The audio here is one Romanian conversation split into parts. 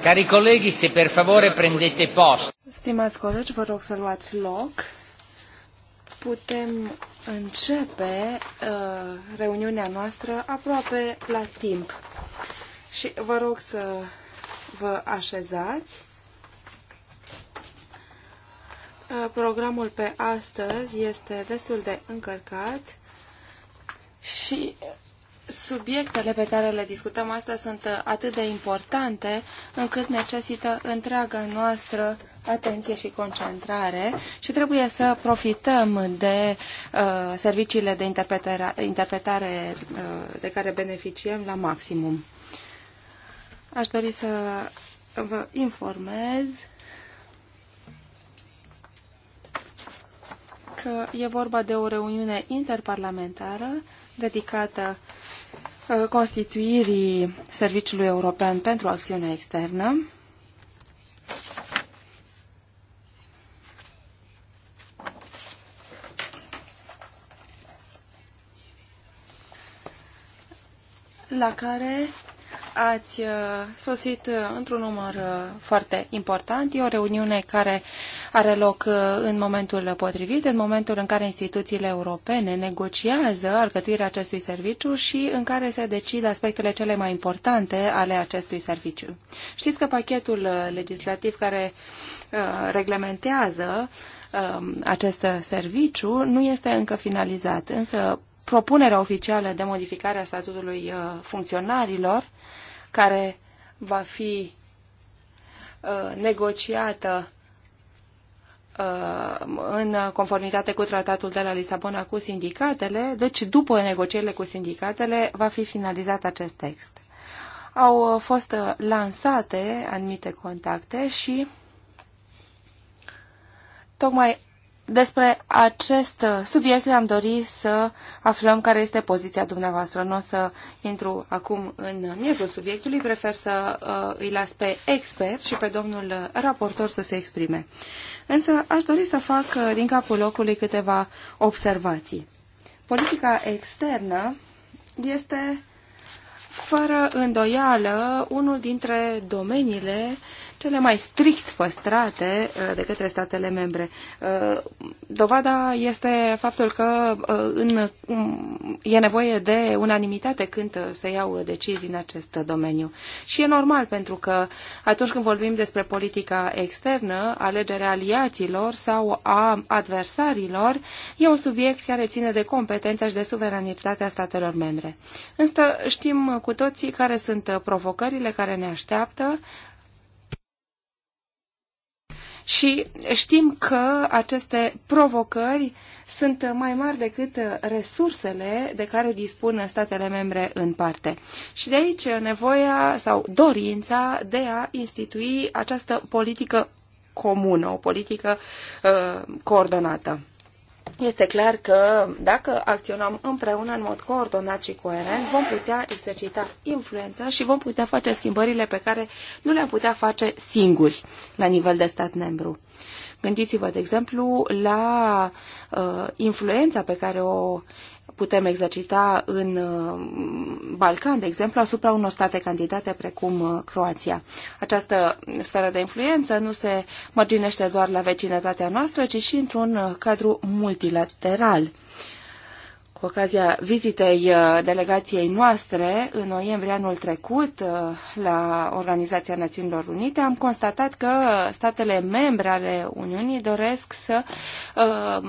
Cari colleghi, se per favore prendete posto. Stimați colegi, vă rog să luați loc. Putem începe uh, reuniunea noastră aproape la timp. Și vă rog să vă așezați. Uh, programul pe astăzi este destul de încărcat și subiectele pe care le discutăm astăzi sunt atât de importante încât necesită întreaga noastră atenție și concentrare și trebuie să profităm de uh, serviciile de interpretare, interpretare uh, de care beneficiem la maximum. Aș dori să vă informez că e vorba de o reuniune interparlamentară dedicată uh, Uh, constituirii Serviciului European pentru Acțiune Externă. la care ați uh, sosit uh, într-un număr uh, foarte important. E o reuniune care are loc în momentul potrivit, în momentul în care instituțiile europene negociază alcătuirea acestui serviciu și în care se decid aspectele cele mai importante ale acestui serviciu. Știți că pachetul legislativ care reglementează um, acest serviciu nu este încă finalizat, însă propunerea oficială de modificare a statutului uh, funcționarilor, care va fi uh, negociată uh, în conformitate cu tratatul de la Lisabona cu sindicatele, deci după negocierile cu sindicatele va fi finalizat acest text. Au fost lansate anumite contacte și tocmai despre acest subiect am dorit să aflăm care este poziția dumneavoastră. Nu o să intru acum în miezul subiectului, prefer să uh, îi las pe expert și pe domnul raportor să se exprime. Însă aș dori să fac uh, din capul locului câteva observații. Politica externă este fără îndoială unul dintre domeniile uh, cele mai strict păstrate uh, de către statele membre. Uh, dovada este faptul că uh, în, um, e nevoie de unanimitate când se iau decizii în acest domeniu. Și e normal, pentru că atunci când vorbim despre politica externă, alegerea aliaților sau a adversarilor, e un subiect care ține de competența și de suveranitatea statelor membre. Însă știm cu toții care sunt provocările care ne așteaptă, și știm că aceste provocări sunt mai mari decât resursele de care dispun statele membre în parte. Și de aici nevoia sau dorința de a institui această politică comună, o politică uh, coordonată este clar că dacă acționăm împreună în mod coordonat și coerent, vom putea exercita influența și vom putea face schimbările pe care nu le-am putea face singuri la nivel de stat membru. Gândiți-vă, de exemplu, la uh, influența pe care o putem exercita în uh, Balcan, de exemplu, asupra unor state candidate precum uh, Croația. Această sferă de influență nu se mărginește doar la vecinătatea noastră, ci și într-un uh, cadru multilateral. Cu ocazia vizitei delegației noastre în noiembrie anul trecut la Organizația Națiunilor Unite, am constatat că statele membre ale Uniunii doresc să uh,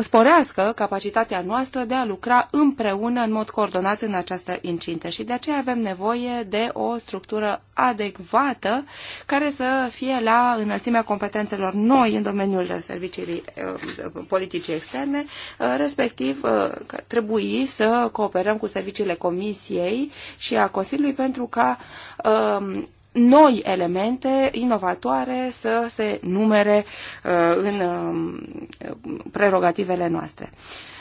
sporească capacitatea noastră de a lucra împreună în mod coordonat în această incintă și de aceea avem nevoie de o structură adecvată care să fie la înălțimea competențelor noi în domeniul serviciilor eh, politicii externe, eh, respectiv eh, trebuie să cooperăm cu serviciile Comisiei și a Consiliului pentru ca noi elemente inovatoare să se numere uh, în um, prerogativele noastre.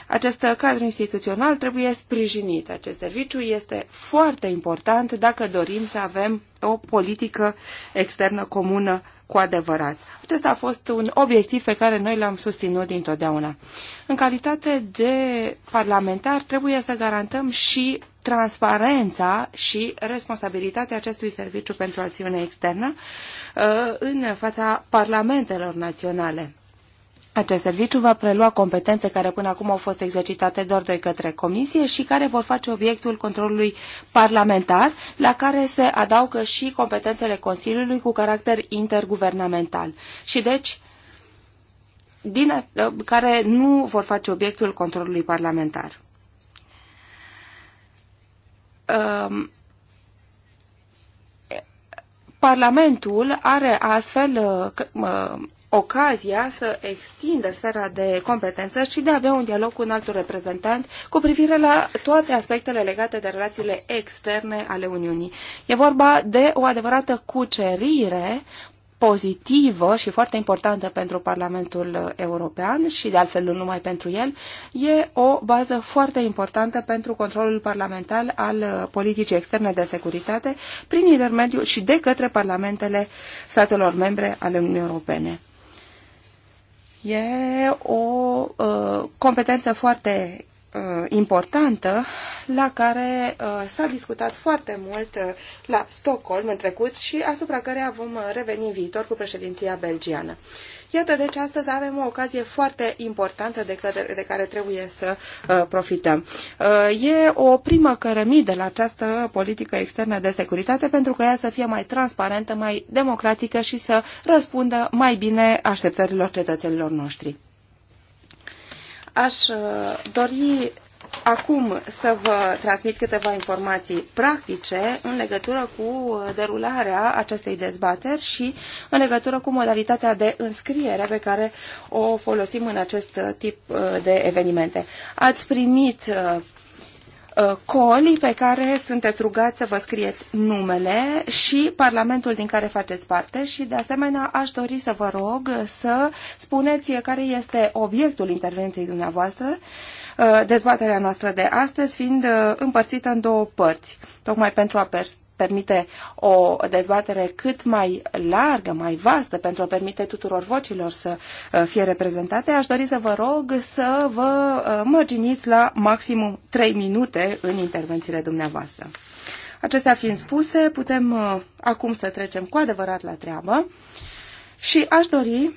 Acest cadru instituțional trebuie sprijinit. Acest serviciu este foarte important dacă dorim să avem o politică externă comună cu adevărat. Acesta a fost un obiectiv pe care noi l-am susținut dintotdeauna. În calitate de parlamentar trebuie să garantăm și transparența și responsabilitatea acestui serviciu pentru acțiune externă uh, în fața parlamentelor naționale. Acest serviciu va prelua competențe care până acum au fost exercitate doar de către comisie și care vor face obiectul controlului parlamentar, la care se adaugă și competențele Consiliului cu caracter interguvernamental. Și deci, din, uh, care nu vor face obiectul controlului parlamentar. Um, Parlamentul are astfel uh, ocazia să extindă sfera de competență și de a avea un dialog cu un alt reprezentant cu privire la toate aspectele legate de relațiile externe ale Uniunii. E vorba de o adevărată cucerire pozitivă și foarte importantă pentru Parlamentul European și de altfel nu numai pentru el, e o bază foarte importantă pentru controlul parlamentar al politicii externe de securitate prin intermediul și de către parlamentele statelor membre ale Uniunii Europene. E o uh, competență foarte Uh, importantă la care uh, s-a discutat foarte mult uh, la Stockholm în trecut și asupra căreia vom reveni în viitor cu președinția belgiană. Iată, deci astăzi avem o ocazie foarte importantă de care, de care trebuie să uh, profităm. Uh, e o primă cărămidă la această politică externă de securitate pentru că ea să fie mai transparentă, mai democratică și să răspundă mai bine așteptărilor cetățenilor noștri. Aș uh, dori acum să vă transmit câteva informații practice în legătură cu uh, derularea acestei dezbateri și în legătură cu modalitatea de înscriere pe care o folosim în acest uh, tip de evenimente. Ați primit Uh, coli pe care sunteți rugați să vă scrieți numele și Parlamentul din care faceți parte și de asemenea aș dori să vă rog să spuneți care este obiectul intervenției dumneavoastră, uh, dezbaterea noastră de astăzi fiind uh, împărțită în două părți, tocmai pentru a permite o dezbatere cât mai largă, mai vastă, pentru a permite tuturor vocilor să uh, fie reprezentate, aș dori să vă rog să vă uh, mărginiți la maximum 3 minute în intervențiile dumneavoastră. Acestea fiind spuse, putem uh, acum să trecem cu adevărat la treabă și aș dori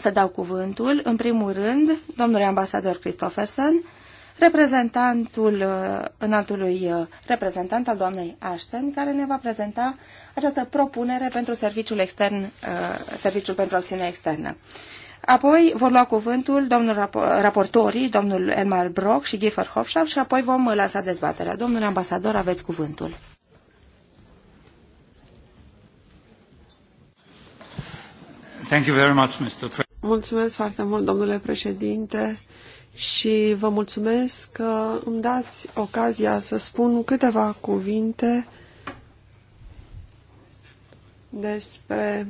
să dau cuvântul, în primul rând, domnului ambasador Christopherson, reprezentantul uh, înaltului uh, reprezentant al doamnei Ashton, care ne va prezenta această propunere pentru serviciul extern, uh, serviciul pentru acțiune externă. Apoi vor lua cuvântul domnul rapor raportorii, domnul Elmar Brock și Giffer Hofschaff și apoi vom lăsa dezbaterea. Domnule ambasador, aveți cuvântul. Mulțumesc foarte mult, domnule președinte și vă mulțumesc că îmi dați ocazia să spun câteva cuvinte despre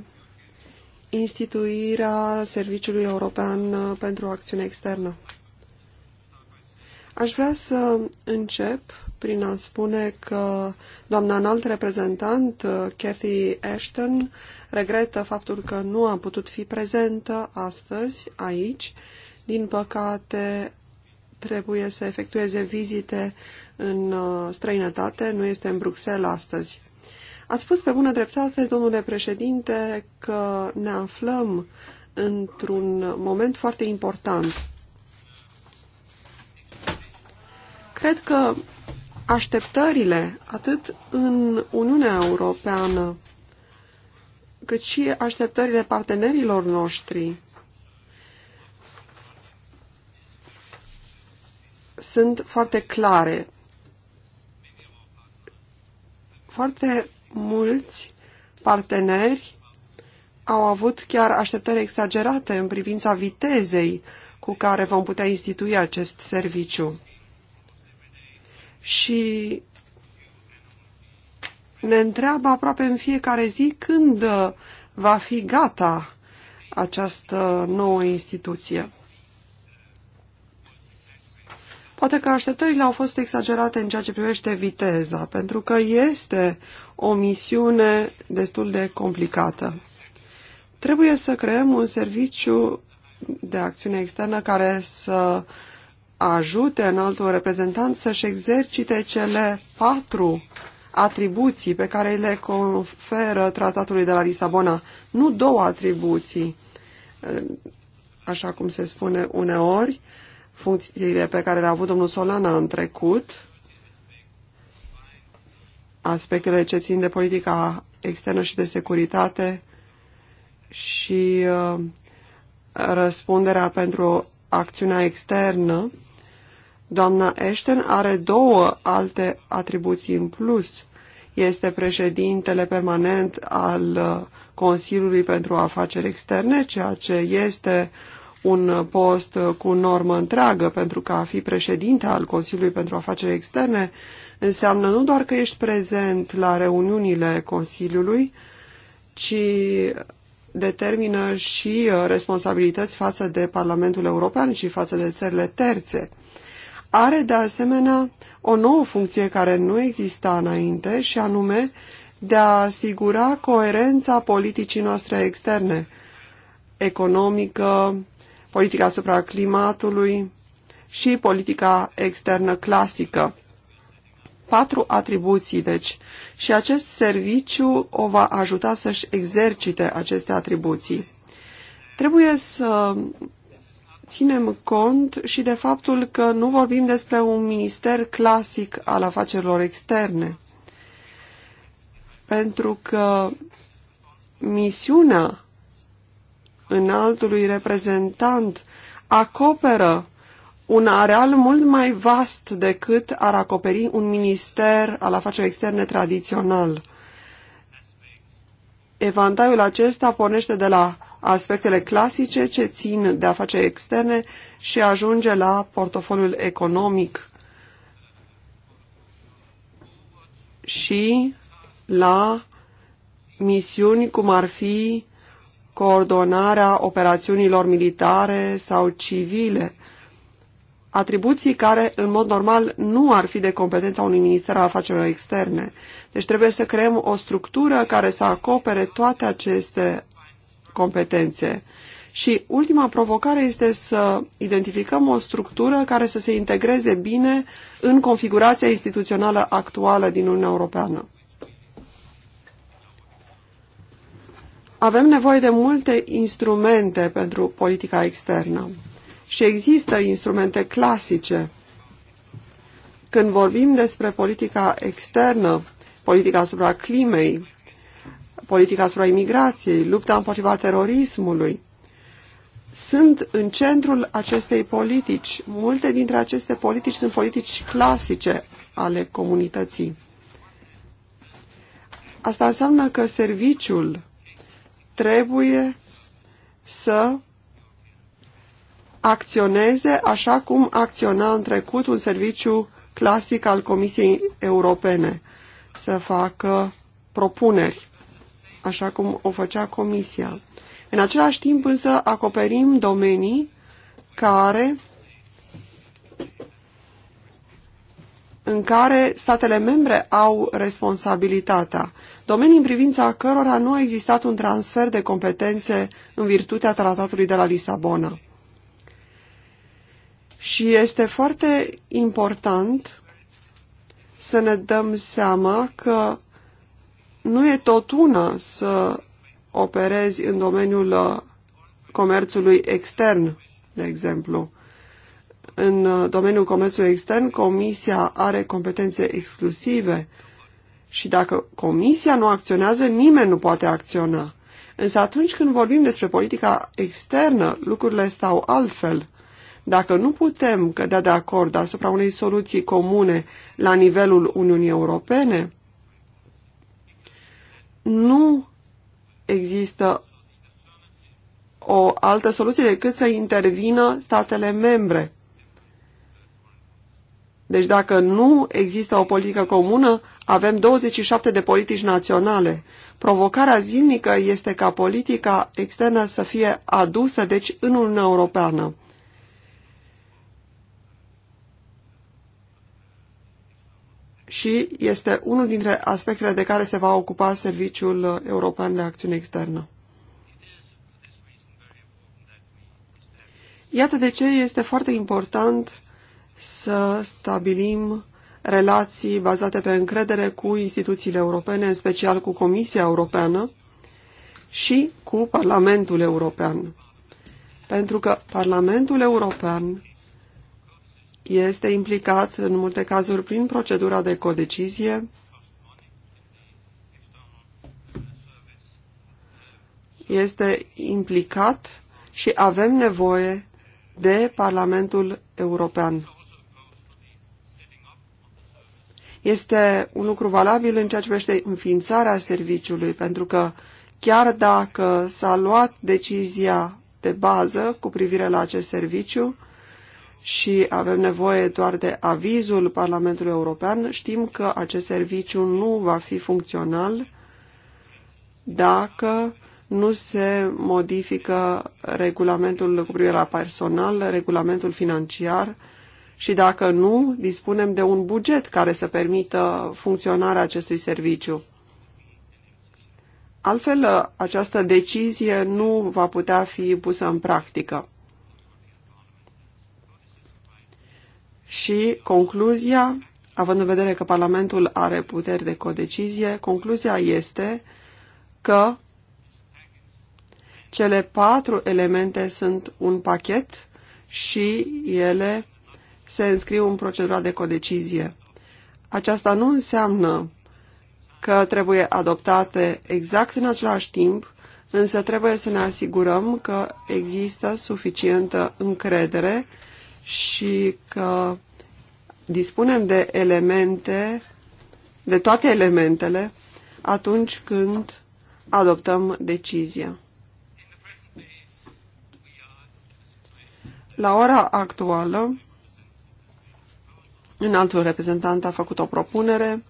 instituirea Serviciului European pentru Acțiune Externă. Aș vrea să încep prin a spune că doamna înalt reprezentant, Cathy Ashton, regretă faptul că nu a putut fi prezentă astăzi aici din păcate, trebuie să efectueze vizite în uh, străinătate, nu este în Bruxelles astăzi. Ați spus pe bună dreptate, domnule președinte, că ne aflăm într-un moment foarte important. Cred că așteptările, atât în Uniunea Europeană, cât și așteptările partenerilor noștri, sunt foarte clare. Foarte mulți parteneri au avut chiar așteptări exagerate în privința vitezei cu care vom putea institui acest serviciu. Și ne întreabă aproape în fiecare zi când va fi gata această nouă instituție. Poate că așteptările au fost exagerate în ceea ce privește viteza, pentru că este o misiune destul de complicată. Trebuie să creăm un serviciu de acțiune externă care să ajute în altul reprezentant să-și exercite cele patru atribuții pe care le conferă tratatului de la Lisabona. Nu două atribuții, așa cum se spune uneori, funcțiile pe care le-a avut domnul Solana în trecut, aspectele ce țin de politica externă și de securitate și uh, răspunderea pentru acțiunea externă, doamna Ashton are două alte atribuții în plus. Este președintele permanent al uh, Consiliului pentru Afaceri Externe, ceea ce este uh, un post cu normă întreagă, pentru că a fi președinte al Consiliului pentru Afaceri Externe înseamnă nu doar că ești prezent la reuniunile Consiliului, ci determină și uh, responsabilități față de Parlamentul European și față de țările terțe. Are de asemenea o nouă funcție care nu exista înainte și anume de a asigura coerența politicii noastre externe, economică, politica asupra climatului și politica externă clasică. Patru atribuții, deci, și acest serviciu o va ajuta să-și exercite aceste atribuții. Trebuie să ținem cont și de faptul că nu vorbim despre un minister clasic al afacerilor externe, pentru că misiunea înaltului reprezentant acoperă un areal mult mai vast decât ar acoperi un minister al afacerilor externe tradițional. Evantaiul acesta pornește de la aspectele clasice ce țin de afaceri externe și ajunge la portofoliul economic și la misiuni cum ar fi coordonarea operațiunilor militare sau civile, atribuții care, în mod normal, nu ar fi de competența unui minister al afacerilor externe. Deci trebuie să creăm o structură care să acopere toate aceste competențe. Și ultima provocare este să identificăm o structură care să se integreze bine în configurația instituțională actuală din Uniunea Europeană. Avem nevoie de multe instrumente pentru politica externă și există instrumente clasice. Când vorbim despre politica externă, politica asupra climei, politica asupra imigrației, lupta împotriva terorismului, sunt în centrul acestei politici. Multe dintre aceste politici sunt politici clasice ale comunității. Asta înseamnă că serviciul trebuie să acționeze așa cum acționa în trecut un serviciu clasic al Comisiei Europene, să facă propuneri, așa cum o făcea Comisia. În același timp însă acoperim domenii care în care statele membre au responsabilitatea domenii în privința cărora nu a existat un transfer de competențe în virtutea tratatului de la Lisabona. Și este foarte important să ne dăm seama că nu e tot una să operezi în domeniul uh, comerțului extern, de exemplu. În uh, domeniul comerțului extern, Comisia are competențe exclusive, și dacă Comisia nu acționează, nimeni nu poate acționa. Însă atunci când vorbim despre politica externă, lucrurile stau altfel. Dacă nu putem cădea de acord asupra unei soluții comune la nivelul Uniunii Europene, nu există o altă soluție decât să intervină statele membre. Deci dacă nu există o politică comună, avem 27 de politici naționale. Provocarea zilnică este ca politica externă să fie adusă, deci, în Uniunea Europeană. Și este unul dintre aspectele de care se va ocupa Serviciul European de Acțiune Externă. Iată de ce este foarte important să stabilim relații bazate pe încredere cu instituțiile europene, în special cu Comisia Europeană și cu Parlamentul European. Pentru că Parlamentul European este implicat în multe cazuri prin procedura de codecizie, este implicat și avem nevoie de Parlamentul European. este un lucru valabil în ceea ce privește înființarea serviciului, pentru că chiar dacă s-a luat decizia de bază cu privire la acest serviciu și avem nevoie doar de avizul Parlamentului European, știm că acest serviciu nu va fi funcțional dacă nu se modifică regulamentul cu privire la personal, regulamentul financiar, și dacă nu, dispunem de un buget care să permită funcționarea acestui serviciu. Altfel, această decizie nu va putea fi pusă în practică. Și concluzia, având în vedere că Parlamentul are puteri de codecizie, concluzia este că cele patru elemente sunt un pachet și ele se înscriu în procedura de codecizie. Aceasta nu înseamnă că trebuie adoptate exact în același timp, însă trebuie să ne asigurăm că există suficientă încredere și că dispunem de elemente, de toate elementele, atunci când adoptăm decizia. La ora actuală un altul reprezentant a făcut o propunere,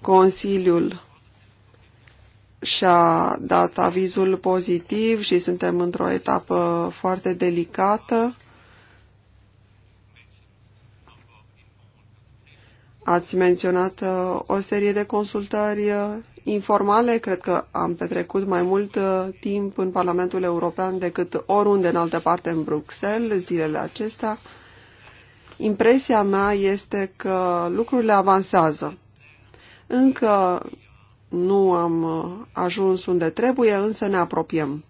Consiliul și-a dat avizul pozitiv și suntem într-o etapă foarte delicată. Ați menționat uh, o serie de consultări uh, informale. Cred că am petrecut mai mult uh, timp în Parlamentul European decât oriunde în altă parte în Bruxelles zilele acestea impresia mea este că lucrurile avansează. Încă nu am uh, ajuns unde trebuie, însă ne apropiem.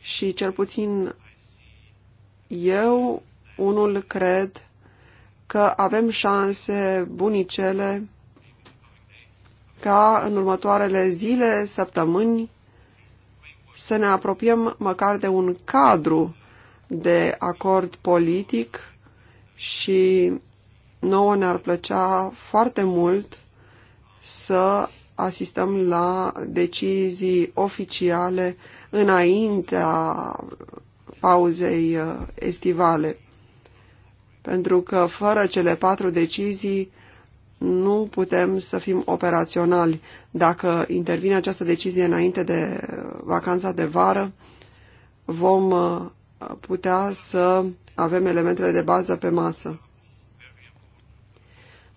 Și cel puțin eu, unul, cred că avem șanse bunicele ca în următoarele zile, săptămâni, să ne apropiem măcar de un cadru de acord politic și nouă ne-ar plăcea foarte mult să asistăm la decizii oficiale înaintea pauzei uh, estivale. Pentru că fără cele patru decizii nu putem să fim operaționali. Dacă intervine această decizie înainte de uh, vacanța de vară, vom uh, putea să avem elementele de bază pe masă.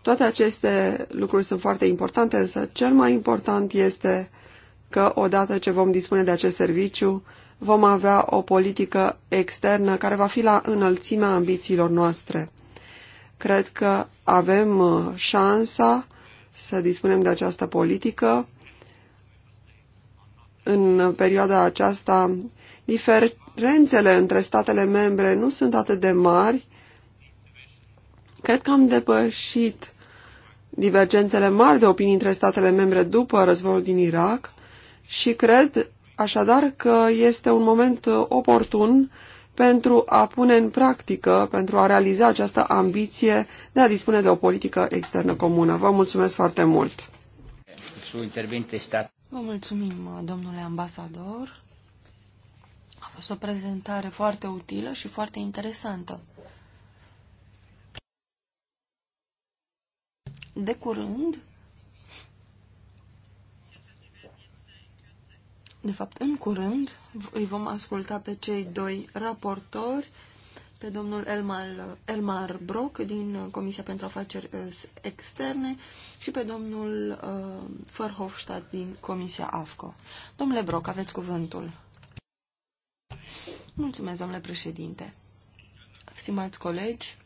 Toate aceste lucruri sunt foarte importante, însă cel mai important este că odată ce vom dispune de acest serviciu, vom avea o politică externă care va fi la înălțimea ambițiilor noastre. Cred că avem uh, șansa să dispunem de această politică. În perioada aceasta, difer diferențele între statele membre nu sunt atât de mari, cred că am depășit divergențele mari de opinii între statele membre după războiul din Irak și cred așadar că este un moment oportun pentru a pune în practică, pentru a realiza această ambiție de a dispune de o politică externă comună. Vă mulțumesc foarte mult! Vă mulțumim, domnule ambasador fost o prezentare foarte utilă și foarte interesantă. De curând, de fapt, în curând, îi vom asculta pe cei doi raportori, pe domnul Elmar, Elmar Brock din Comisia pentru Afaceri eh, Externe și pe domnul uh, eh, Fărhofstadt din Comisia AFCO. Domnule Brock, aveți cuvântul. Mulțumesc, domnule președinte. Stimați colegi,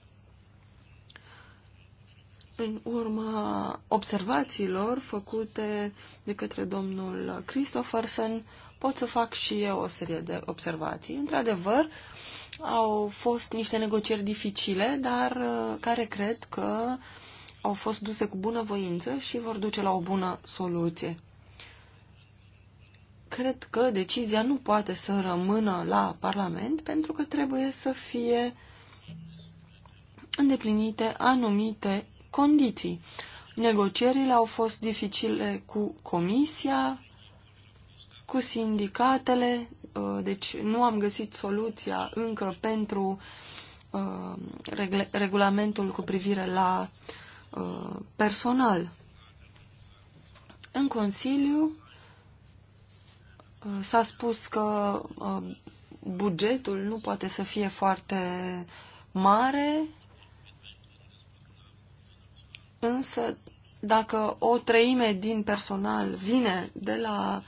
în urma observațiilor făcute de către domnul Christopherson, pot să fac și eu o serie de observații. Într-adevăr, au fost niște negocieri dificile, dar uh, care cred că au fost duse cu bună voință și vor duce la o bună soluție cred că decizia nu poate să rămână la Parlament pentru că trebuie să fie îndeplinite anumite condiții. Negocierile au fost dificile cu Comisia, cu sindicatele, uh, deci nu am găsit soluția încă pentru uh, regulamentul cu privire la uh, personal. În Consiliu, S-a spus că uh, bugetul nu poate să fie foarte mare, însă dacă o treime din personal vine de la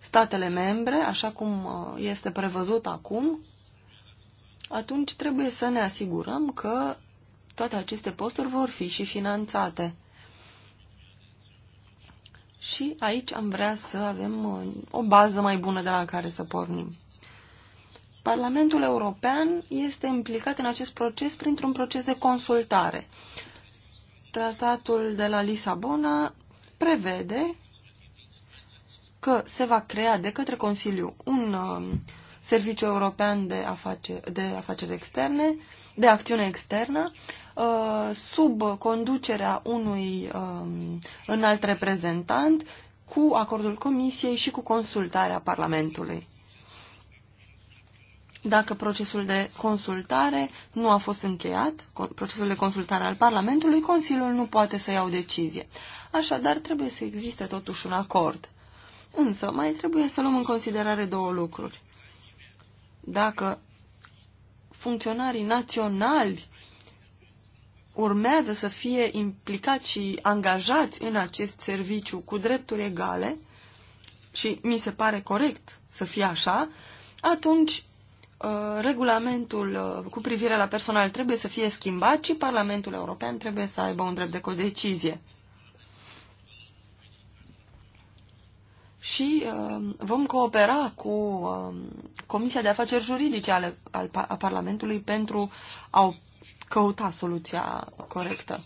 statele membre, așa cum uh, este prevăzut acum, atunci trebuie să ne asigurăm că toate aceste posturi vor fi și finanțate și aici am vrea să avem uh, o bază mai bună de la care să pornim. Parlamentul European este implicat în acest proces printr-un proces de consultare. Tratatul de la Lisabona prevede că se va crea de către Consiliu un uh, serviciu european de afaceri, de afaceri externe de acțiune externă uh, sub conducerea unui um, înalt reprezentant cu acordul Comisiei și cu consultarea Parlamentului. Dacă procesul de consultare nu a fost încheiat, procesul de consultare al Parlamentului, Consiliul nu poate să ia o decizie. Așadar, trebuie să existe totuși un acord. Însă, mai trebuie să luăm în considerare două lucruri. Dacă funcționarii naționali urmează să fie implicați și angajați în acest serviciu cu drepturi egale și mi se pare corect să fie așa, atunci uh, regulamentul uh, cu privire la personal trebuie să fie schimbat și Parlamentul European trebuie să aibă un drept de codecizie. și um, vom coopera cu um, Comisia de Afaceri Juridice ale, al, a Parlamentului pentru a căuta soluția corectă.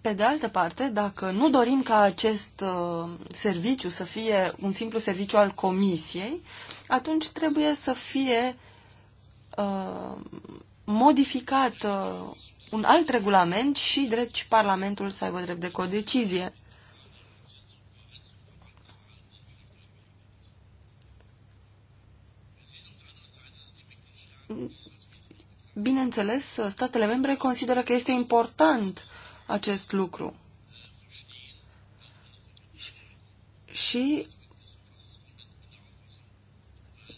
Pe de altă parte, dacă nu dorim ca acest uh, serviciu să fie un simplu serviciu al Comisiei, atunci trebuie să fie uh, modificat uh, un alt regulament și, drept, deci, Parlamentul să aibă drept de codecizie. bineînțeles, statele membre consideră că este important acest lucru. Și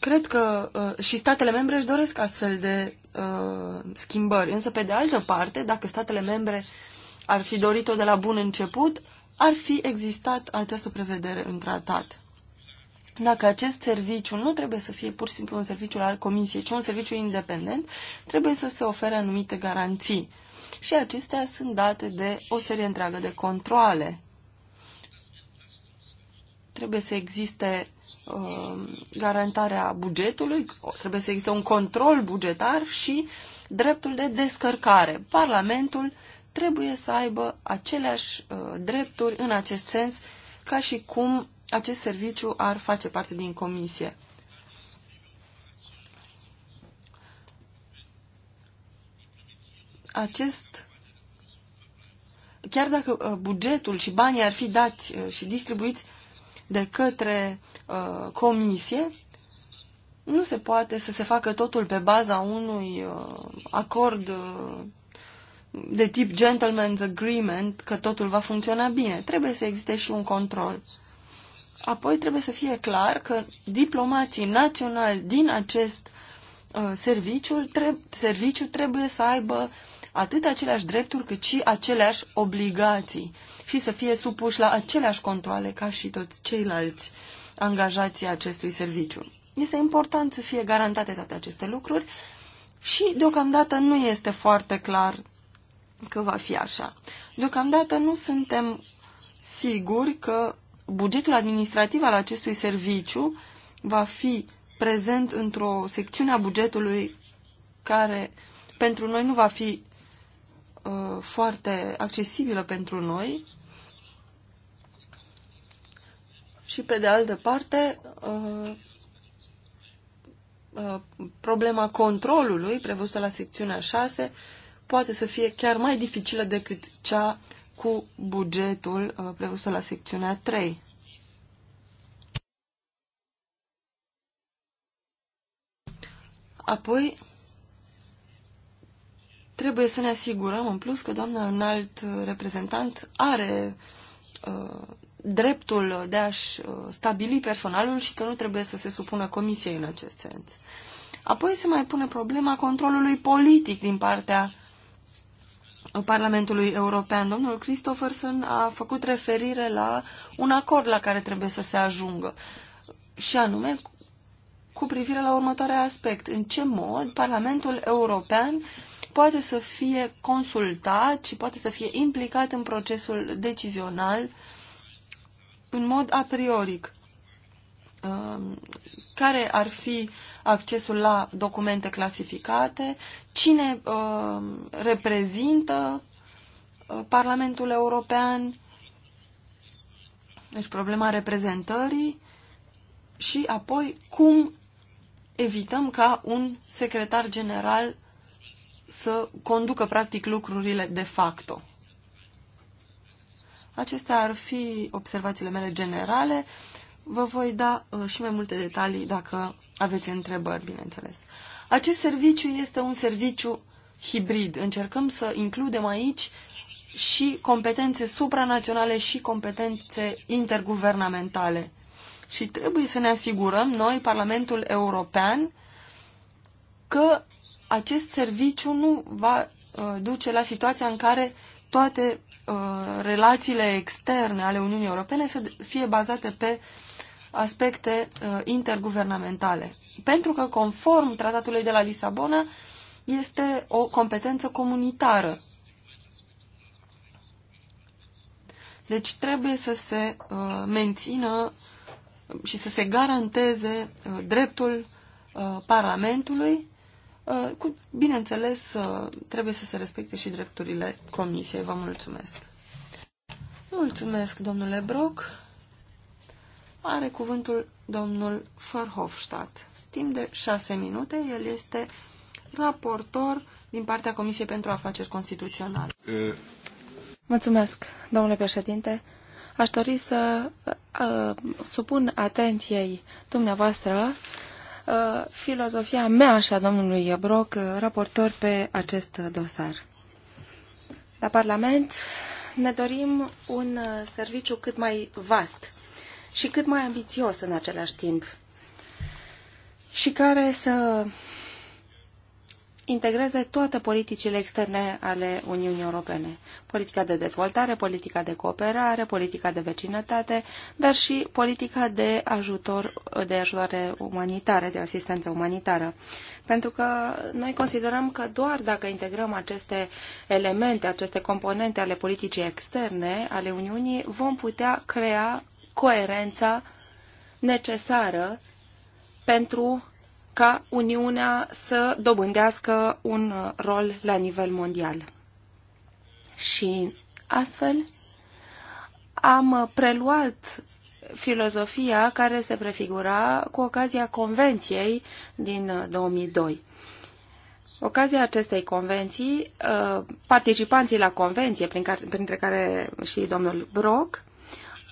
cred că uh, și statele membre își doresc astfel de uh, schimbări. Însă, pe de altă parte, dacă statele membre ar fi dorit-o de la bun început, ar fi existat această prevedere în tratat dacă acest serviciu nu trebuie să fie pur și simplu un serviciu al comisiei, ci un serviciu independent, trebuie să se ofere anumite garanții. Și acestea sunt date de o serie întreagă de controle. Trebuie să existe uh, garantarea bugetului, trebuie să existe un control bugetar și dreptul de descărcare. Parlamentul trebuie să aibă aceleași uh, drepturi în acest sens ca și cum acest serviciu ar face parte din comisie. Acest chiar dacă uh, bugetul și banii ar fi dați uh, și distribuiți de către uh, comisie, nu se poate să se facă totul pe baza unui acord de tip gentleman's agreement că totul va funcționa bine. Trebuie să existe și un control. Apoi trebuie să fie clar că diplomații naționali din acest uh, serviciu, serviciu trebuie să aibă atât aceleași drepturi cât și aceleași obligații și să fie supuși la aceleași controle ca și toți ceilalți angajații acestui serviciu. Este important să fie garantate toate aceste lucruri și deocamdată nu este foarte clar că va fi așa. Deocamdată nu suntem siguri că bugetul administrativ al acestui serviciu va fi prezent într-o secțiune a bugetului care pentru noi nu va fi uh, foarte accesibilă pentru noi. Și pe de altă parte, uh, uh, problema controlului prevăzută la secțiunea 6 poate să fie chiar mai dificilă decât cea uh, cu bugetul uh, prevăzut la secțiunea 3. Apoi, trebuie să ne asigurăm în plus că doamna înalt reprezentant are uh, dreptul de a-și uh, stabili personalul și că nu trebuie să se supună comisiei în acest sens. Apoi se mai pune problema controlului politic din partea uh, Parlamentului European. Domnul Christopherson a făcut referire la un acord la care trebuie să se ajungă, și anume cu privire la următoare aspect. În ce mod Parlamentul European poate să fie consultat și poate să fie implicat în procesul decizional în mod a prioric ă, care ar fi accesul la documente clasificate, cine uh, reprezintă uh, Parlamentul European, deci problema reprezentării și apoi cum evităm ca un secretar general să conducă practic lucrurile de facto. Acestea ar fi observațiile mele generale. Vă voi da uh, și mai multe detalii dacă aveți întrebări, bineînțeles. Acest serviciu este un serviciu hibrid. Încercăm să includem aici și competențe supranaționale și competențe interguvernamentale. Și trebuie să ne asigurăm noi, Parlamentul European, că acest serviciu nu va uh, duce la situația în care toate uh, relațiile externe ale Uniunii Europene să fie bazate pe uh, aspecte uh, interguvernamentale. Pentru că, conform tratatului de la Lisabona, este o competență comunitară. Deci trebuie să se uh, mențină și să se garanteze uh, dreptul uh, Parlamentului. Uh, cu, bineînțeles, uh, trebuie să se respecte și drepturile Comisiei. Vă mulțumesc! Mulțumesc, domnule Brock. Are cuvântul domnul Verhofstadt. Timp de șase minute, el este raportor din partea Comisiei pentru Afaceri Constituționale. Mulțumesc, domnule președinte. Aș dori să uh, supun atenției dumneavoastră uh, filozofia mea și a domnului Broc, raportor pe acest dosar. La Parlament ne dorim un uh, serviciu cât mai vast și cât mai ambițios în același timp și care să integreze toate politicile externe ale Uniunii Europene. Politica de dezvoltare, politica de cooperare, politica de vecinătate, dar și politica de ajutor, de ajutoare umanitare, de asistență umanitară. Pentru că noi considerăm că doar dacă integrăm aceste elemente, aceste componente ale politicii externe ale Uniunii, vom putea crea coerența necesară pentru ca Uniunea să dobândească un uh, rol la nivel mondial. Și astfel am uh, preluat filozofia care se prefigura cu ocazia convenției din 2002. Uh, ocazia acestei convenții, participanții la convenție, printre care și domnul Brock,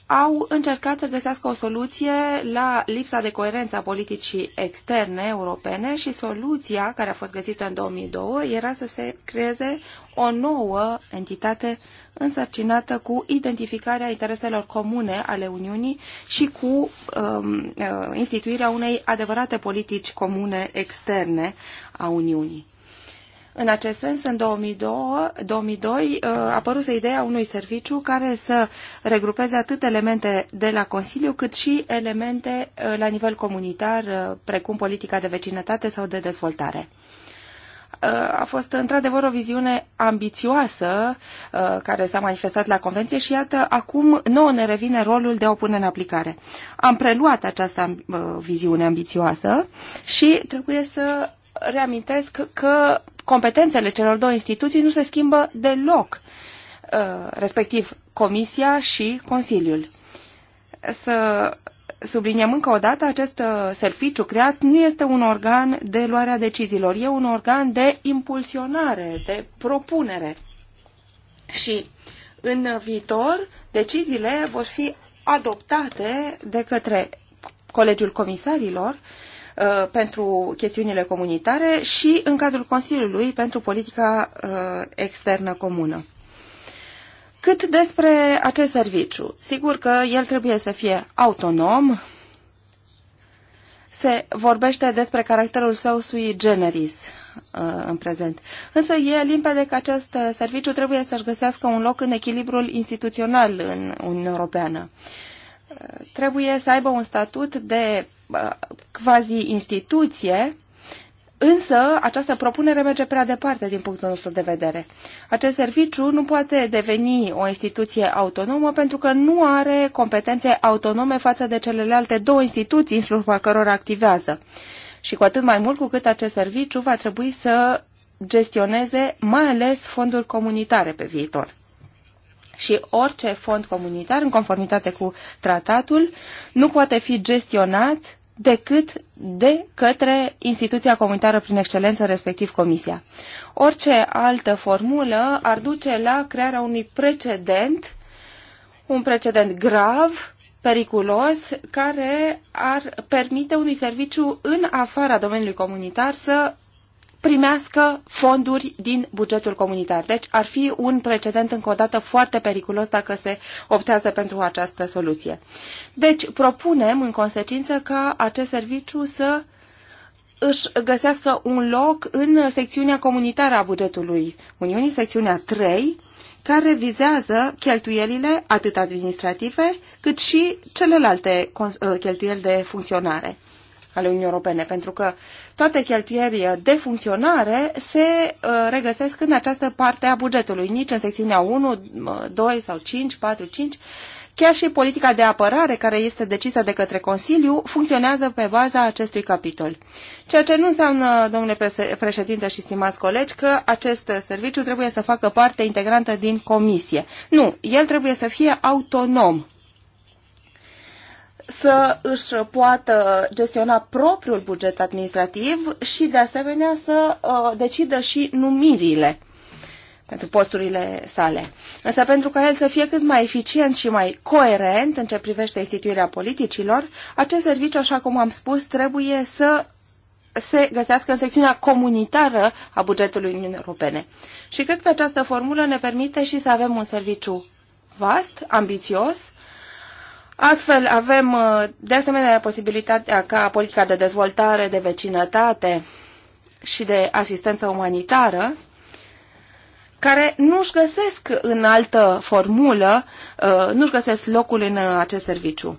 au încercat să găsească o soluție la lipsa de coerență a politicii externe europene și soluția care a fost găsită în 2002 era să se creeze o nouă entitate însărcinată cu identificarea intereselor comune ale Uniunii și cu um, uh, instituirea unei adevărate politici comune externe a Uniunii. În acest sens, în 2002, 2002 uh, apărut ideea unui serviciu care să regrupeze atât elemente de la Consiliu, cât și elemente uh, la nivel comunitar, uh, precum politica de vecinătate sau de dezvoltare a fost într-adevăr o viziune ambițioasă care s-a manifestat la convenție și iată, acum nouă ne revine rolul de a o pune în aplicare. Am preluat această viziune ambițioasă și trebuie să reamintesc că competențele celor două instituții nu se schimbă deloc, uh, respectiv Comisia și Consiliul. Să subliniem încă o dată, acest uh, serviciu creat nu este un organ de luare a deciziilor, e un organ de impulsionare, de propunere. Și în viitor, deciziile vor fi adoptate de către Colegiul Comisarilor uh, Uh, pentru chestiunile comunitare și în cadrul Consiliului pentru politica uh, externă comună. Cât despre acest serviciu, sigur că el trebuie să fie autonom, se vorbește despre caracterul său sui generis uh, în prezent. Însă e limpede că acest serviciu trebuie să-și găsească un loc în echilibrul instituțional în Uniunea Europeană. Trebuie să aibă un statut de Uh, quasi-instituție, Însă, această propunere merge prea departe din punctul nostru de vedere. Acest serviciu nu poate deveni o instituție autonomă pentru că nu are competențe autonome față de celelalte două instituții în slujba cărora activează. Și cu atât mai mult cu cât acest serviciu va trebui să gestioneze mai ales fonduri comunitare pe viitor și orice fond comunitar, în conformitate cu tratatul, nu poate fi gestionat decât de către instituția comunitară prin excelență, respectiv Comisia. Orice altă formulă ar duce la crearea unui precedent, un precedent grav, periculos, care ar permite unui serviciu în afara domeniului comunitar să primească fonduri din bugetul comunitar. Deci ar fi un precedent încă o dată foarte periculos dacă se optează pentru această soluție. Deci propunem în consecință ca acest serviciu să își găsească un loc în secțiunea comunitară a bugetului Uniunii, secțiunea 3, care vizează cheltuielile atât administrative cât și celelalte uh, cheltuieli de funcționare ale Uniunii Europene, pentru că toate cheltuierile de funcționare se uh, regăsesc în această parte a bugetului, nici în secțiunea 1, 2 sau 5, 4, 5. Chiar și politica de apărare, care este decisă de către Consiliu, funcționează pe baza acestui capitol. Ceea ce nu înseamnă, domnule președinte și stimați colegi, că acest serviciu trebuie să facă parte integrantă din comisie. Nu, el trebuie să fie autonom să își poată gestiona propriul buget administrativ și, de asemenea, să uh, decidă și numirile pentru posturile sale. Însă pentru ca el să fie cât mai eficient și mai coerent în ce privește instituirea politicilor, acest serviciu, așa cum am spus, trebuie să se găsească în secțiunea comunitară a bugetului Uniunii Europene. Și cred că această formulă ne permite și să avem un serviciu vast, ambițios, Astfel, avem uh, de asemenea posibilitatea ca politica de dezvoltare, de vecinătate și de asistență umanitară, care nu își găsesc în altă formulă, uh, nu își găsesc locul în uh, acest serviciu.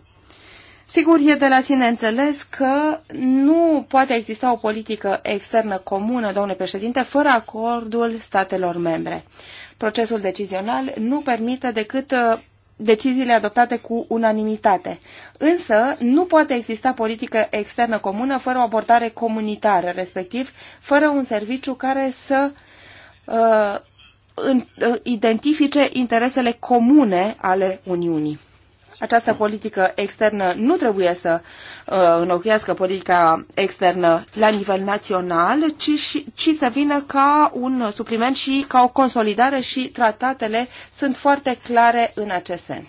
Sigur, e de la sine înțeles că nu poate exista o politică externă comună, domnule președinte, fără acordul statelor membre. Procesul decizional nu permite decât deciziile adoptate cu unanimitate. Însă, nu poate exista politică externă comună fără o abordare comunitară, respectiv fără un serviciu care să uh, uh identifice interesele comune ale Uniunii această politică externă nu trebuie să uh, înlocuiască politica externă la nivel național, ci, ci să vină ca un supliment și ca o consolidare și tratatele sunt foarte clare în acest sens.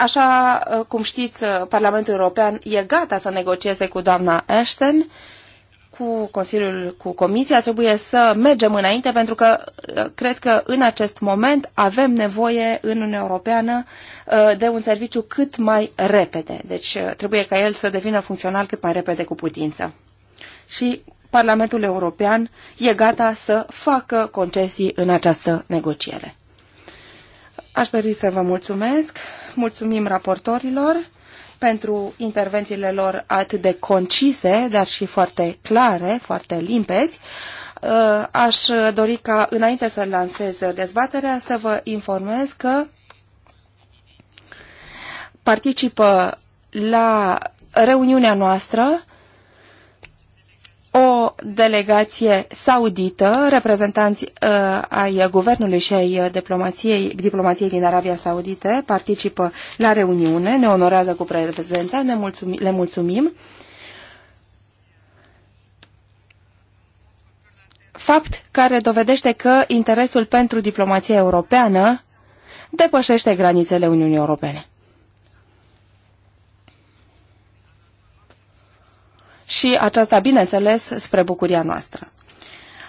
Așa uh, cum știți, uh, Parlamentul European e gata să negocieze cu doamna Ashton uh, cu Consiliul, cu Comisia, trebuie să mergem înainte pentru că uh, cred că în acest moment avem nevoie în Uniunea Europeană uh, de un serviciu cât mai repede. Deci uh, trebuie ca el să devină funcțional cât mai repede cu putință. Și Parlamentul European e gata să facă concesii în această negociere. Aș dori să vă mulțumesc, mulțumim raportorilor pentru intervențiile lor atât de concise, dar și foarte clare, foarte limpezi. Uh, aș dori ca, înainte să lansez dezbaterea, să vă informez că participă la reuniunea noastră o delegație saudită, reprezentanți uh, ai guvernului și ai uh, diplomației, diplomației din Arabia Saudită participă la reuniune, ne onorează cu prezența, ne mulțumi, le mulțumim. Fapt care dovedește că interesul pentru diplomația europeană depășește granițele Uniunii Europene. și aceasta, bineînțeles, spre bucuria noastră.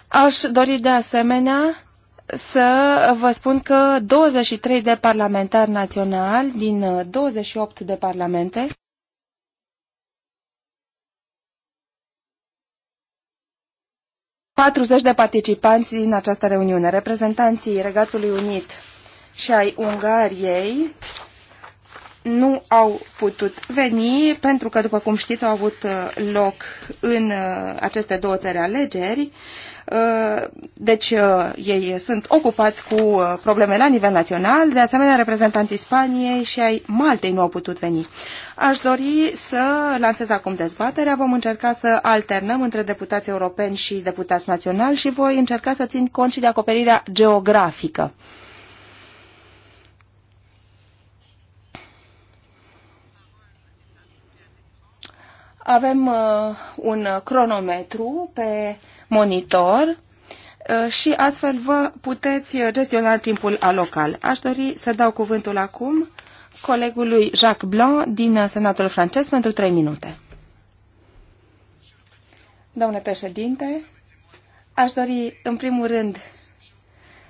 Aș dori de asemenea să vă spun că 23 de parlamentari naționali din 28 de parlamente ...40 de participanți din această reuniune, reprezentanții Regatului Unit și ai Ungariei, nu au putut veni pentru că, după cum știți, au avut uh, loc în uh, aceste două țări alegeri. Uh, deci ei sunt ocupați cu probleme la nivel național, de asemenea reprezentanții Spaniei și ai Maltei nu au putut veni. Aș dori să lansez acum dezbaterea, vom încerca să alternăm între deputați europeni și deputați naționali și voi încerca să țin cont și de acoperirea geografică. Avem uh, un cronometru pe monitor uh, și astfel vă puteți gestiona timpul alocal. Aș dori să dau cuvântul acum colegului Jacques Blanc din Senatul francez pentru 3 minute. Domnule președinte, aș dori în primul rând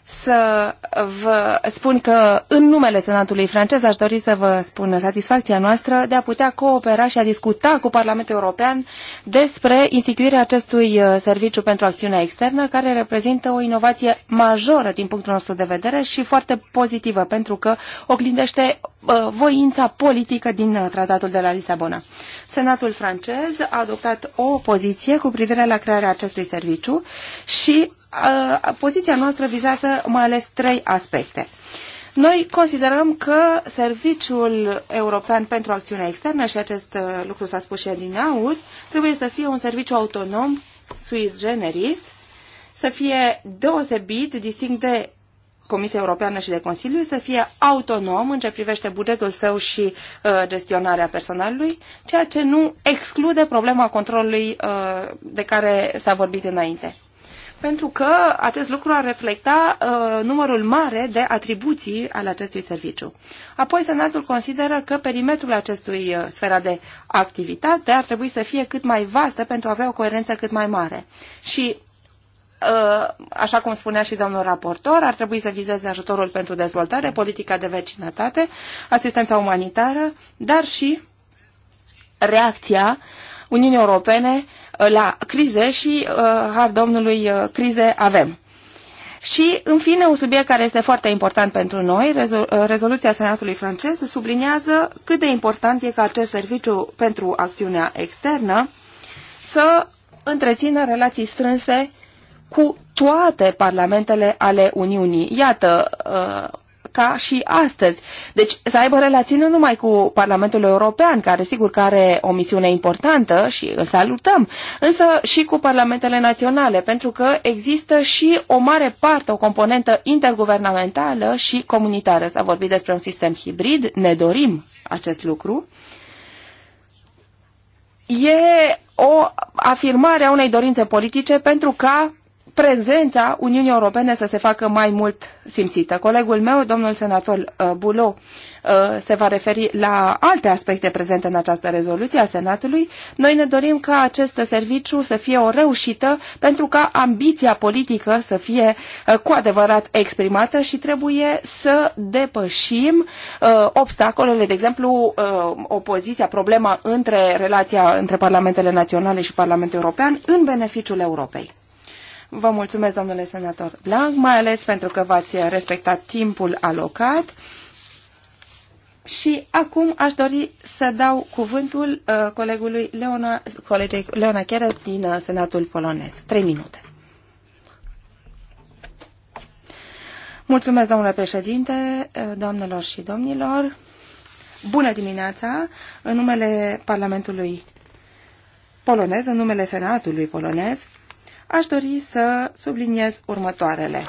să vă spun că în numele Senatului francez aș dori să vă spun satisfacția noastră de a putea coopera și a discuta cu Parlamentul European despre instituirea acestui uh, serviciu pentru acțiunea externă, care reprezintă o inovație majoră din punctul nostru de vedere și foarte pozitivă, pentru că oglindește uh, voința politică din uh, tratatul de la Lisabona. Senatul francez a adoptat o poziție cu privire la crearea acestui serviciu și poziția noastră vizează mai ales trei aspecte. Noi considerăm că Serviciul European pentru Acțiunea Externă, și acest lucru s-a spus și din aur, trebuie să fie un serviciu autonom, sui generis, să fie deosebit, distinct de Comisia Europeană și de Consiliu, să fie autonom în ce privește bugetul său și uh, gestionarea personalului, ceea ce nu exclude problema controlului uh, de care s-a vorbit înainte pentru că acest lucru ar reflecta uh, numărul mare de atribuții ale acestui serviciu. Apoi, Senatul consideră că perimetrul acestui uh, sfera de activitate ar trebui să fie cât mai vastă pentru a avea o coerență cât mai mare. Și uh, așa cum spunea și domnul raportor, ar trebui să vizeze ajutorul pentru dezvoltare, politica de vecinătate, asistența umanitară, dar și reacția Uniunii Europene uh, la crize și, uh, har domnului, uh, crize avem. Și, în fine, un subiect care este foarte important pentru noi, rezol rezoluția Senatului francez subliniază cât de important e ca acest serviciu pentru acțiunea externă să întrețină relații strânse cu toate parlamentele ale Uniunii. Iată, ca și astăzi. Deci să aibă relații nu numai cu Parlamentul European, care sigur că are o misiune importantă și îl salutăm, însă și cu Parlamentele Naționale, pentru că există și o mare parte, o componentă interguvernamentală și comunitară. S-a vorbit despre un sistem hibrid, ne dorim acest lucru. E o afirmare a unei dorințe politice pentru ca prezența Uniunii Europene să se facă mai mult simțită. Colegul meu, domnul senator uh, Bulo, uh, se va referi la alte aspecte prezente în această rezoluție a Senatului. Noi ne dorim ca acest serviciu să fie o reușită pentru ca ambiția politică să fie uh, cu adevărat exprimată și trebuie să depășim obstacolele, de exemplu, opoziția, problema între relația între Parlamentele Naționale și Parlamentul European în beneficiul Europei. Vă mulțumesc, domnule senator Blanc, mai ales pentru că v-ați respectat timpul alocat. Și acum aș dori să dau cuvântul uh, colegului Leona, colegei Leona Cheres din uh, Senatul Polonez. Trei minute. Mulțumesc, domnule președinte, uh, doamnelor și domnilor. Bună dimineața! În numele Parlamentului polonez, în numele Senatului polonez, aș dori să subliniez următoarele.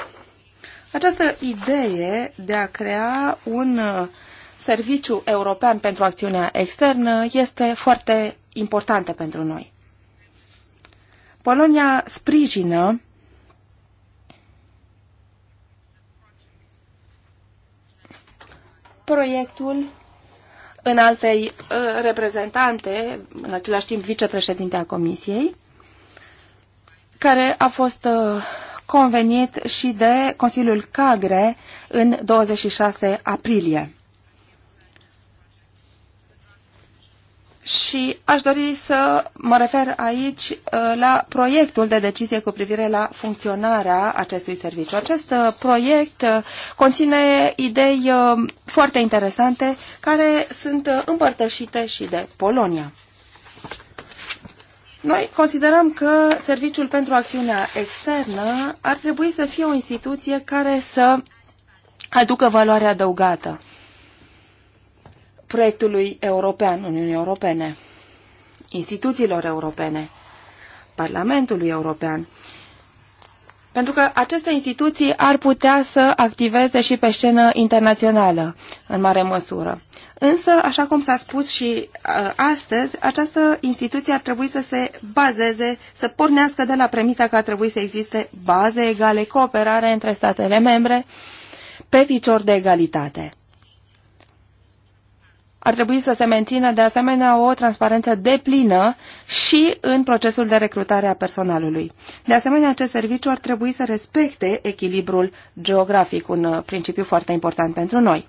Această idee de a crea un uh, serviciu european pentru acțiunea externă este foarte importantă pentru noi. Polonia sprijină proiectul în altei uh, reprezentante, în același timp vicepreședintea Comisiei, care a fost uh, convenit și de Consiliul Cagre în 26 aprilie. Și aș dori să mă refer aici uh, la proiectul de decizie cu privire la funcționarea acestui serviciu. Acest uh, proiect conține idei foarte interesante care sunt împărtășite și de Polonia. Noi considerăm că Serviciul pentru Acțiunea Externă ar trebui să fie o instituție care să aducă valoare adăugată proiectului european, Uniunii Europene, instituțiilor europene, Parlamentului European. Pentru că aceste instituții ar putea să activeze și pe scenă internațională, în mare măsură. Însă, așa cum s-a spus și uh, astăzi, această instituție ar trebui să se bazeze, să pornească de la premisa că ar trebui să existe baze egale, cooperare între statele membre, pe picior de egalitate. Ar trebui să se mențină de asemenea o transparență deplină și în procesul de recrutare a personalului. De asemenea, acest serviciu ar trebui să respecte echilibrul geografic, un uh, principiu foarte important pentru noi.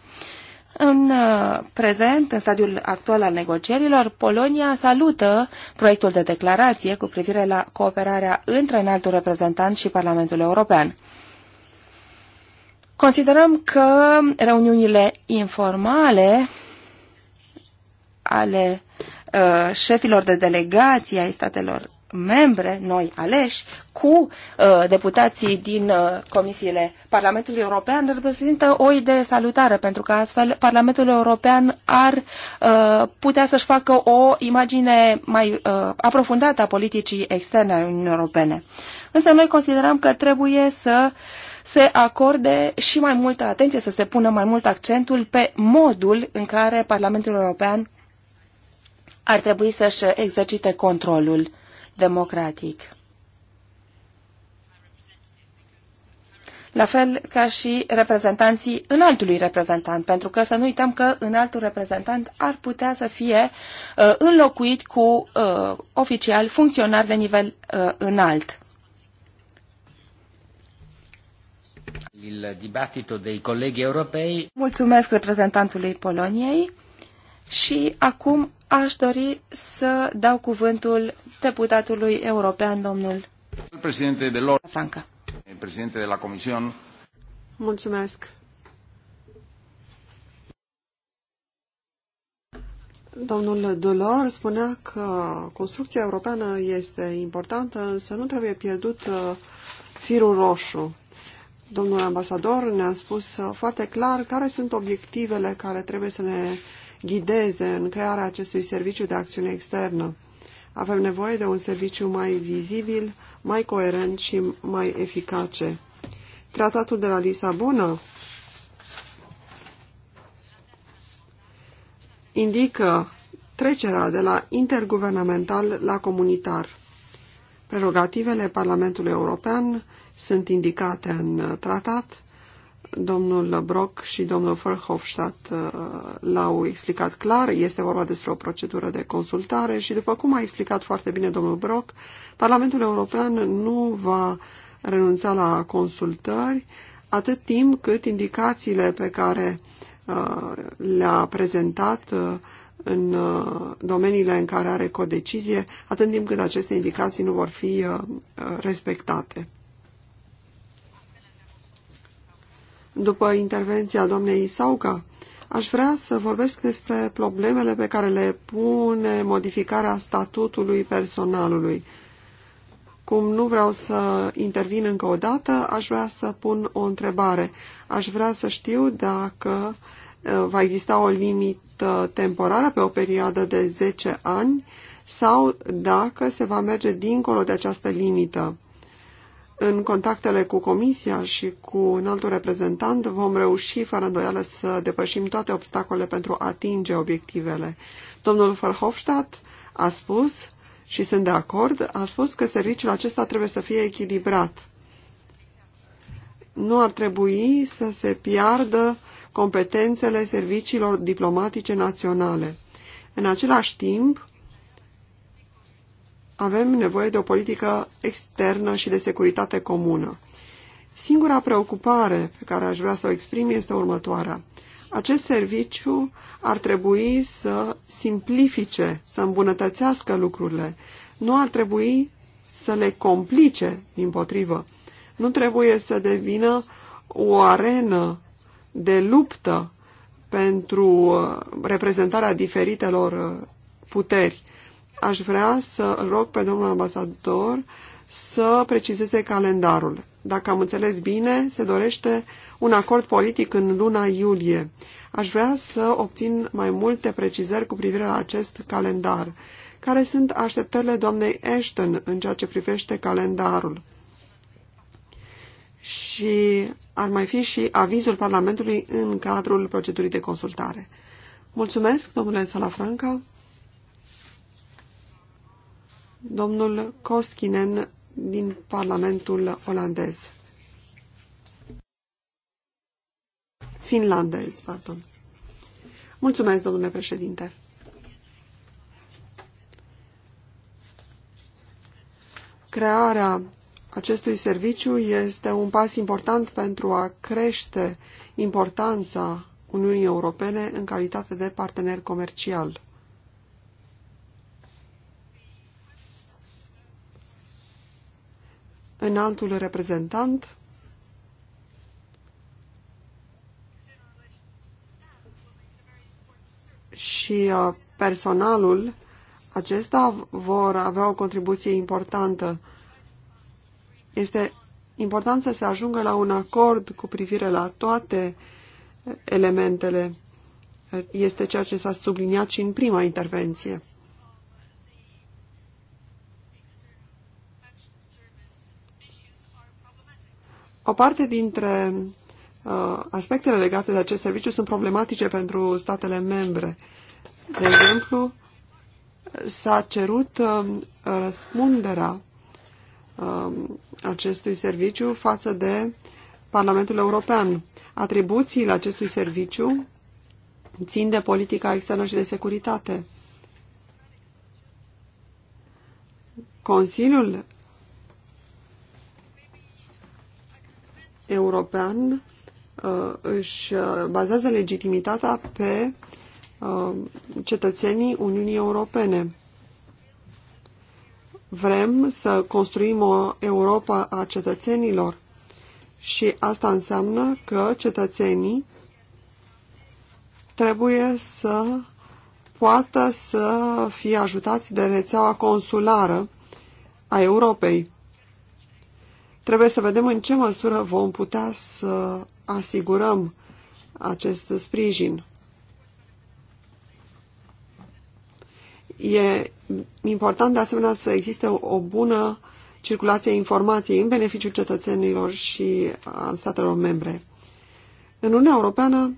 În uh, prezent, în stadiul actual al negocierilor, Polonia salută proiectul de declarație cu privire la cooperarea între înaltul reprezentant și Parlamentul European. Considerăm că reuniunile informale ale uh, șefilor de delegații ai statelor membre, noi aleși, cu uh, deputații din uh, comisiile Parlamentului European reprezintă o idee salutară, pentru că astfel Parlamentul European ar uh, putea să-și facă o imagine mai uh, aprofundată a politicii externe a Uniunii Europene. Însă noi considerăm că trebuie să se acorde și mai multă atenție, să se pună mai mult accentul pe modul în care Parlamentul European ar trebui să-și exercite controlul democratic. La fel ca și reprezentanții înaltului reprezentant, pentru că să nu uităm că înaltul reprezentant ar putea să fie uh, înlocuit cu uh, oficial funcționar de nivel uh, înalt. Il dibattito dei colleghi europei. Mulțumesc reprezentantului Poloniei. Și acum aș dori să dau cuvântul deputatului european, domnul președinte de lor, Franca. Președinte de la Comisie. Mulțumesc. Domnul Delors spunea că construcția europeană este importantă, însă nu trebuie pierdut uh, firul roșu. Domnul ambasador ne-a spus uh, foarte clar care sunt obiectivele care trebuie să ne ghideze în crearea acestui serviciu de acțiune externă. Avem nevoie de un serviciu mai vizibil, mai coerent și mai eficace. Tratatul de la Lisabona indică trecerea de la interguvernamental la comunitar. Prerogativele Parlamentului European sunt indicate în tratat domnul Brock și domnul Verhofstadt uh, l-au explicat clar. Este vorba despre o procedură de consultare și, după cum a explicat foarte bine domnul Brock, Parlamentul European nu va renunța la consultări atât timp cât indicațiile pe care uh, le-a prezentat uh, în domeniile în care are codecizie, atât timp cât aceste indicații nu vor fi respectate. După intervenția doamnei Sauca, aș vrea să vorbesc despre problemele pe care le pune modificarea statutului personalului. Cum nu vreau să intervin încă o dată, aș vrea să pun o întrebare. Aș vrea să știu dacă va exista o limită temporară pe o perioadă de 10 ani sau dacă se va merge dincolo de această limită. În contactele cu Comisia și cu un alt reprezentant vom reuși fără îndoială să depășim toate obstacolele pentru a atinge obiectivele. Domnul Verhofstadt a spus, și sunt de acord, a spus că serviciul acesta trebuie să fie echilibrat. Nu ar trebui să se piardă competențele serviciilor diplomatice naționale. În același timp, avem nevoie de o politică externă și de securitate comună. Singura preocupare pe care aș vrea să o exprim este următoarea. Acest serviciu ar trebui să simplifice, să îmbunătățească lucrurile. Nu ar trebui să le complice, din potrivă. Nu trebuie să devină o arenă de luptă pentru uh, reprezentarea diferitelor uh, puteri aș vrea să îl rog pe domnul ambasador să precizeze calendarul. Dacă am înțeles bine, se dorește un acord politic în luna iulie. Aș vrea să obțin mai multe precizări cu privire la acest calendar. Care sunt așteptările doamnei Ashton în ceea ce privește calendarul? Și ar mai fi și avizul Parlamentului în cadrul procedurii de consultare. Mulțumesc, domnule Salafranca domnul Koskinen din Parlamentul olandez. Finlandez, pardon. Mulțumesc, domnule președinte. Crearea acestui serviciu este un pas important pentru a crește importanța Uniunii Europene în calitate de partener comercial. înaltul reprezentant și uh, personalul acesta vor avea o contribuție importantă. Este important să se ajungă la un acord cu privire la toate elementele. Este ceea ce s-a subliniat și în prima intervenție. O parte dintre uh, aspectele legate de acest serviciu sunt problematice pentru statele membre. De exemplu, s-a cerut um, răspunderea um, acestui serviciu față de Parlamentul European. Atribuțiile acestui serviciu țin de politica externă și de securitate. Consiliul european uh, își uh, bazează legitimitatea pe uh, cetățenii Uniunii Europene. Vrem să construim o Europa a cetățenilor și asta înseamnă că cetățenii trebuie să poată să fie ajutați de rețeaua consulară a Europei. Trebuie să vedem în ce măsură vom putea să asigurăm acest sprijin. E important de asemenea să existe o bună circulație a informației în beneficiul cetățenilor și al statelor membre. În Uniunea Europeană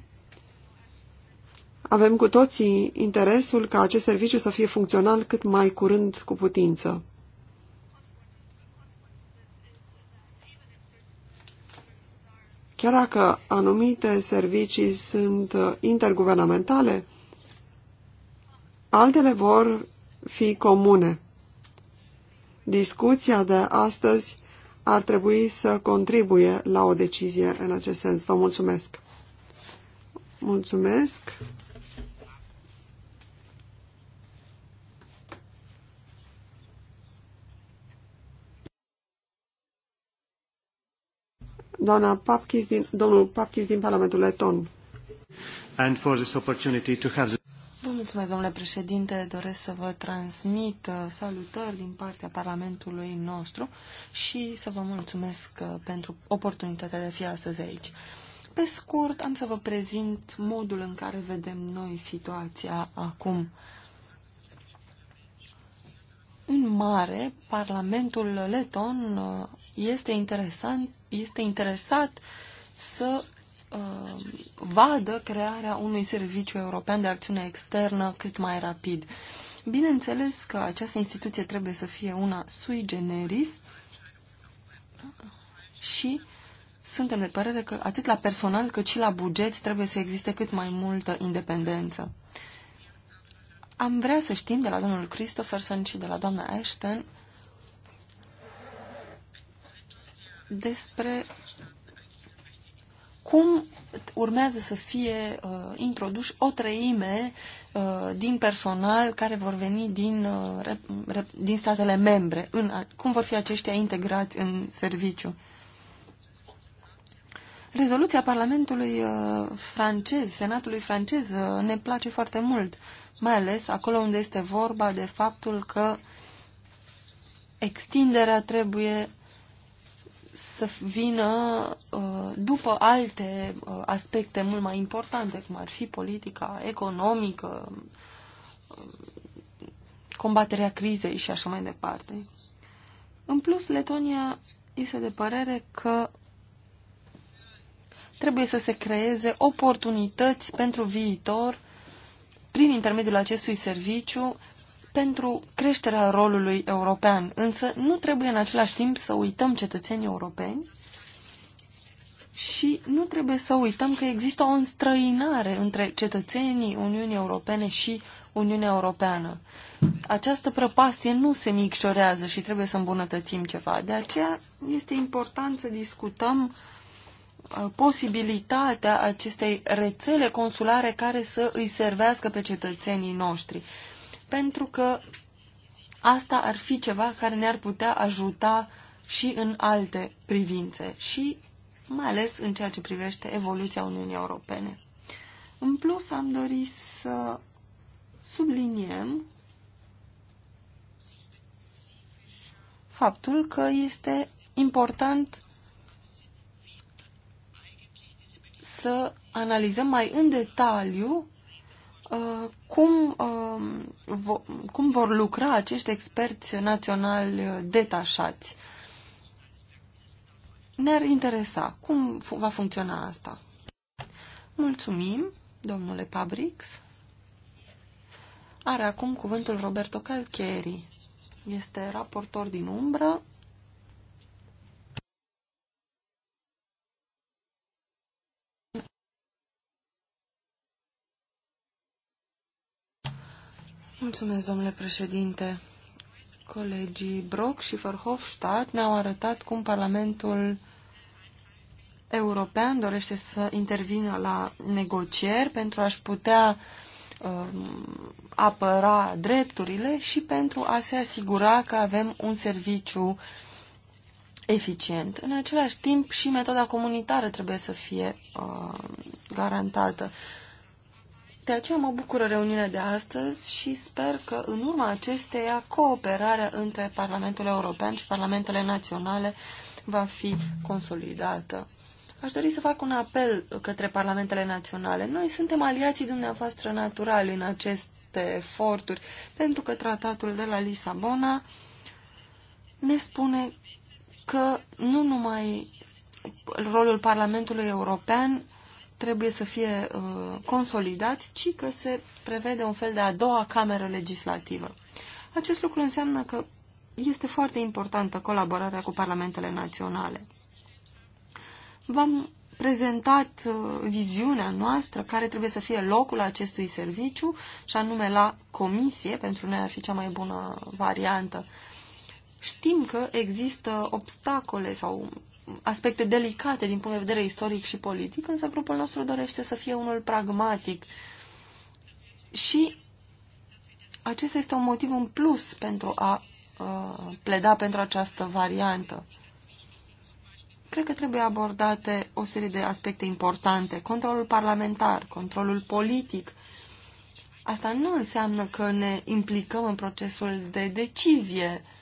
avem cu toții interesul ca acest serviciu să fie funcțional cât mai curând cu putință. Chiar dacă anumite servicii sunt uh, interguvernamentale, altele vor fi comune. Discuția de astăzi ar trebui să contribuie la o decizie în acest sens. Vă mulțumesc! Mulțumesc! doamna Papkis din, domnul Papkis din Parlamentul Leton. And for this opportunity to have the... Vă mulțumesc, domnule președinte. Doresc să vă transmit uh, salutări din partea Parlamentului nostru și să vă mulțumesc uh, pentru oportunitatea de a fi astăzi aici. Pe scurt, am să vă prezint modul în care vedem noi situația acum. În mare, Parlamentul Leton uh, este interesant este interesat să uh, vadă crearea unui serviciu european de acțiune externă cât mai rapid. Bineînțeles că această instituție trebuie să fie una sui generis și suntem de părere că atât la personal cât și la buget trebuie să existe cât mai multă independență. Am vrea să știm de la domnul Christopherson și de la doamna Ashton despre cum urmează să fie uh, introduși o treime uh, din personal care vor veni din, uh, rep, rep, din statele membre, în, cum vor fi aceștia integrați în serviciu. Rezoluția Parlamentului uh, francez, Senatului francez, uh, ne place foarte mult, mai ales acolo unde este vorba de faptul că extinderea trebuie uh, să vină uh, după alte uh, aspecte mult mai importante, cum ar fi politica economică, uh, combaterea crizei și așa mai departe. În plus, Letonia este de părere că trebuie să se creeze oportunități pentru viitor prin intermediul acestui serviciu pentru creșterea rolului european, însă nu trebuie în același timp să uităm cetățenii europeni și nu trebuie să uităm că există o înstrăinare între cetățenii Uniunii Europene și Uniunea Europeană. Această prăpastie nu se micșorează și trebuie să îmbunătățim ceva. De aceea este important să discutăm uh, posibilitatea acestei rețele consulare care să îi servească pe cetățenii noștri pentru că asta ar fi ceva care ne-ar putea ajuta și în alte privințe și mai ales în ceea ce privește evoluția Uniunii Europene. În plus, am dorit să subliniem faptul că este important să analizăm mai în detaliu Uh, cum, uh, cum vor lucra acești experți naționali detașați. Ne-ar interesa cum va funcționa asta. Mulțumim, domnule Pabrix. Are acum cuvântul Roberto Calcheri. Este raportor din umbră Mulțumesc, domnule președinte. Colegii Brock și Verhofstadt ne-au arătat cum Parlamentul European dorește să intervină la negocieri pentru a-și putea um, apăra drepturile și pentru a se asigura că avem un serviciu eficient. În același timp și metoda comunitară trebuie să fie uh, garantată. Uh, de aceea mă bucură reuniunea de astăzi și sper că în urma acesteia cooperarea între Parlamentul European și Parlamentele Naționale va fi consolidată. Aș dori să fac un apel către Parlamentele Naționale. Noi suntem aliații dumneavoastră naturali în aceste eforturi, pentru că tratatul de la Lisabona ne spune că nu numai rolul Parlamentului European trebuie să fie uh, consolidat, ci că se prevede un fel de a doua cameră legislativă. Acest lucru înseamnă că este foarte importantă colaborarea cu parlamentele naționale. V-am prezentat uh, viziunea noastră care trebuie să fie locul acestui serviciu și anume la comisie, pentru noi ar fi cea mai bună variantă. Știm că există obstacole sau aspecte delicate din punct de vedere istoric și politic, însă grupul nostru dorește să fie unul pragmatic. Și acesta este un motiv în plus pentru a uh, pleda pentru această variantă. Cred că trebuie abordate o serie de aspecte importante. Controlul parlamentar, controlul politic. Asta nu înseamnă că ne implicăm în procesul de decizie uh,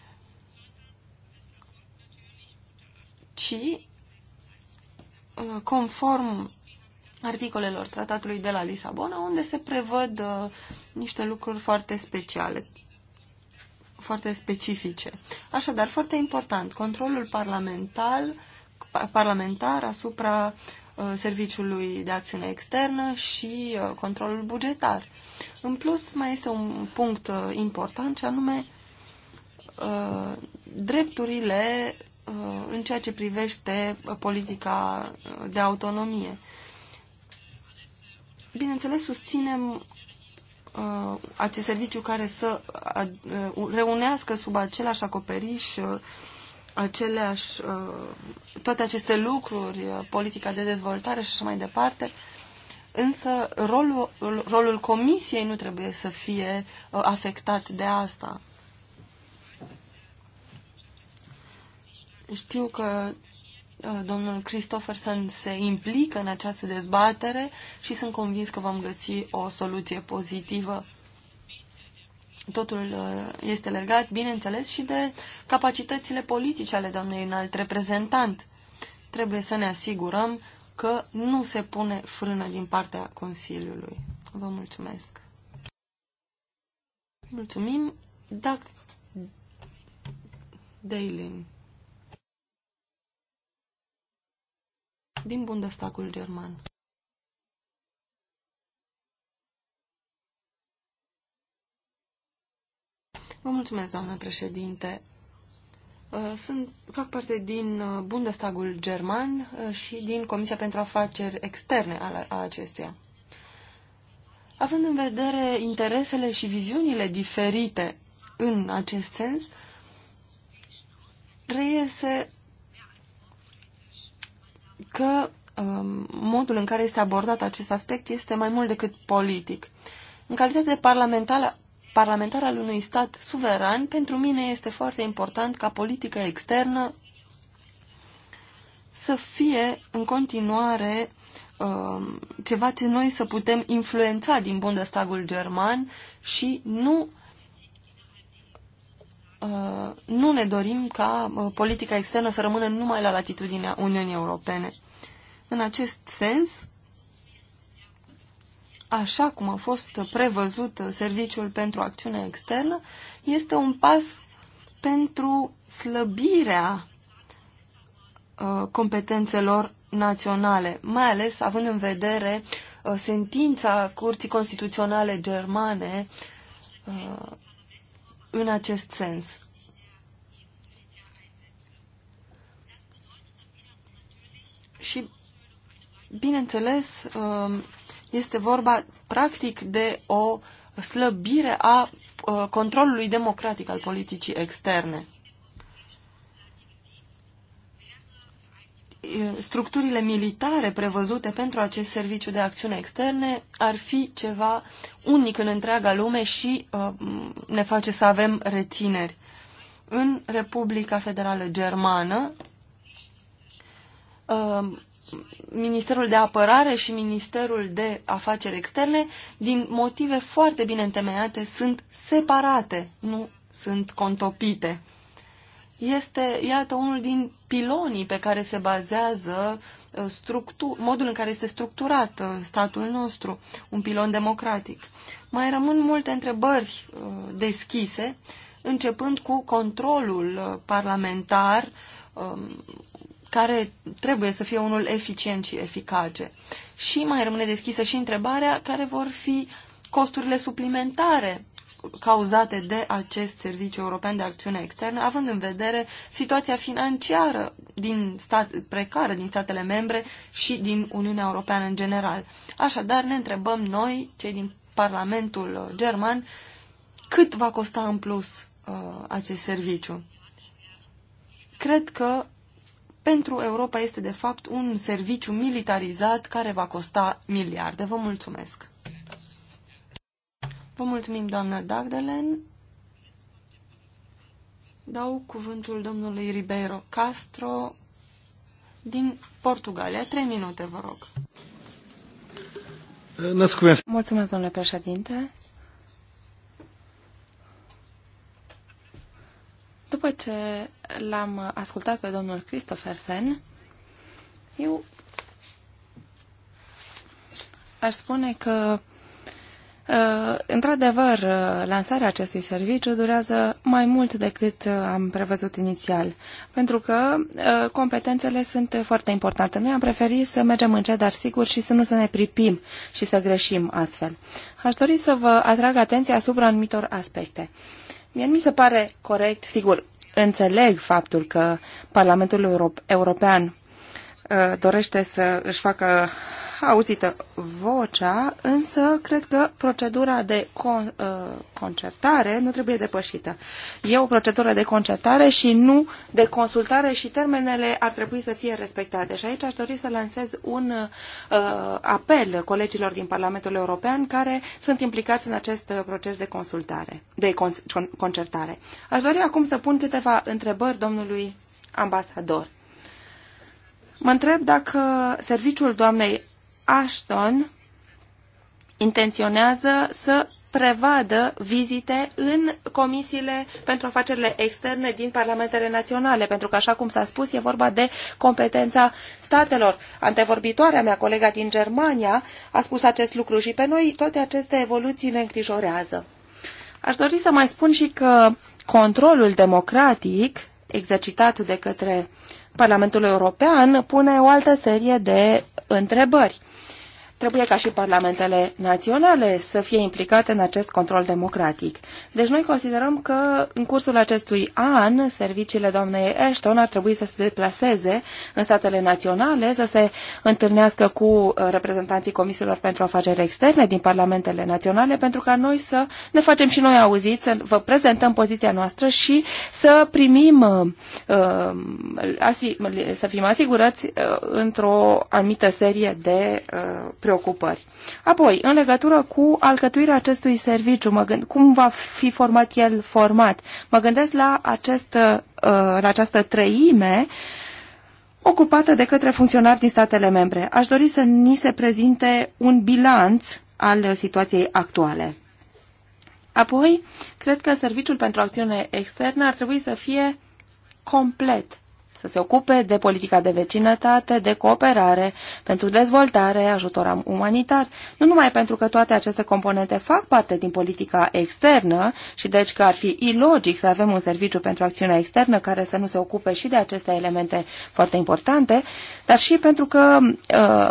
ci uh, conform articolelor tratatului de la Lisabona, unde se prevăd uh, niște lucruri foarte speciale, foarte specifice. Așadar, foarte important, controlul parlamentar, parlamentar asupra uh, Serviciului de Acțiune Externă și controlul bugetar. În plus, mai este un punct important, și anume drepturile Uh, în ceea ce privește uh, politica uh, de autonomie. Bineînțeles, susținem acest serviciu care să reunească sub același acoperiș aceleași, toate aceste lucruri, politica de dezvoltare și așa mai departe, însă rolul, rolul comisiei nu trebuie să fie afectat de asta. Știu că uh, domnul Christopherson se implică în această dezbatere și sunt convins că vom găsi o soluție pozitivă. Totul uh, este legat, bineînțeles, și de capacitățile politice ale doamnei înalt reprezentant. Trebuie să ne asigurăm că nu se pune frână din partea Consiliului. Vă mulțumesc. Mulțumim. Dacă... Dailin. din Bundestagul german. Vă mulțumesc, doamnă președinte. Uh, sunt, fac parte din uh, Bundestagul german uh, și din Comisia pentru Afaceri Externe a, acestuia. Având în vedere interesele și viziunile diferite în acest sens, reiese că um, modul în care este abordat acest aspect este mai mult decât politic. În calitate de parlamentară, parlamentar al unui stat suveran, pentru mine este foarte important ca politica externă să fie în continuare um, ceva ce noi să putem influența din Bundestagul german și nu uh, nu ne dorim ca uh, politica externă să rămână numai la latitudinea Uniunii Europene. În acest sens, așa cum a fost prevăzut serviciul pentru acțiune externă, este un pas pentru slăbirea uh, competențelor naționale, mai ales având în vedere uh, sentința Curții Constituționale Germane uh, în acest sens. Și bineînțeles, um, este vorba practic de o slăbire a uh, controlului democratic al politicii externe. Structurile militare prevăzute pentru acest serviciu de acțiune externe ar fi ceva unic în întreaga lume și uh, ne face să avem rețineri. În Republica Federală Germană uh, Ministerul de Apărare și Ministerul de Afaceri Externe, din motive foarte bine întemeiate, sunt separate, nu sunt contopite. Este, iată, unul din pilonii pe care se bazează uh, modul în care este structurat uh, statul nostru, un pilon democratic. Mai rămân multe întrebări uh, deschise, începând cu controlul parlamentar um, care trebuie să fie unul eficient și eficace. Și mai rămâne deschisă și întrebarea care vor fi costurile suplimentare cauzate de acest Serviciu European de Acțiune Externă, având în vedere situația financiară din stat, precară din statele membre și din Uniunea Europeană în general. Așadar, ne întrebăm noi, cei din Parlamentul German, cât va costa în plus uh, acest serviciu. Cred că pentru Europa este de fapt un serviciu militarizat care va costa miliarde. Vă mulțumesc! Vă mulțumim, doamnă Dagdelen. Dau cuvântul domnului Ribeiro Castro din Portugalia. Trei minute, vă rog. Mulțumesc, domnule președinte. După ce l-am ascultat pe domnul Christophersen, eu aș spune că uh, Într-adevăr, lansarea acestui serviciu durează mai mult decât uh, am prevăzut inițial, pentru că uh, competențele sunt foarte importante. Noi am preferit să mergem încet, dar sigur, și să nu să ne pripim și să greșim astfel. Aș dori să vă atrag atenția asupra anumitor aspecte. Mie mi se pare corect, sigur, înțeleg faptul că Parlamentul European Uh, dorește să își facă auzită vocea, însă cred că procedura de con, uh, concertare nu trebuie depășită. E o procedură de concertare și nu de consultare și termenele ar trebui să fie respectate. Și aici aș dori să lansez un uh, apel colegilor din Parlamentul European care sunt implicați în acest proces de consultare, de con, concertare. Aș dori acum să pun câteva întrebări domnului ambasador. Mă întreb dacă serviciul doamnei Ashton intenționează să prevadă vizite în comisiile pentru afacerile externe din parlamentele naționale, pentru că, așa cum s-a spus, e vorba de competența statelor. Antevorbitoarea mea, colega din Germania, a spus acest lucru și pe noi toate aceste evoluții ne îngrijorează. Aș dori să mai spun și că controlul democratic exercitat de către uh, Parlamentul European pune o altă serie de întrebări. Trebuie ca și parlamentele naționale să fie implicate în acest control democratic. Deci noi considerăm că în cursul acestui an, serviciile doamnei Ashton ar trebui să se deplaseze în statele naționale, să se întâlnească cu uh, reprezentanții Comisiilor pentru Afaceri Externe din parlamentele naționale, pentru ca noi să ne facem și noi auziți, să vă prezentăm poziția noastră și să primim, uh, uh, să fim asigurați într-o anumită serie de preocupări. Apoi, în legătură cu alcătuirea acestui serviciu, mă gând, cum va fi format el format? Mă gândesc la, acest, uh, la această trăime ocupată de către funcționari din statele membre. Aș dori să ni se prezinte un bilanț al situației actuale. Apoi, cred că Serviciul pentru Acțiune Externă ar trebui să fie complet să se ocupe de politica de vecinătate, de cooperare, pentru dezvoltare, ajutor umanitar, nu numai pentru că toate aceste componente fac parte din politica externă și deci că ar fi ilogic să avem un serviciu pentru acțiunea externă care să nu se ocupe și de aceste elemente foarte importante, dar și pentru că uh,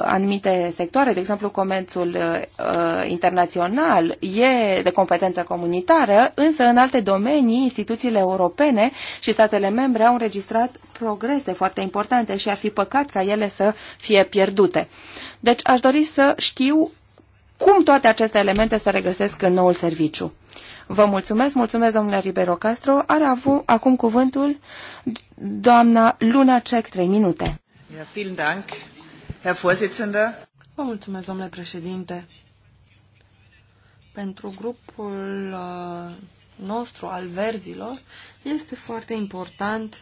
anumite sectoare, de exemplu comerțul uh, internațional, e de competență comunitară, însă în alte domenii instituțiile europene și statele membre au înregistrat progrese foarte importante și ar fi păcat ca ele să fie pierdute. Deci aș dori să știu cum toate aceste elemente se regăsesc în noul serviciu. Vă mulțumesc, mulțumesc domnule Ribeiro Castro. Are avut acum cuvântul doamna Luna Cec, 3 minute. Vă mulțumesc, domnule președinte. Pentru grupul uh, nostru al verzilor este foarte important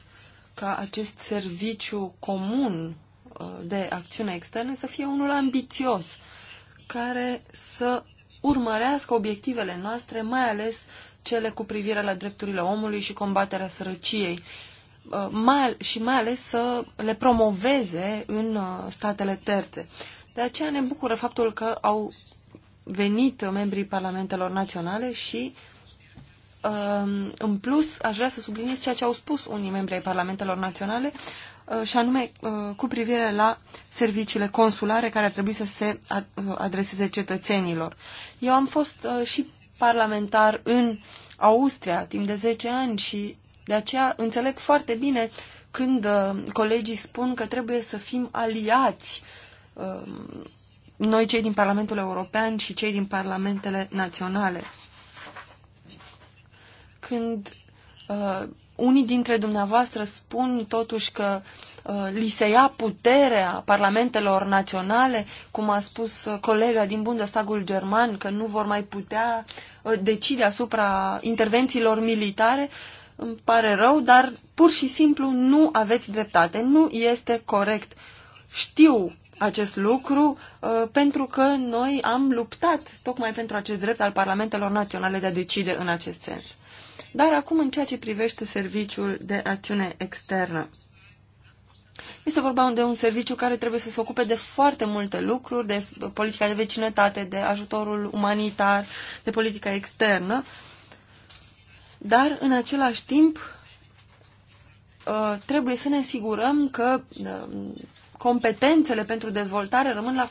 ca acest serviciu comun uh, de acțiune externă să fie unul ambițios, care să urmărească obiectivele noastre, mai ales cele cu privire la drepturile omului și combaterea sărăciei, uh, mai, și mai ales să le promoveze în uh, statele terțe. De aceea ne bucură faptul că au venit membrii parlamentelor naționale și uh, Um, în plus, aș vrea să subliniez ceea ce au spus unii membri ai Parlamentelor Naționale, uh, și anume uh, cu privire la serviciile consulare care ar trebui să se uh, adreseze cetățenilor. Eu am fost și parlamentar în Austria timp de 10 ani și de aceea înțeleg foarte bine când colegii spun că trebuie să fim aliați um, noi cei din Parlamentul European și cei din Parlamentele Naționale când uh, unii dintre dumneavoastră spun totuși că uh, li se ia puterea parlamentelor naționale, cum a spus uh, colega din Bundestagul german, că nu vor mai putea uh, decide asupra intervențiilor militare, îmi pare rău, dar pur și simplu nu aveți dreptate. Nu este corect. Știu acest lucru uh, pentru că noi am luptat tocmai pentru acest drept al parlamentelor naționale de a decide în acest sens. Dar acum, în ceea ce privește serviciul de acțiune externă, este vorba de un serviciu care trebuie să se ocupe de foarte multe lucruri, de politica de vecinătate, de ajutorul umanitar, de politica externă, dar în același timp ă, trebuie să ne asigurăm că ă, competențele pentru dezvoltare rămân la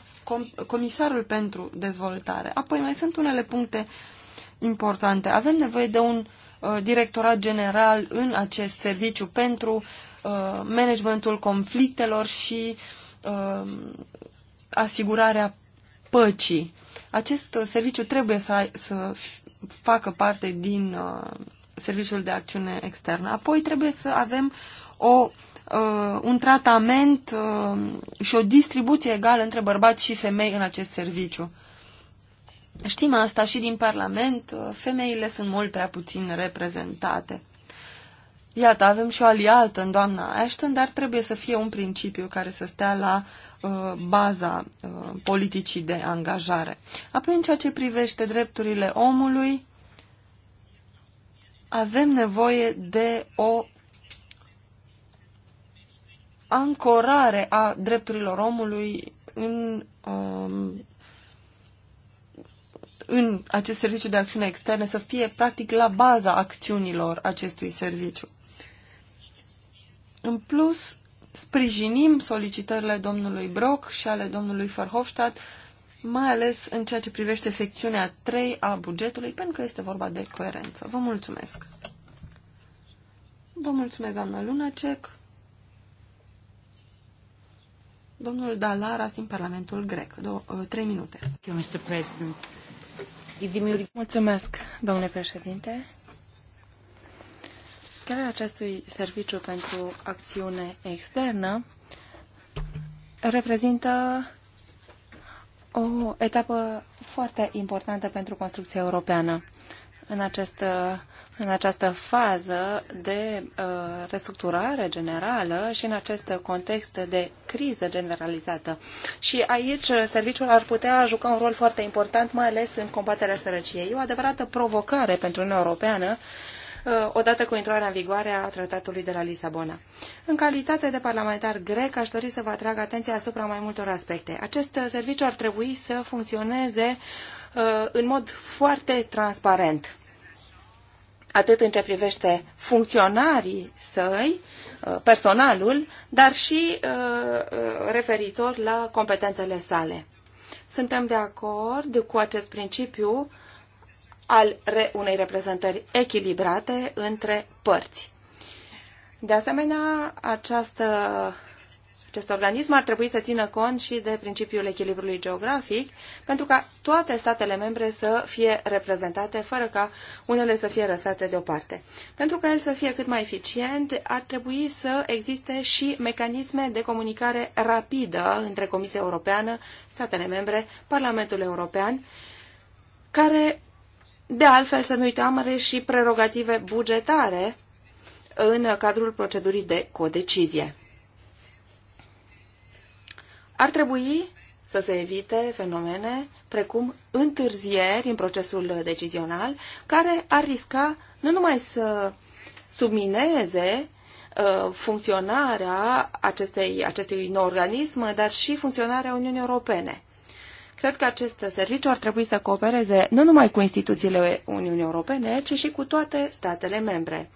comisarul pentru dezvoltare. Apoi mai sunt unele puncte importante. Avem nevoie de un Uh, directorat general în acest serviciu pentru uh, managementul conflictelor și uh, asigurarea păcii. Acest serviciu trebuie să, să facă parte din serviciul de acțiune externă. Apoi trebuie să avem o un tratament și o distribuție egală între bărbați și femei în acest serviciu. Știm asta și din Parlament, uh, femeile sunt mult prea puțin reprezentate. Iată, avem și o aliată în doamna Ashton, dar trebuie să fie un principiu care să stea la uh, baza uh, politicii de angajare. Apoi, în ceea ce privește drepturile omului, avem nevoie de o ancorare a drepturilor omului în um, în acest serviciu de acțiune externă să fie practic la baza acțiunilor acestui serviciu. În plus, sprijinim solicitările domnului Brock și ale domnului Verhofstadt, mai ales în ceea ce privește secțiunea 3 a bugetului, pentru că este vorba de coerență. Vă mulțumesc! Vă mulțumesc, doamna Lunacek. Domnul Dalaras din Parlamentul Grec. Două, trei minute. Thank you, Mr. President. Mulțumesc, domnule președinte. Crearea acestui serviciu pentru acțiune externă reprezintă o etapă foarte importantă pentru construcția europeană. În acest în această fază de uh, restructurare generală și în acest context de criză generalizată. Și aici uh, serviciul ar putea juca un rol foarte important, mai ales în combaterea sărăciei. E o adevărată provocare pentru Uniunea Europeană uh, odată cu intrarea în vigoare a tratatului de la Lisabona. În calitate de parlamentar grec, aș dori să vă atrag atenția asupra mai multor aspecte. Acest serviciu ar trebui să funcționeze în mod foarte transparent atât în ce privește funcționarii săi, uh, personalul, dar și uh, uh, referitor la competențele sale. Suntem de acord cu acest principiu al unei reprezentări echilibrate între părți. De asemenea, această acest organism ar trebui să țină cont și de principiul echilibrului geografic, pentru ca toate statele membre să fie reprezentate, fără ca unele să fie răsate deoparte. Pentru ca el să fie cât mai eficient, ar trebui să existe și mecanisme de comunicare rapidă între Comisia Europeană, statele membre, Parlamentul European, care, de altfel, să nu uităm, are și prerogative bugetare în cadrul procedurii de codecizie. Ar trebui să se evite fenomene precum întârzieri în procesul decizional, care ar risca nu numai să submineze uh, funcționarea acestei, acestui nou organism, dar și funcționarea Uniunii Europene. Cred că acest serviciu ar trebui să coopereze nu numai cu instituțiile Uniunii Europene, ci și cu toate statele membre.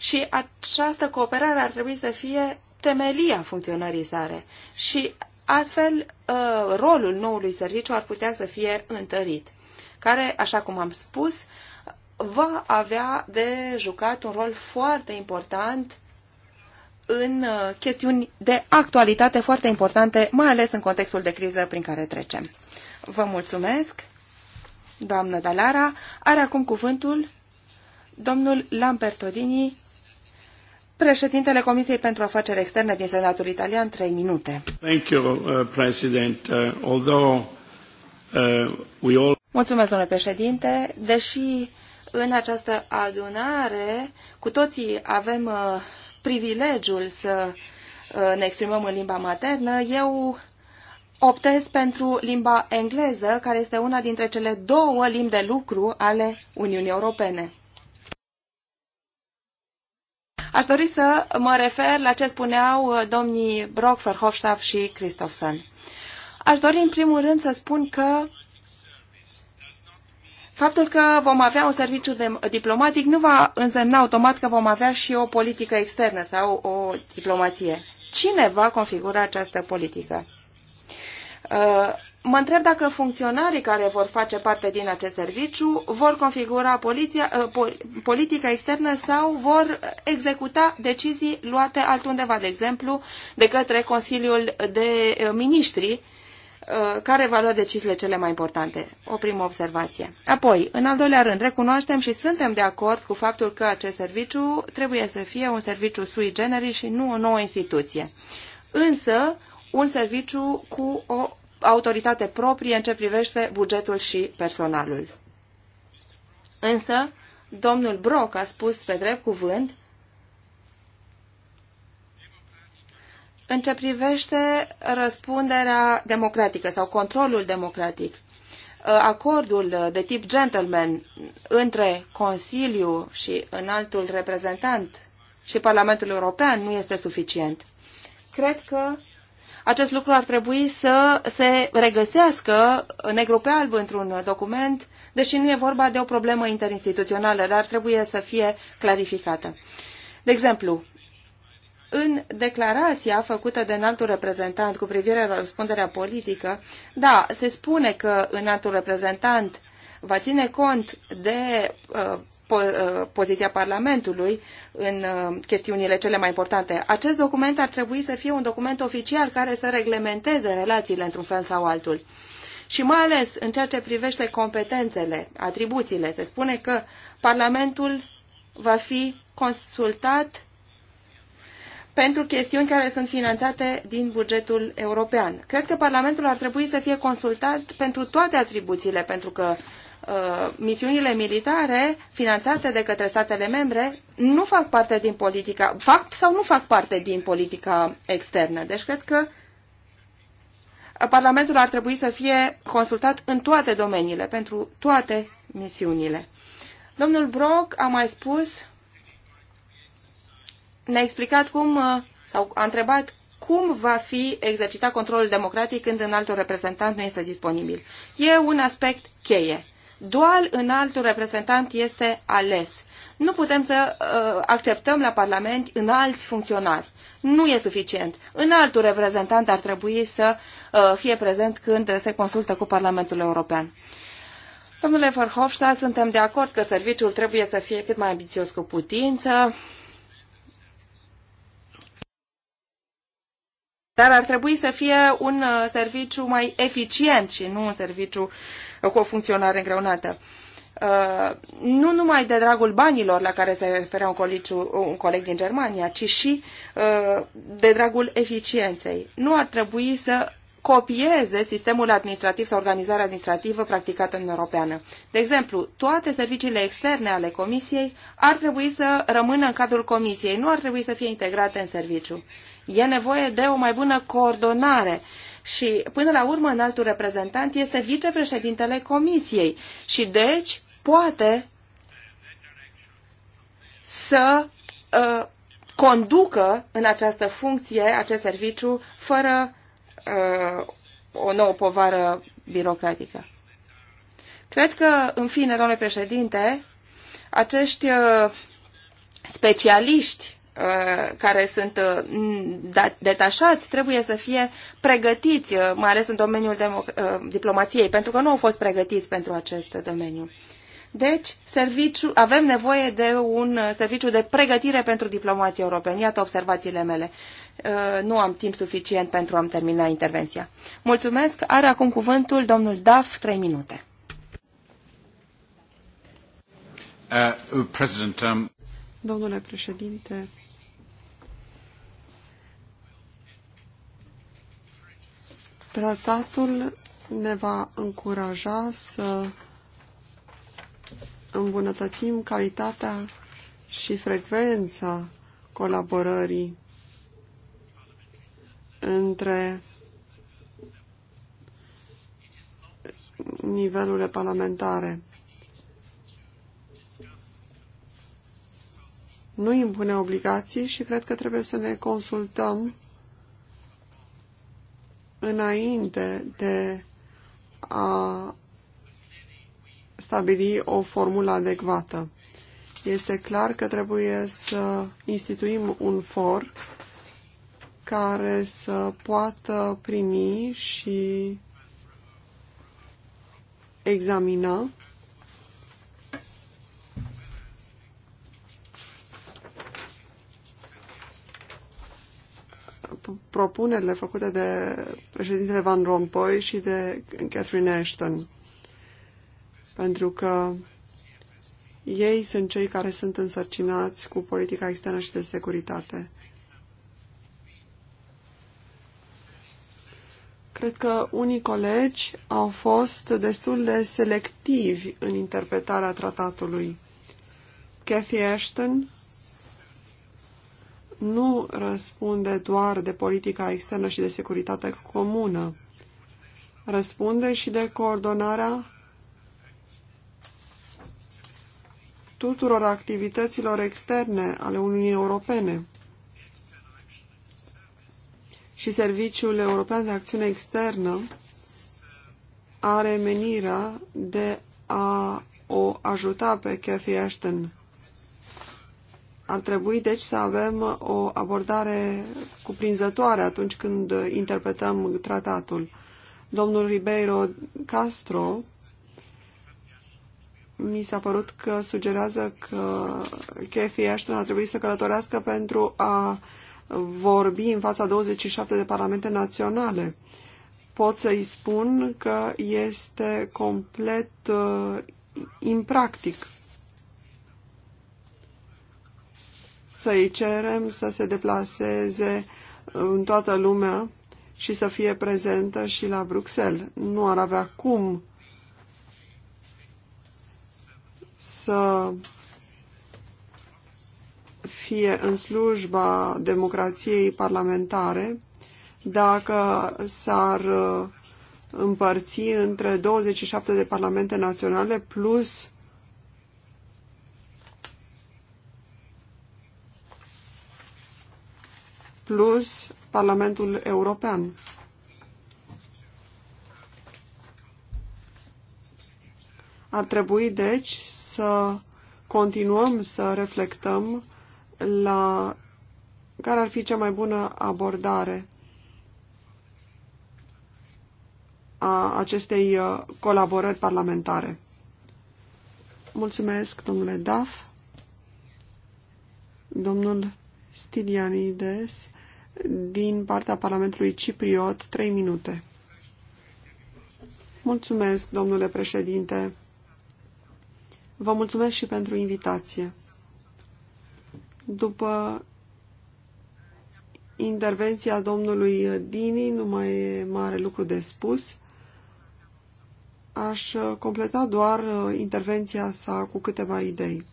și această cooperare ar trebui să fie temelia funcționării sale și astfel uh, rolul noului serviciu ar putea să fie întărit, care, așa cum am spus, va avea de jucat un rol foarte important în uh, chestiuni de actualitate foarte importante, mai ales în contextul de criză prin care trecem. Vă mulțumesc, doamnă Dalara. Are acum cuvântul domnul Lambertodini Președintele Comisiei pentru Afaceri Externe din Senatul Italian, 3 minute. Thank you, uh, President. Uh, although, uh, we all... Mulțumesc, domnule președinte. Deși în această adunare cu toții avem privilegiul să ne exprimăm în limba maternă, eu optez pentru limba engleză, care este una dintre cele două limbi de lucru ale Uniunii Europene. Aș dori să mă refer la ce spuneau uh, domnii Brock, Verhofstadt și Christofsen. Aș dori în primul rând să spun că Faptul că vom avea un serviciu de, diplomatic nu va însemna automat că vom avea și o politică externă sau o diplomație. Cine va configura această politică? Uh, Mă întreb dacă funcționarii care vor face parte din acest serviciu vor configura poliția, uh, po, politica externă sau vor executa decizii luate altundeva, de exemplu, de către Consiliul de uh, Ministri, uh, care va lua deciziile cele mai importante. O primă observație. Apoi, în al doilea rând, recunoaștem și suntem de acord cu faptul că acest serviciu trebuie să fie un serviciu sui generis și nu o nouă instituție. Însă, un serviciu cu o autoritate proprie în ce privește bugetul și personalul. Însă, domnul Brock a spus pe drept cuvânt în ce privește răspunderea democratică sau controlul democratic. Acordul de tip gentleman între Consiliu și înaltul reprezentant și Parlamentul European nu este suficient. Cred că acest lucru ar trebui să se regăsească negru pe alb într-un document, deși nu e vorba de o problemă interinstituțională, dar trebuie să fie clarificată. De exemplu, în declarația făcută de înaltul reprezentant cu privire la răspunderea politică, da, se spune că înaltul reprezentant va ține cont de uh, uh, poziția Parlamentului în uh, chestiunile cele mai importante. Acest document ar trebui să fie un document oficial care să reglementeze relațiile într-un fel sau altul. Și mai ales în ceea ce privește competențele, atribuțiile, se spune că Parlamentul va fi consultat pentru chestiuni care sunt finanțate din bugetul european. Cred că Parlamentul ar trebui să fie consultat pentru toate atribuțiile, pentru că Uh, misiunile militare finanțate de către statele membre nu fac parte din politica, fac sau nu fac parte din politica externă. Deci cred că Parlamentul ar trebui să fie consultat în toate domeniile, pentru toate misiunile. Domnul Brock a mai spus, ne-a explicat cum, uh, sau a întrebat cum va fi exercitat controlul democratic când un altul reprezentant nu este disponibil. E un aspect cheie doar altul reprezentant este ales. Nu putem să uh, acceptăm la Parlament în alți funcționari. Nu e suficient. În altul reprezentant ar trebui să uh, fie prezent când se consultă cu Parlamentul European. Domnule Verhofstadt, suntem de acord că serviciul trebuie să fie cât mai ambițios cu putință, dar ar trebui să fie un uh, serviciu mai eficient și nu un serviciu cu o funcționare îngreunată. Uh, nu numai de dragul banilor la care se referea un, coliciu, un coleg din Germania, ci și uh, de dragul eficienței. Nu ar trebui să copieze sistemul administrativ sau organizarea administrativă practicată în Europeană. De exemplu, toate serviciile externe ale Comisiei ar trebui să rămână în cadrul Comisiei, nu ar trebui să fie integrate în serviciu. E nevoie de o mai bună coordonare și, până la urmă, înaltul reprezentant este vicepreședintele Comisiei și, deci, poate să uh, conducă în această funcție acest serviciu fără uh, o nouă povară birocratică. Cred că, în fine, domnule președinte, acești uh, specialiști Uh, care sunt uh, da, detașați trebuie să fie pregătiți, uh, mai ales în domeniul diplomației, pentru că nu au fost pregătiți pentru acest domeniu. Deci, serviciu, avem nevoie de un serviciu de pregătire pentru diplomații europeni. Iată observațiile mele. Nu am timp suficient pentru a-mi termina intervenția. Mulțumesc. Are acum cuvântul domnul Daf, trei minute. Uh, um... Domnule președinte, Tratatul ne va încuraja să îmbunătățim calitatea și frecvența colaborării între nivelurile parlamentare. Nu impune obligații și cred că trebuie să ne consultăm înainte de a stabili o formulă adecvată. Este clar că trebuie să instituim un for care să poată primi și examina propunerile făcute de președintele Van Rompuy și de Catherine Ashton. Pentru că ei sunt cei care sunt însărcinați cu politica externă și de securitate. Cred că unii colegi au fost destul de selectivi în interpretarea tratatului. Cathy Ashton nu răspunde doar de politica externă și de securitate comună. Răspunde și de coordonarea tuturor activităților externe ale Uniunii Europene. Și Serviciul European de Acțiune Externă are menirea de a o ajuta pe Cathy Ashton ar trebui, deci, să avem uh, o abordare cuprinzătoare atunci când interpretăm tratatul. Domnul Ribeiro Castro mi s-a părut că sugerează că Cathy Ashton ar trebui să călătorească pentru a vorbi în fața 27 de parlamente naționale. Pot să-i spun că este complet uh, impractic să-i cerem să se deplaseze în toată lumea și să fie prezentă și la Bruxelles. Nu ar avea cum să fie în slujba democrației parlamentare dacă s-ar uh, împărți între 27 de parlamente naționale plus plus Parlamentul European. Ar trebui, deci, să continuăm să reflectăm la care ar fi cea mai bună abordare a acestei uh, colaborări parlamentare. Mulțumesc, domnule Daf. Domnul Stilianides din partea Parlamentului Cipriot, 3 minute. Mulțumesc, domnule președinte. Vă mulțumesc și pentru invitație. După intervenția domnului Dini, nu mai e mare lucru de spus. Aș completa doar uh, intervenția sa cu câteva idei.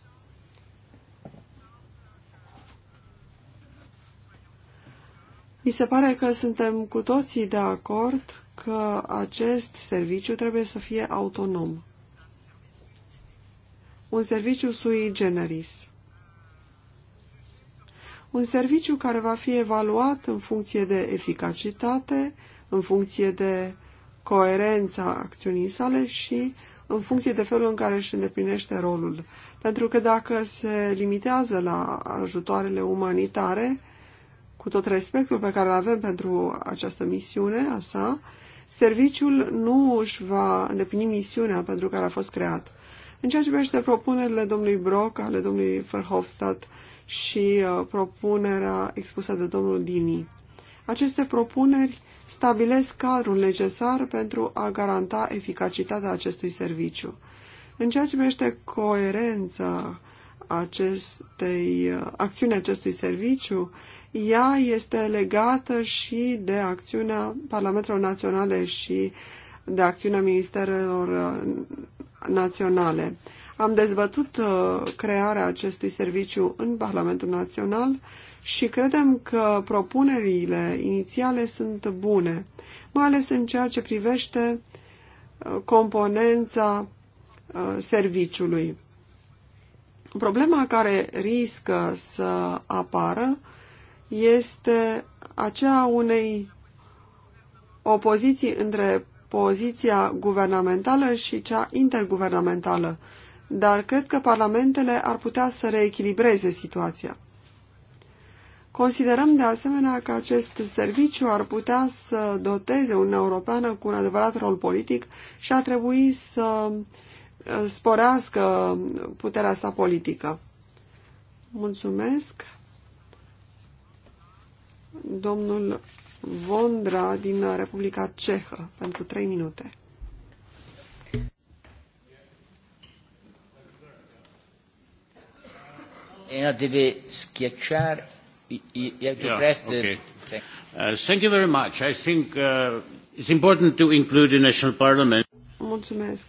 Mi se pare că suntem cu toții de acord că acest serviciu trebuie să fie autonom. Un serviciu sui generis. Un serviciu care va fi evaluat în funcție de eficacitate, în funcție de coerența acțiunii sale și în funcție de felul în care își îndeplinește rolul. Pentru că dacă se limitează la ajutoarele umanitare, cu tot respectul pe care îl avem pentru această misiune a sa, serviciul nu își va îndeplini misiunea pentru care a fost creat. În ceea ce privește propunerile domnului Brock, ale domnului Verhofstadt și uh, propunerea expusă de domnul Dini, aceste propuneri stabilesc cadrul necesar pentru a garanta eficacitatea acestui serviciu. În ceea ce privește coerența acestei, uh, acțiunii acestui serviciu, ea este legată și de acțiunea Parlamentelor Naționale și de acțiunea Ministerelor uh, Naționale. Am dezbătut uh, crearea acestui serviciu în Parlamentul Național și credem că propunerile inițiale sunt bune, mai ales în ceea ce privește uh, componența serviciului. Problema care riscă să apară este aceea unei opoziții între poziția guvernamentală și cea interguvernamentală, dar cred că parlamentele ar putea să reechilibreze situația. Considerăm de asemenea că acest serviciu ar putea să doteze Uniunea Europeană cu un adevărat rol politic și ar trebui să eh, sporească puterea sa politică. Mulțumesc! domnul Vondra din Republica Cehă pentru 3 minute. Ea deve schiacciare you have uh, to thank you very much. I think uh, it's important to include the national parliament. Mulțumesc.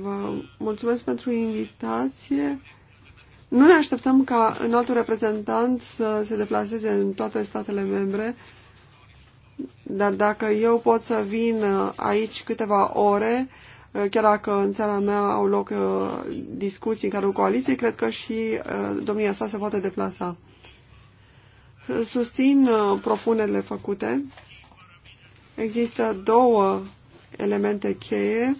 Vă mulțumesc pentru invitație. Nu ne așteptăm ca un altul reprezentant să se deplaseze în toate statele membre, dar dacă eu pot să vin uh, aici câteva ore, uh, chiar dacă în țara mea au loc uh, discuții în cadrul coaliției, cred că și domnia sa se poate deplasa. Susțin propunerile făcute. Există două elemente cheie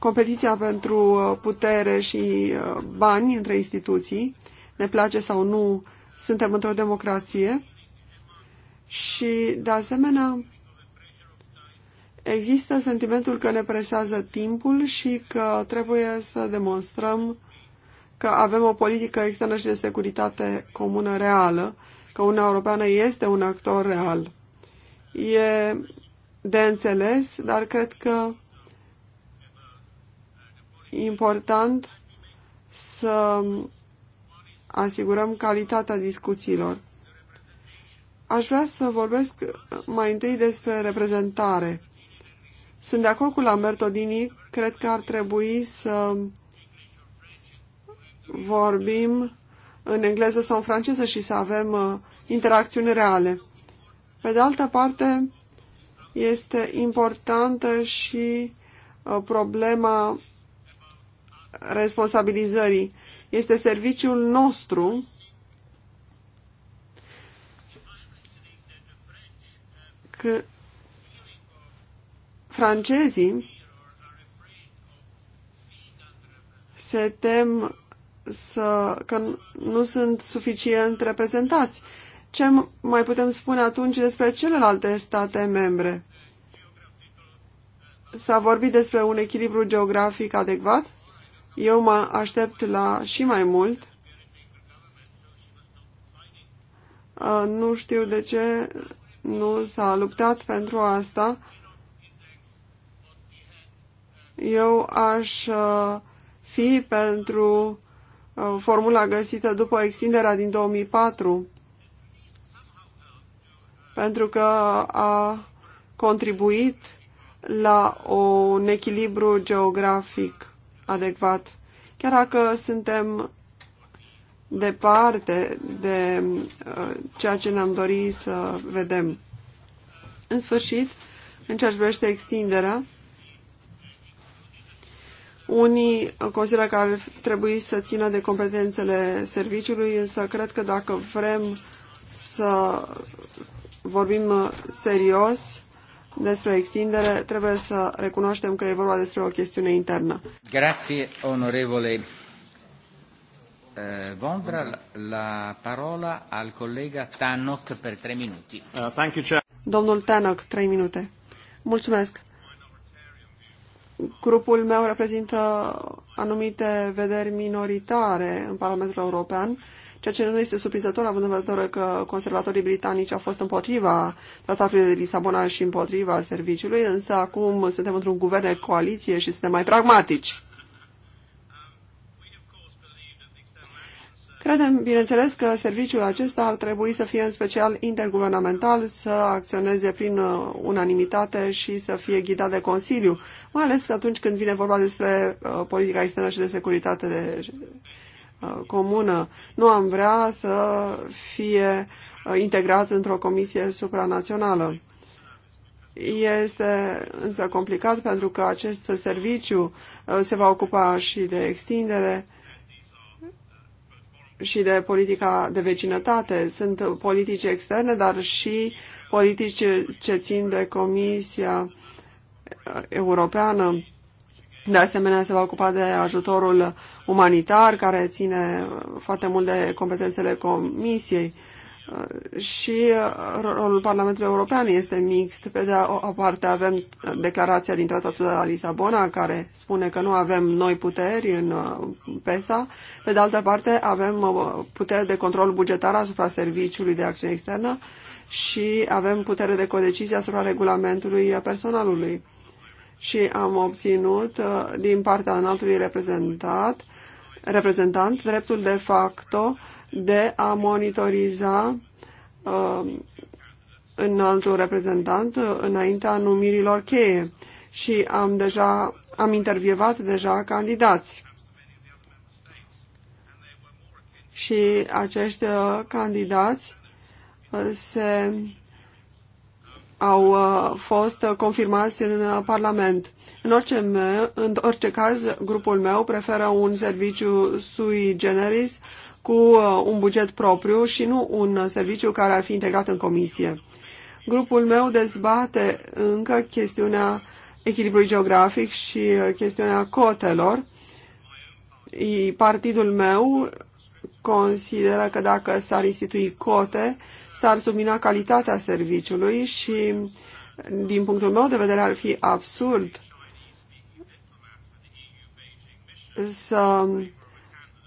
competiția pentru uh, putere și uh, bani între instituții, ne place sau nu, suntem într-o democrație și, de asemenea, există sentimentul că ne presează timpul și că trebuie să demonstrăm că avem o politică externă și de securitate comună reală, că Uniunea Europeană este un actor real. E de înțeles, dar cred că important să asigurăm calitatea discuțiilor. Aș vrea să vorbesc mai întâi despre reprezentare. Sunt de acord cu Lamberto Dini, cred că ar trebui să vorbim în engleză sau în franceză și să avem uh, interacțiuni reale. Pe de altă parte, este importantă și uh, problema responsabilizării. Este serviciul nostru că francezii se tem să, că nu sunt suficient reprezentați. Ce mai putem spune atunci despre celelalte state membre? S-a vorbit despre un echilibru geografic adecvat? Eu mă aștept la și mai mult. Nu știu de ce nu s-a luptat pentru asta. Eu aș fi pentru formula găsită după extinderea din 2004, pentru că a contribuit la un echilibru geografic adecvat. Chiar dacă suntem departe de uh, ceea ce ne-am dorit să vedem. În sfârșit, în ceea ce privește extinderea, unii consideră că ar trebui să țină de competențele serviciului, însă cred că dacă vrem să vorbim serios, despre extindere, trebuie să recunoaștem că e vorba despre o chestiune internă. Grazie, onorevole eh, Vondra. La parola al colega Tannock per trei minuti. Uh, thank you, Chair. Domnul Tannock, trei minute. Mulțumesc. Grupul meu reprezintă anumite vederi minoritare în Parlamentul European ceea ce nu este surprinzător având în vedere că conservatorii britanici au fost împotriva tratatului de Lisabona și împotriva serviciului, însă acum suntem într-un guvern de coaliție și suntem mai pragmatici. Credem, bineînțeles, că serviciul acesta ar trebui să fie în special interguvernamental, să acționeze prin uh, unanimitate și să fie ghidat de Consiliu, mai ales atunci când vine vorba despre uh, politica externă și de securitate de Uh, comună. Nu am vrea să fie uh, integrat într-o comisie supranațională. Este însă complicat pentru că acest serviciu uh, se va ocupa și de extindere și de politica de vecinătate. Sunt politici externe, dar și politici ce țin de Comisia Europeană. De asemenea, se va ocupa de ajutorul umanitar, care ține foarte mult de competențele Comisiei. Uh, și uh, rolul Parlamentului European este mixt. Pe de o parte avem uh, declarația din Tratatul de la Lisabona, care spune că nu avem noi puteri în PESA. Pe de altă parte avem putere de control bugetar asupra Serviciului de Acțiune Externă și avem putere de codecizie asupra regulamentului personalului și am obținut uh, din partea înaltului reprezentat, reprezentant dreptul de facto de a monitoriza uh, înaltul reprezentant uh, înaintea numirilor cheie și am deja am intervievat deja candidați. Și acești uh, candidați se au uh, fost confirmați în uh, Parlament. În orice, me, în orice caz, grupul meu preferă un serviciu sui generis cu uh, un buget propriu și nu un serviciu care ar fi integrat în comisie. Grupul meu dezbate încă chestiunea echilibrului geografic și chestiunea cotelor. Partidul meu consideră că dacă s-ar institui cote, s-ar submina calitatea serviciului și, din punctul meu de vedere, ar fi absurd să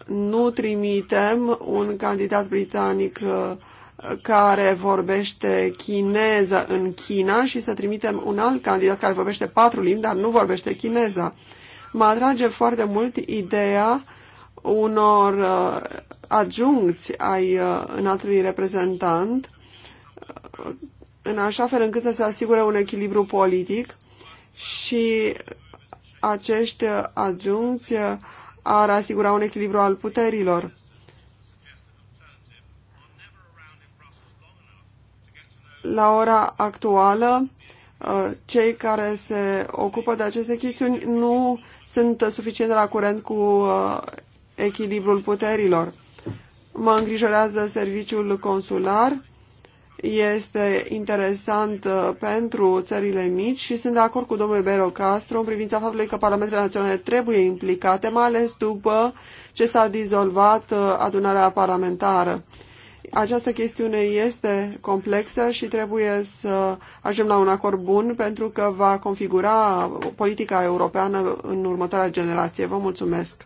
nu trimitem un candidat britanic uh, care vorbește chineză în China și să trimitem un alt candidat care vorbește patru limbi, dar nu vorbește chineza. Mă atrage foarte mult ideea unor uh, adjuncți ai uh, înaltului reprezentant, uh, în așa fel încât să se asigure un echilibru politic și acești adjuncți uh, ar asigura un echilibru al puterilor. La ora actuală, cei care se ocupă de aceste chestiuni nu sunt suficient de la curent cu echilibrul puterilor. Mă îngrijorează serviciul consular. Este interesant uh, pentru țările mici și sunt de acord cu domnul Bero Castro în privința faptului că parlamentele naționale trebuie implicate, mai ales după ce s-a dizolvat uh, adunarea parlamentară această chestiune este complexă și trebuie să ajungem la un acord bun pentru că va configura politica europeană în următoarea generație. Vă mulțumesc.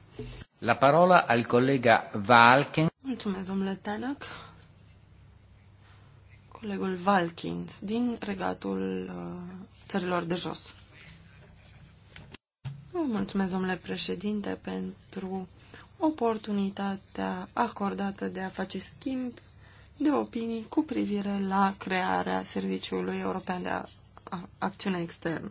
La parola al colega Valken. Mulțumesc, domnule Tanăc. Colegul Valkins, din regatul uh, țărilor de jos. mulțumesc, domnule președinte, pentru oportunitatea acordată de a face schimb de opinii cu privire la crearea Serviciului European de Acțiune Externă.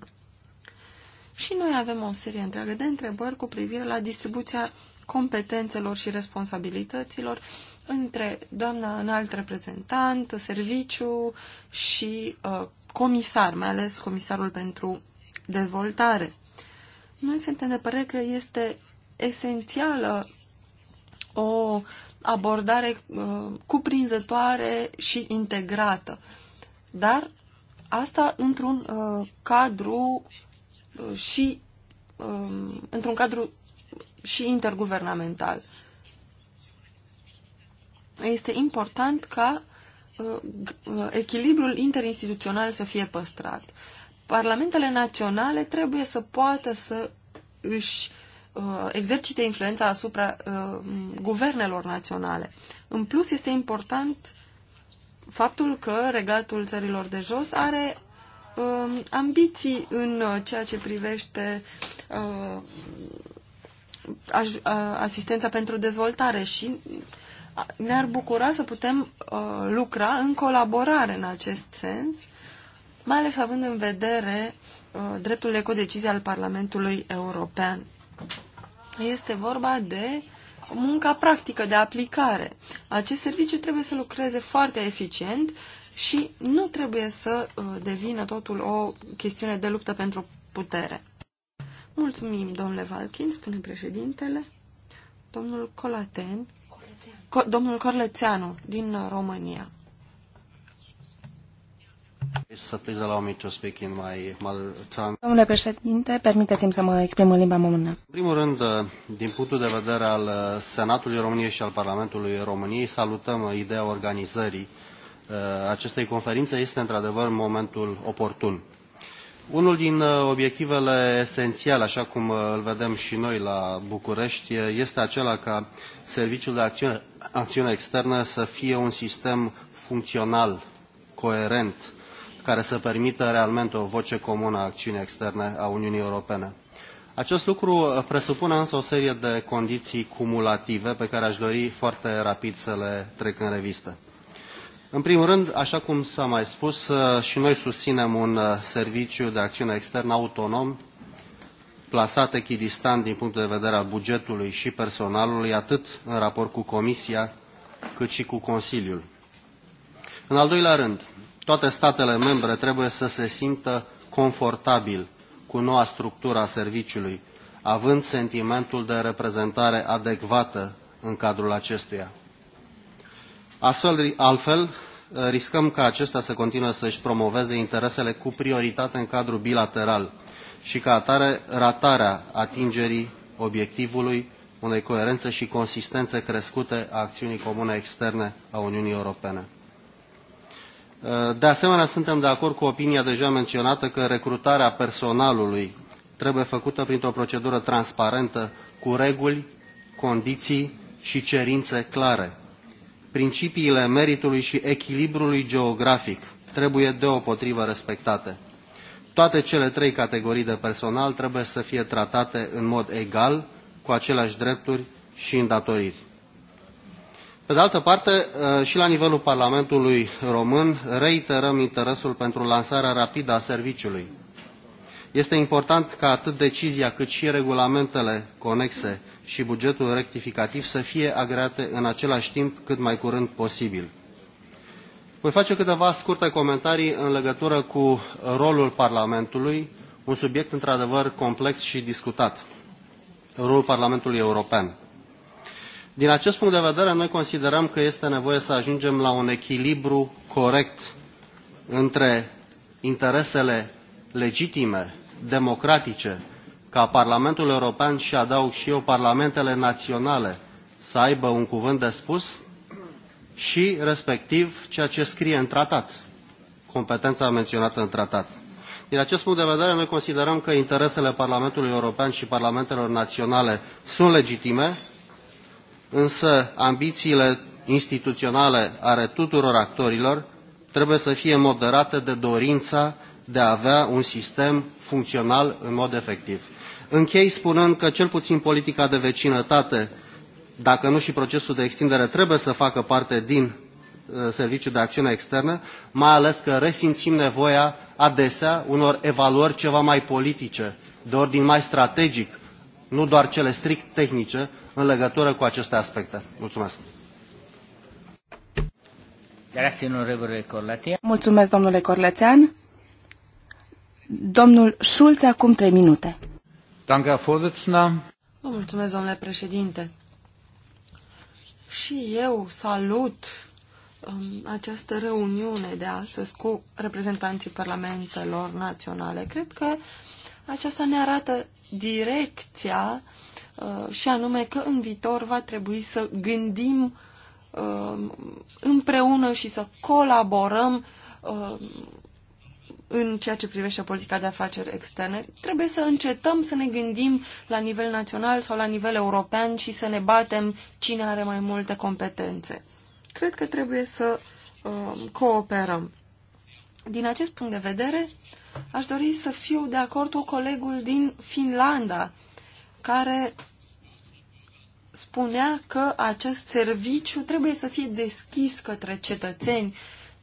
Și noi avem o serie întreagă de întrebări cu privire la distribuția competențelor și responsabilităților între doamna înalt reprezentant, serviciu și uh, comisar, mai ales comisarul pentru dezvoltare. Noi suntem de părere că este esențială o abordare uh, cuprinzătoare și integrată, dar asta într-un uh, cadru uh, și um, într-un cadru și interguvernamental. Este important ca uh, uh, echilibrul interinstituțional să fie păstrat. Parlamentele naționale trebuie să poată să își uh, exercite influența asupra guvernelor naționale. În plus, este important faptul că regatul țărilor de jos are ambiții în ceea ce privește asistența pentru dezvoltare și ne-ar bucura să putem uh, lucra în colaborare în acest sens, mai ales având în vedere uh, dreptul de codecizie al Parlamentului European. Este vorba de munca practică de aplicare. Acest serviciu trebuie să lucreze foarte eficient și nu trebuie să uh, devină totul o chestiune de luptă pentru putere. Mulțumim, domnule Valkin, spune președintele. Domnul Colaten, Co domnul Corlețeanu, din România. Domnule președinte, permiteți-mi să mă exprim în limba română. În primul rând, din punctul de vedere al Senatului României și al Parlamentului României, salutăm ideea organizării uh, acestei conferințe. Este într-adevăr momentul oportun. Unul din uh, obiectivele esențiale, așa cum uh, îl vedem și noi la București, este acela ca Serviciul de Acțiune, acțiune Externă să fie un sistem funcțional, coerent, care să permită realmente o voce comună a acțiunii externe a Uniunii Europene. Acest lucru uh, presupune însă o serie de condiții cumulative pe care aș dori foarte rapid să le trec în revistă. În primul rând, așa cum s-a mai spus, uh, și noi susținem un uh, serviciu de acțiune externă autonom, plasat echidistant din punctul de vedere al bugetului și personalului, atât în raport cu Comisia, cât și cu Consiliul. În al doilea rând, toate statele membre trebuie să se simtă confortabil cu noua structură a serviciului, având sentimentul de reprezentare adecvată în cadrul acestuia. Astfel, altfel, eh, riscăm ca acesta să continue să își promoveze interesele cu prioritate în cadrul bilateral și ca atare ratarea atingerii obiectivului unei coerențe și consistențe crescute a acțiunii comune externe a Uniunii Europene. Eh, de asemenea, suntem de acord cu opinia deja menționată că recrutarea personalului trebuie făcută printr-o procedură transparentă, cu reguli, condiții și cerințe clare principiile meritului și echilibrului geografic trebuie deopotrivă respectate. Toate cele trei categorii de personal trebuie să fie tratate în mod egal, cu aceleași drepturi și îndatoriri. Pe de altă parte, eh, și la nivelul Parlamentului Român, reiterăm interesul pentru lansarea rapidă a serviciului. Este important ca atât decizia cât și regulamentele conexe și bugetul rectificativ să fie agreate în același timp cât mai curând posibil. Voi face câteva scurte comentarii în legătură cu rolul Parlamentului, un subiect într-adevăr complex și discutat, rolul Parlamentului European. Din acest punct de vedere, noi considerăm că este nevoie să ajungem la un echilibru corect între interesele legitime, democratice, ca Parlamentul European și adaug și eu parlamentele naționale să aibă un cuvânt de spus și respectiv ceea ce scrie în tratat, competența menționată în tratat. Din acest punct de vedere, noi considerăm că interesele Parlamentului European și Parlamentelor Naționale sunt legitime, însă ambițiile instituționale ale tuturor actorilor trebuie să fie moderate de dorința de a avea un sistem funcțional în mod efectiv. Închei spunând că cel puțin politica de vecinătate, dacă nu și procesul de extindere, trebuie să facă parte din uh, Serviciul de Acțiune Externă, mai ales că resimțim nevoia adesea unor evaluări ceva mai politice, de ordin mai strategic, nu doar cele strict tehnice, în legătură cu aceste aspecte. Mulțumesc! Mulțumesc, domnule Corlețean. Domnul Șulț, acum trei minute. Danke, Herr Vorsitzender. Vă mulțumesc, domnule președinte. Și eu salut um, această reuniune de astăzi cu reprezentanții parlamentelor naționale. Cred că aceasta ne arată direcția uh, și anume că în viitor va trebui să gândim uh, împreună și să colaborăm uh, în ceea ce privește politica de afaceri externe, trebuie să încetăm să ne gândim la nivel național sau la nivel european și să ne batem cine are mai multe competențe. Cred că trebuie să uh, cooperăm. Din acest punct de vedere, aș dori să fiu de acord cu colegul din Finlanda, care spunea că acest serviciu trebuie să fie deschis către cetățeni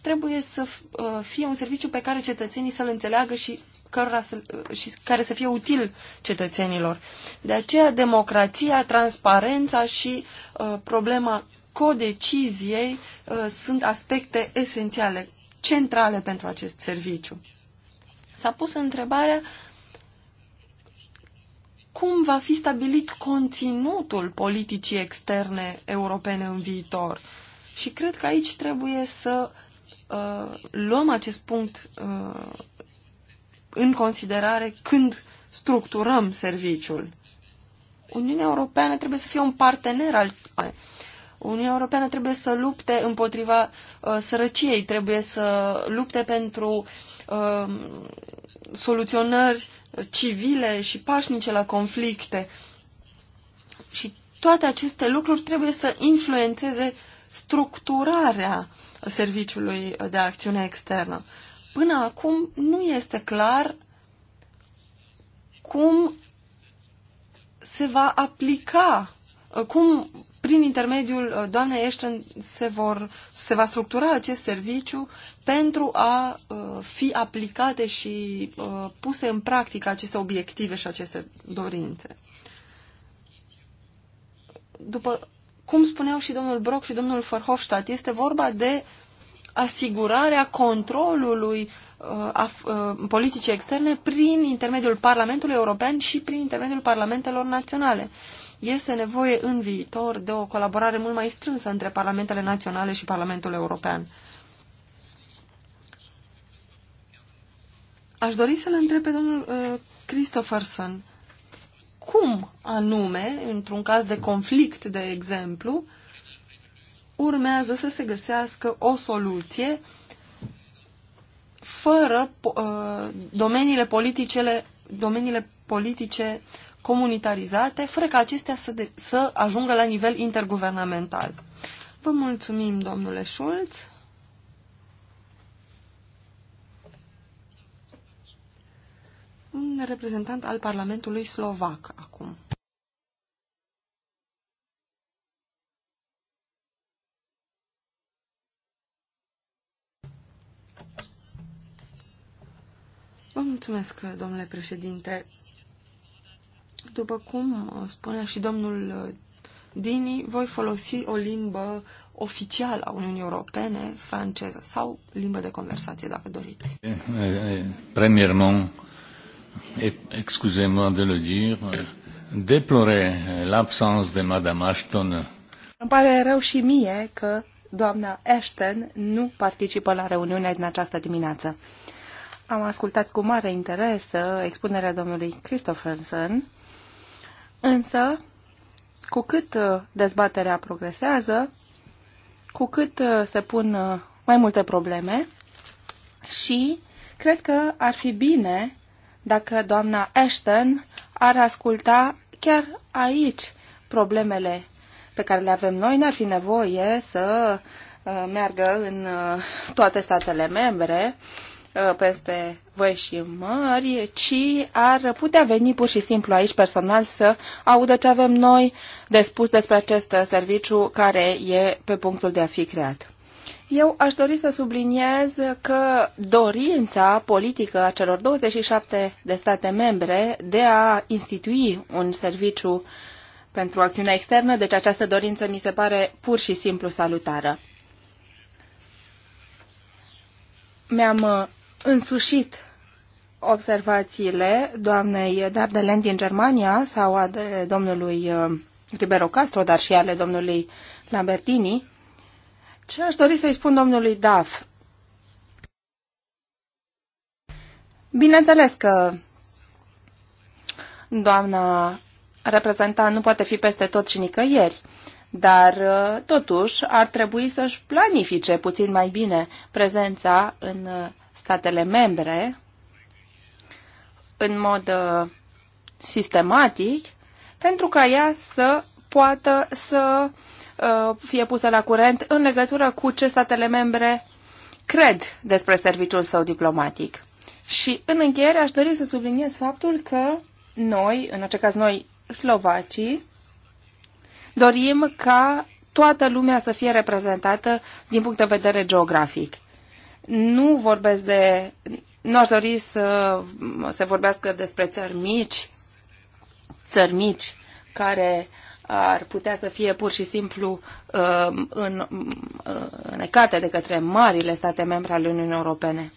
trebuie să uh, fie un serviciu pe care cetățenii să-l înțeleagă și, cărora să, uh, și care să fie util cetățenilor. De aceea, democrația, transparența și uh, problema codeciziei uh, sunt aspecte esențiale, centrale pentru acest serviciu. S-a pus întrebarea cum va fi stabilit conținutul politicii externe europene în viitor. Și cred că aici trebuie să Uh, luăm acest punct uh, în considerare când structurăm serviciul. Uniunea Europeană trebuie să fie un partener al Uniunea Europeană trebuie să lupte împotriva uh, sărăciei, trebuie să lupte pentru uh, soluționări civile și pașnice la conflicte. Și toate aceste lucruri trebuie să influențeze structurarea uh, Serviciului de Acțiune Externă. Până acum nu este clar cum se va aplica, cum prin intermediul uh, doamnei Ashton se, vor, se va structura acest serviciu pentru a uh, fi aplicate și uh, puse în practică aceste obiective și aceste dorințe. După cum spuneau și domnul Brock și domnul Verhofstadt, este vorba de asigurarea controlului uh, a uh, politicii externe prin intermediul Parlamentului European și prin intermediul Parlamentelor Naționale. Este nevoie în viitor de o colaborare mult mai strânsă între Parlamentele Naționale și Parlamentul European. Aș dori să-l întreb pe domnul uh, Christopherson cum anume, într-un caz de conflict, de exemplu, urmează să se găsească o soluție fără uh, domeniile, politicele, domeniile politice comunitarizate, fără ca acestea să, de, să ajungă la nivel interguvernamental. Vă mulțumim, domnule Schulz. un reprezentant al Parlamentului Slovac acum. Vă mulțumesc, domnule președinte. După cum spunea și domnul Dini, voi folosi o limbă oficială a Uniunii Europene, franceză, sau limbă de conversație, dacă doriți. Eh, eh, eh, Premièrement, excusez-moi de le dire, déploré l'absence de Madame Ashton. Îmi pare rău și mie că doamna Ashton nu participă la reuniunea din această dimineață. Am ascultat cu mare interes uh, expunerea domnului Christopherson, însă, cu cât uh, dezbaterea progresează, cu cât uh, se pun mai multe probleme și cred că ar fi bine dacă doamna Ashton ar asculta chiar aici problemele pe care le avem noi, n-ar fi nevoie să uh, meargă în uh, toate statele membre uh, peste voi și mări, ci ar putea veni pur și simplu aici personal să audă ce avem noi de spus despre acest serviciu care e pe punctul de a fi creat. Eu aș dori să subliniez că dorința politică a celor 27 de state membre de a institui un serviciu pentru acțiunea externă, deci această dorință mi se pare pur și simplu salutară. Mi-am uh, însușit observațiile doamnei Dardelen din Germania sau ale domnului uh, Ribero Castro, dar și ale domnului Lambertini, ce aș dori să-i spun domnului Daf? Bineînțeles că doamna reprezentant nu poate fi peste tot și nicăieri, dar uh, totuși ar trebui să-și planifice puțin mai bine prezența în uh, statele membre în mod uh, sistematic pentru ca ea să poată să uh, Uh, fie pusă la curent în legătură cu ce statele membre cred despre serviciul său diplomatic. Și în încheiere aș dori să subliniez faptul că noi, în acest caz noi, slovacii, dorim ca toată lumea să fie reprezentată din punct de vedere geografic. Nu vorbesc de... Nu aș dori să se vorbească despre țări mici, țări mici care ar putea să fie pur și simplu uh, în, uh, înecate de către marile state membre ale Uniunii Europene.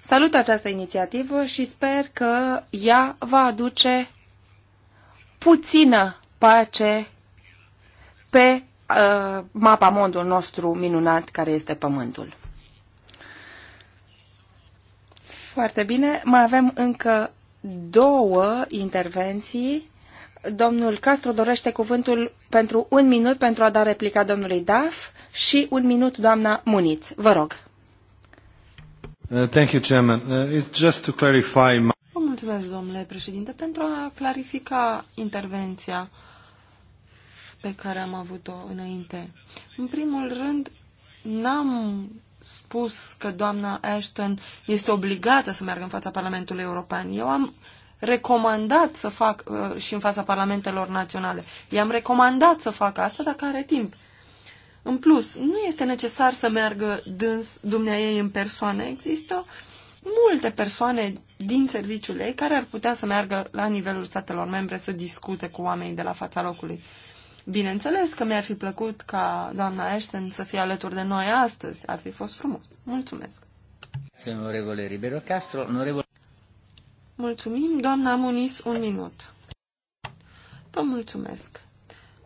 Salut această inițiativă și sper că ea va aduce puțină pace pe uh, mapa mondul nostru minunat care este Pământul. Foarte bine, mai avem încă două intervenții Domnul Castro dorește cuvântul pentru un minut pentru a da replica domnului Daf și un minut doamna Muniț. Vă rog. Uh, thank you, Chairman. Uh, it's just to clarify my... Vă mulțumesc, domnule președinte, pentru a clarifica intervenția pe care am avut-o înainte. În primul rând, n-am spus că doamna Ashton este obligată să meargă în fața Parlamentului European. Eu am recomandat să fac uh, și în fața parlamentelor naționale. I-am recomandat să facă asta dacă are timp. În plus, nu este necesar să meargă dâns dumnea ei în persoană. Există multe persoane din serviciul ei care ar putea să meargă la nivelul statelor membre să discute cu oamenii de la fața locului. Bineînțeles că mi-ar fi plăcut ca doamna Ashton să fie alături de noi astăzi. Ar fi fost frumos. Mulțumesc. Onorevole Ribero Castro, onorevole... Mulțumim, doamna Muniz, un minut. Vă mulțumesc.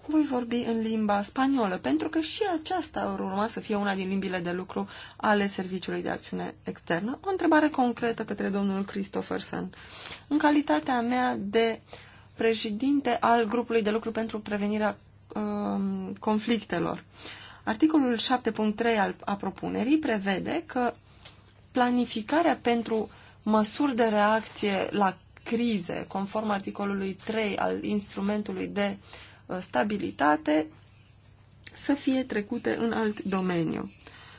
Voi vorbi în limba spaniolă, pentru că și aceasta ar urma să fie una din limbile de lucru ale Serviciului de Acțiune Externă. O întrebare concretă către domnul Christopherson. În calitatea mea de președinte al grupului de lucru pentru prevenirea um, conflictelor, articolul 7.3 al, a propunerii prevede că planificarea pentru măsuri de reacție la crize, conform articolului 3 al instrumentului de uh, stabilitate, să fie trecute în alt domeniu.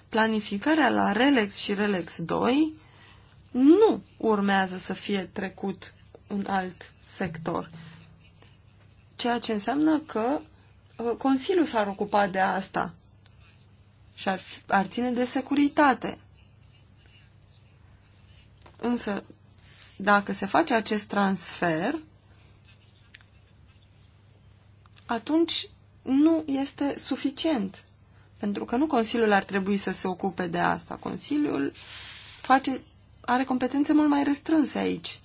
Planificarea la RELEX și RELEX 2 nu urmează să fie trecut în alt sector. Ceea ce înseamnă că uh, Consiliul s-ar ocupa de asta și ar, ar ține de securitate. Însă, dacă se face acest transfer, atunci nu este suficient. Pentru că nu Consiliul ar trebui să se ocupe de asta. Consiliul face, are competențe mult mai restrânse aici.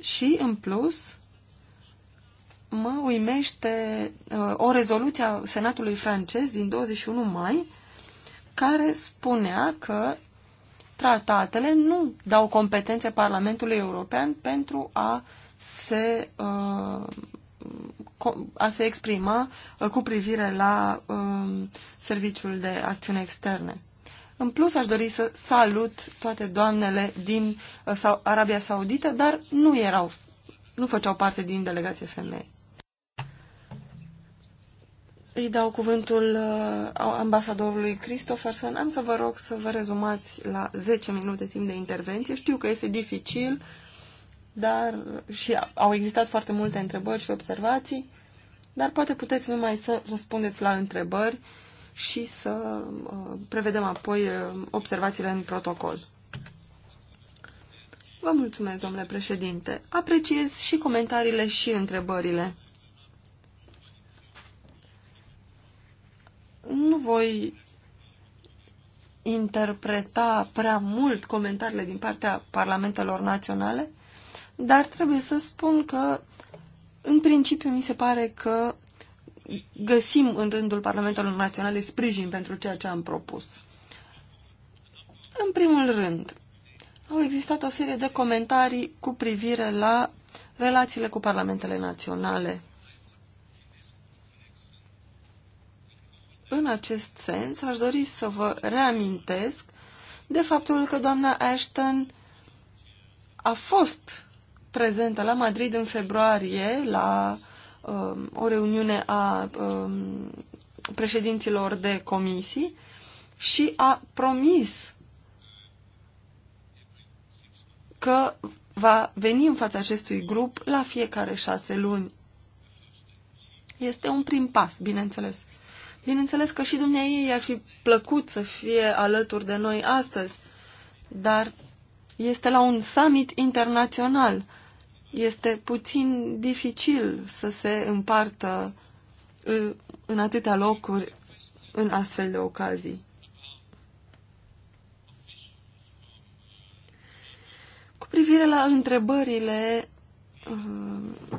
Și, în plus, mă uimește uh, o rezoluție a Senatului francez din 21 mai care spunea că tratatele nu dau competențe Parlamentului European pentru a se, uh, a se exprima uh, cu privire la um, serviciul de acțiune externe. În plus, aș dori să salut toate doamnele din uh, Arabia Saudită, dar nu erau, nu făceau parte din delegație femeie. Îi dau cuvântul uh, ambasadorului Christopherson. Am să vă rog să vă rezumați la 10 minute timp de intervenție. Știu că este dificil, dar și au existat foarte multe întrebări și observații, dar poate puteți numai să răspundeți la întrebări și să uh, prevedem apoi uh, observațiile în protocol. Vă mulțumesc, domnule președinte. Apreciez și comentariile și întrebările. Nu voi interpreta prea mult comentariile din partea parlamentelor naționale, dar trebuie să spun că, în principiu, mi se pare că găsim în rândul parlamentelor naționale sprijin pentru ceea ce am propus. În primul rând, au existat o serie de comentarii cu privire la relațiile cu parlamentele naționale. În acest sens, aș dori să vă reamintesc de faptul că doamna Ashton a fost prezentă la Madrid în februarie la um, o reuniune a um, președinților de comisii și a promis că va veni în fața acestui grup la fiecare șase luni. Este un prim pas, bineînțeles. Bineînțeles că și dumneai ar fi plăcut să fie alături de noi astăzi, dar este la un summit internațional. Este puțin dificil să se împartă în atâtea locuri în astfel de ocazii. Cu privire la întrebările uh,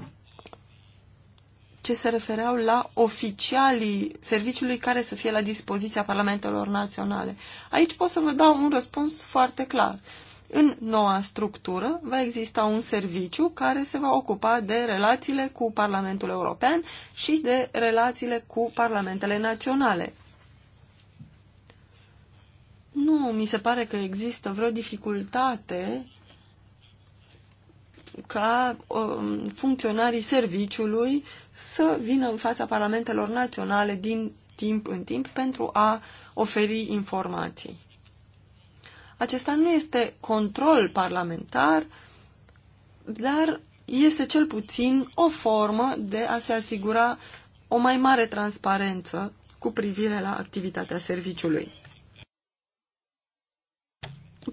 ce se refereau la oficialii serviciului care să fie la dispoziția parlamentelor naționale. Aici pot să vă dau un răspuns foarte clar. În noua structură va exista un serviciu care se va ocupa de relațiile cu Parlamentul European și de relațiile cu parlamentele naționale. Nu mi se pare că există vreo dificultate ca um, funcționarii serviciului să vină în fața parlamentelor naționale din timp în timp pentru a oferi informații. Acesta nu este control parlamentar, dar este cel puțin o formă de a se asigura o mai mare transparență cu privire la activitatea serviciului.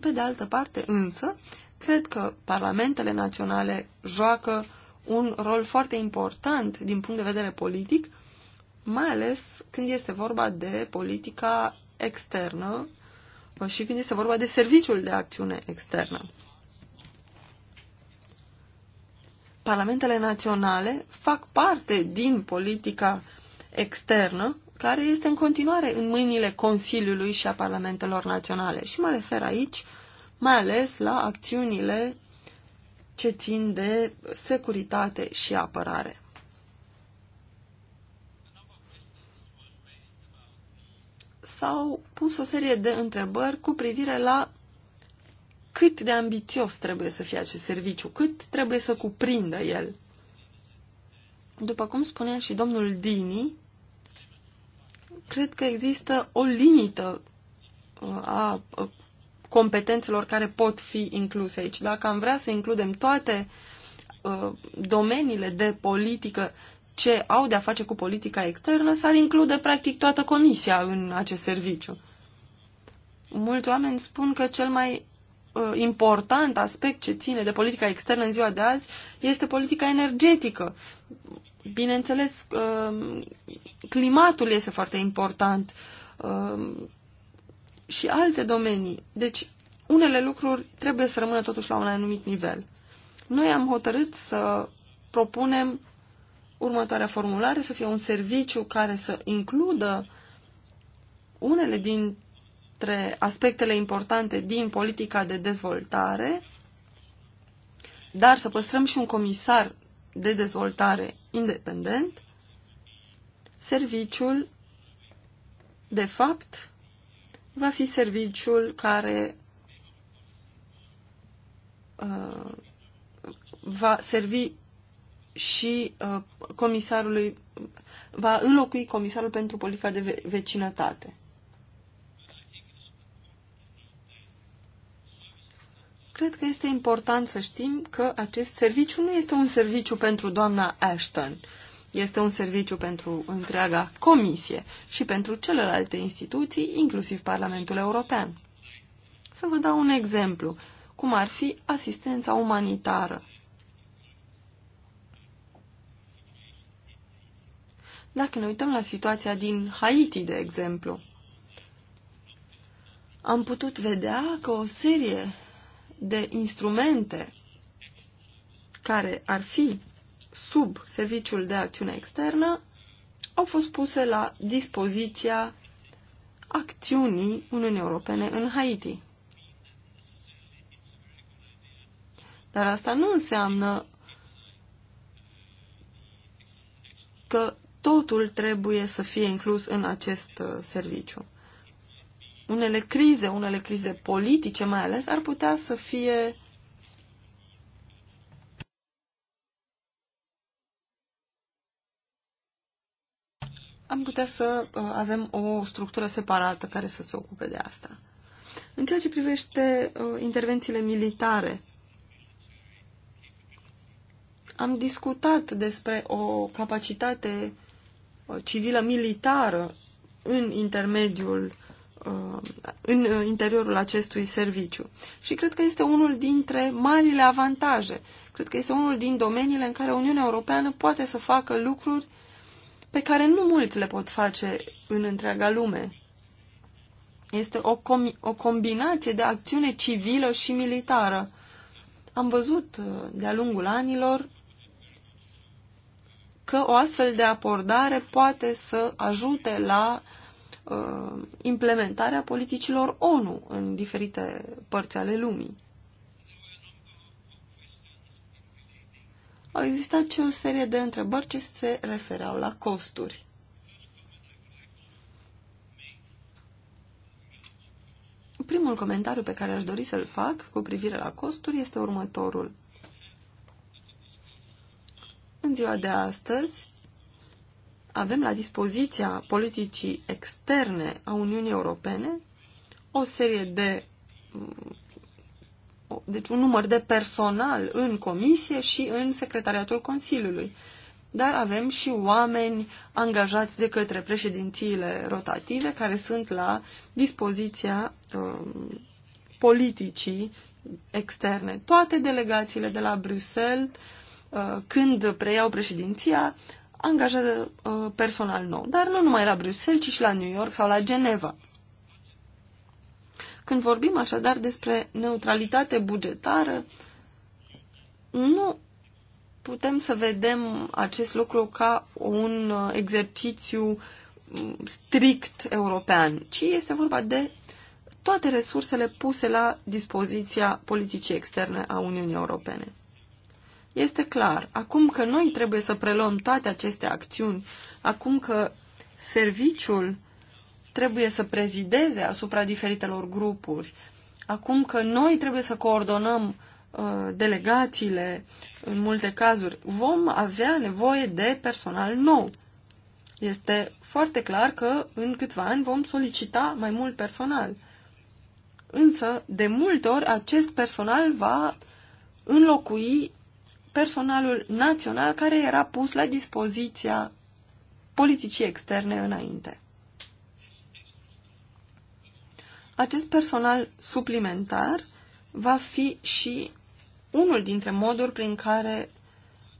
Pe de altă parte, însă, Cred că parlamentele naționale joacă un rol foarte important din punct de vedere politic, mai ales când este vorba de politica externă uh, și când este vorba de serviciul de acțiune externă. Parlamentele naționale fac parte din politica externă, care este în continuare în mâinile Consiliului și a Parlamentelor Naționale. Și mă refer aici uh, mai ales la acțiunile ce țin de securitate și apărare. S-au pus o serie de întrebări cu privire la cât de ambițios trebuie să fie acest serviciu, cât trebuie să cuprindă el. După cum spunea și domnul Dini, cred că există o limită uh, a uh, competențelor care pot fi incluse aici. Dacă am vrea să includem toate uh, domeniile de politică ce au de a face cu politica externă, s-ar include practic toată comisia în acest serviciu. Mulți oameni spun că cel mai uh, important aspect ce ține de politica externă în ziua de azi este politica energetică. Bineînțeles, uh, climatul este foarte important și alte domenii. Deci, unele lucruri trebuie să rămână totuși la un anumit nivel. Noi am hotărât să propunem următoarea formulare să fie un serviciu care să includă unele dintre aspectele importante din politica de dezvoltare, dar să păstrăm și un comisar de dezvoltare independent, serviciul, de fapt, va fi serviciul care uh, va servi și uh, comisarului, va înlocui comisarul pentru politica de ve vecinătate. Cred că este important să știm că acest serviciu nu este un serviciu pentru doamna Ashton. Uh, este un serviciu pentru întreaga comisie și pentru celelalte instituții, inclusiv Parlamentul European. Să vă dau un exemplu, cum ar fi asistența umanitară. Dacă ne uităm la situația din Haiti, de exemplu, am putut vedea că o serie de instrumente care ar fi sub serviciul de acțiune externă au fost puse la dispoziția acțiunii Uniunii Europene în Haiti. Dar asta nu înseamnă că totul trebuie să fie inclus în acest uh, serviciu. Unele crize, unele crize politice mai ales, ar putea să fie am putea să uh, avem o structură separată care să se ocupe de asta. În ceea ce privește uh, intervențiile militare, am discutat despre o capacitate uh, civilă militară în intermediul în interiorul acestui serviciu. Și cred că este unul dintre marile avantaje. Cred că este unul din domeniile în care Uniunea Europeană poate să facă lucruri pe care nu mulți le pot face în întreaga lume. Este o, com- o combinație de acțiune civilă și militară. Am văzut uh, de-a lungul anilor că o astfel de abordare poate să ajute la uh, implementarea politicilor ONU în diferite părți ale lumii. au existat și o serie de întrebări ce se referau la costuri. Primul comentariu pe care aș dori să-l fac cu privire la costuri este următorul. În ziua de astăzi avem la dispoziția politicii externe a Uniunii Europene o serie de deci un număr de personal în comisie și în secretariatul Consiliului. Dar avem și oameni angajați de către președințiile rotative care sunt la dispoziția um, politicii externe. Toate delegațiile de la Bruxelles, uh, când preiau președinția, angajează uh, personal nou. Dar nu numai la Bruxelles, ci și la New York sau la Geneva. Când vorbim așadar despre neutralitate bugetară, nu putem să vedem acest lucru ca un exercițiu mm, strict european, ci este vorba de toate resursele puse la dispoziția politicii externe a Uniunii Europene. Este clar, acum că noi trebuie să preluăm toate aceste acțiuni, acum că serviciul trebuie să prezideze asupra diferitelor grupuri. Acum că noi trebuie să coordonăm uh, delegațiile în multe cazuri, vom avea nevoie de personal nou. Este foarte clar că în câțiva ani vom solicita mai mult personal. Însă, de multe ori, acest personal va înlocui personalul național care era pus la dispoziția politicii externe înainte. Acest personal suplimentar va fi și unul dintre moduri prin care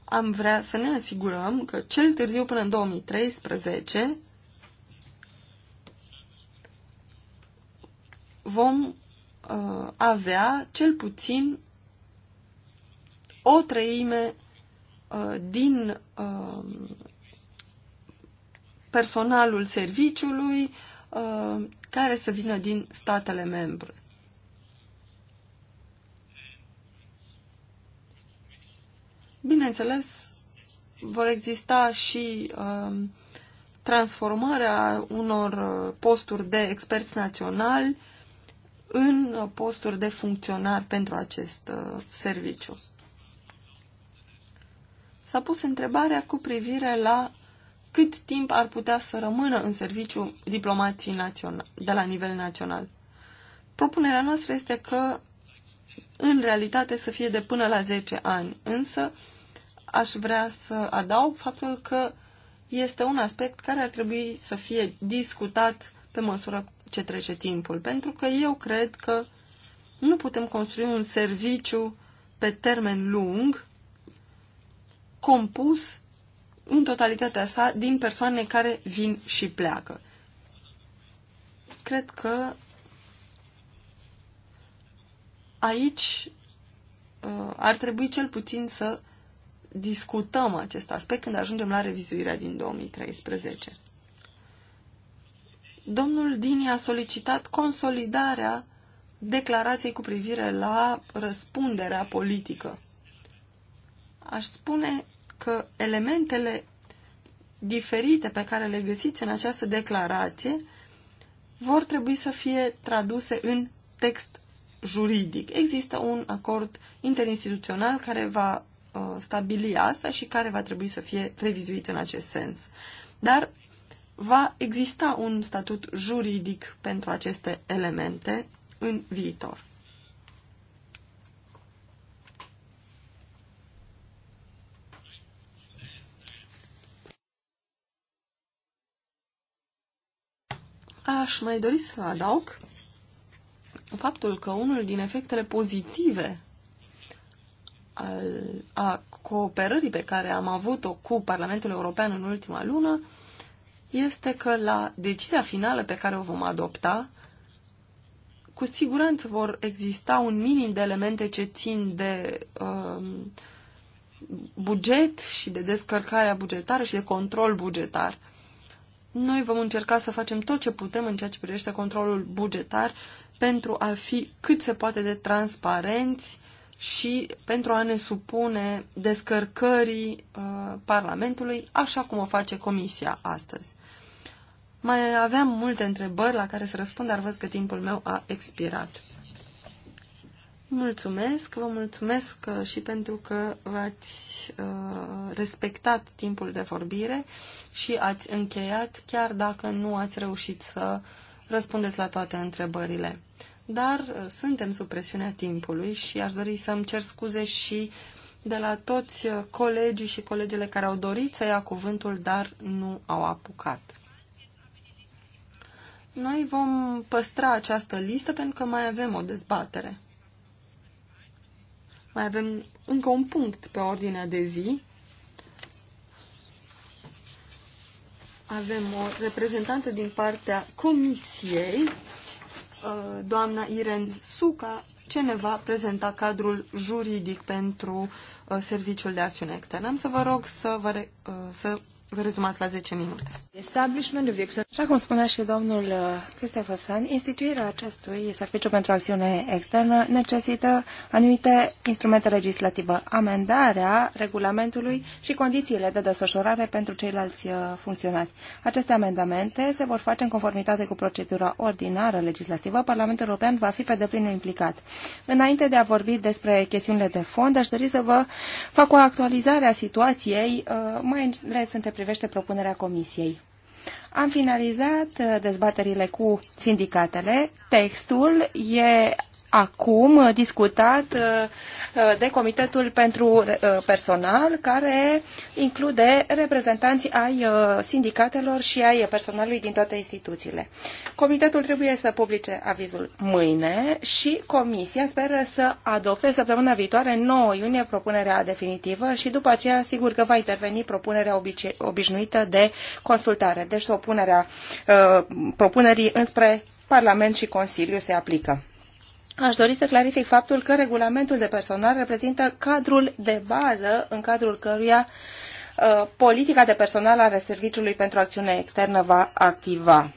am vrea să ne asigurăm că cel târziu până în 2013 vom uh, avea cel puțin o treime uh, din uh, personalul serviciului uh, care să vină din statele membre. Bineînțeles, vor exista și uh, transformarea unor uh, posturi de experți naționali în uh, posturi de funcționar pentru acest uh, serviciu. S-a pus întrebarea cu privire la cât timp ar putea să rămână în serviciu diplomației de la nivel național. Propunerea noastră este că, în realitate, să fie de până la 10 ani, însă aș vrea să adaug faptul că este un aspect care ar trebui să fie discutat pe măsură ce trece timpul, pentru că eu cred că nu putem construi un serviciu pe termen lung compus în totalitatea sa din persoane care vin și pleacă. Cred că aici uh, ar trebui cel puțin să discutăm acest aspect când ajungem la revizuirea din 2013. Domnul Dini a solicitat consolidarea declarației cu privire la răspunderea politică. Aș spune că elementele diferite pe care le găsiți în această declarație vor trebui să fie traduse în text juridic. Există un acord interinstituțional care va uh, stabili asta și care va trebui să fie revizuit în acest sens. Dar va exista un statut juridic pentru aceste elemente în viitor. Aș mai dori să adaug faptul că unul din efectele pozitive al, a cooperării pe care am avut-o cu Parlamentul European în ultima lună este că la decizia finală pe care o vom adopta, cu siguranță vor exista un minim de elemente ce țin de um, buget și de descărcarea bugetară și de control bugetar. Noi vom încerca să facem tot ce putem în ceea ce privește controlul bugetar pentru a fi cât se poate de transparenți și pentru a ne supune descărcării uh, Parlamentului, așa cum o face Comisia astăzi. Mai aveam multe întrebări la care să răspund, dar văd că timpul meu a expirat. Mulțumesc, vă mulțumesc uh, și pentru că v-ați uh, respectat timpul de vorbire și ați încheiat, chiar dacă nu ați reușit să răspundeți la toate întrebările. Dar uh, suntem sub presiunea timpului și aș dori să-mi cer scuze și de la toți colegii și colegele care au dorit să ia cuvântul, dar nu au apucat. Noi vom păstra această listă pentru că mai avem o dezbatere. Mai avem încă un punct pe ordinea de zi. Avem o reprezentantă din partea Comisiei, uh, doamna Iren Suca, ce ne va prezenta cadrul juridic pentru uh, Serviciul de Acțiune Externă. Am să vă rog să, vă, uh, să vă rezumați la 10 minute. Așa cum spunea și domnul uh, Cristefosan, instituirea acestui serviciu pentru acțiune externă necesită anumite instrumente legislative, amendarea regulamentului și condițiile de desfășurare pentru ceilalți uh, funcționari. Aceste amendamente se vor face în conformitate cu procedura ordinară legislativă. Parlamentul European va fi pe deplin implicat. Înainte de a vorbi despre chestiunile de fond, aș dori să vă fac o actualizare a situației, uh, mai ales între privește propunerea Comisiei. Am finalizat uh, dezbaterile cu sindicatele. Textul e acum discutat uh, uh, de Comitetul pentru uh, Personal, care include reprezentanții ai sindicatelor și ai personalului din toate instituțiile. Comitetul trebuie să publice avizul mâine și Comisia speră să adopte săptămâna viitoare, 9 iunie, propunerea definitivă și după aceea sigur că va interveni propunerea obice- obișnuită de consultare. Deci propunerea, propunerii înspre Parlament și Consiliu se aplică. Aș dori să clarific faptul că regulamentul de personal reprezintă cadrul de bază în cadrul căruia uh, politica de personal a Serviciului pentru Acțiune Externă va activa.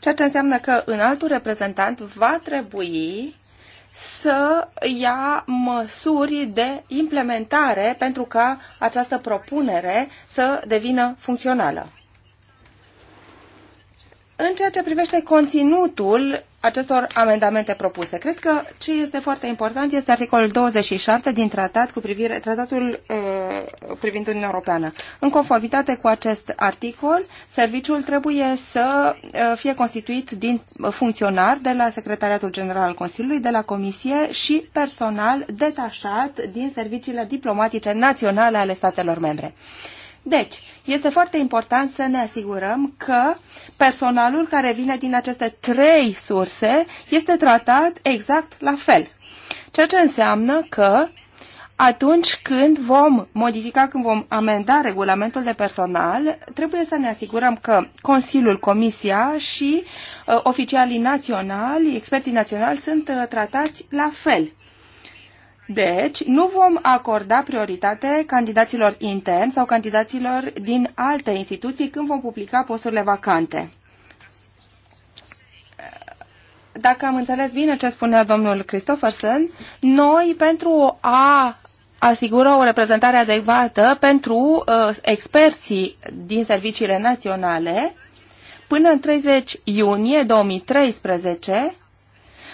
Ceea ce înseamnă că în altul reprezentant va trebui să ia măsuri de implementare pentru ca această propunere să devină funcțională. În ceea ce privește conținutul, acestor amendamente propuse. Cred că ce este foarte important este articolul 27 din tratat cu privire, tratatul uh, privind Uniunea Europeană. În conformitate cu acest articol, serviciul trebuie să uh, fie constituit din funcționari de la Secretariatul General al Consiliului, de la Comisie și personal detașat din serviciile diplomatice naționale ale statelor membre. Deci, este foarte important să ne asigurăm că personalul care vine din aceste trei surse este tratat exact la fel. Ceea ce înseamnă că atunci când vom modifica, când vom amenda regulamentul de personal, trebuie să ne asigurăm că Consiliul, Comisia și uh, oficialii naționali, experții naționali sunt uh, tratați la fel. Deci, nu vom acorda prioritate candidaților interni sau candidaților din alte instituții când vom publica posturile vacante. Dacă am înțeles bine ce spunea domnul Christopherson, noi pentru a asigură o reprezentare adecvată pentru uh, experții din serviciile naționale până în 30 iunie 2013,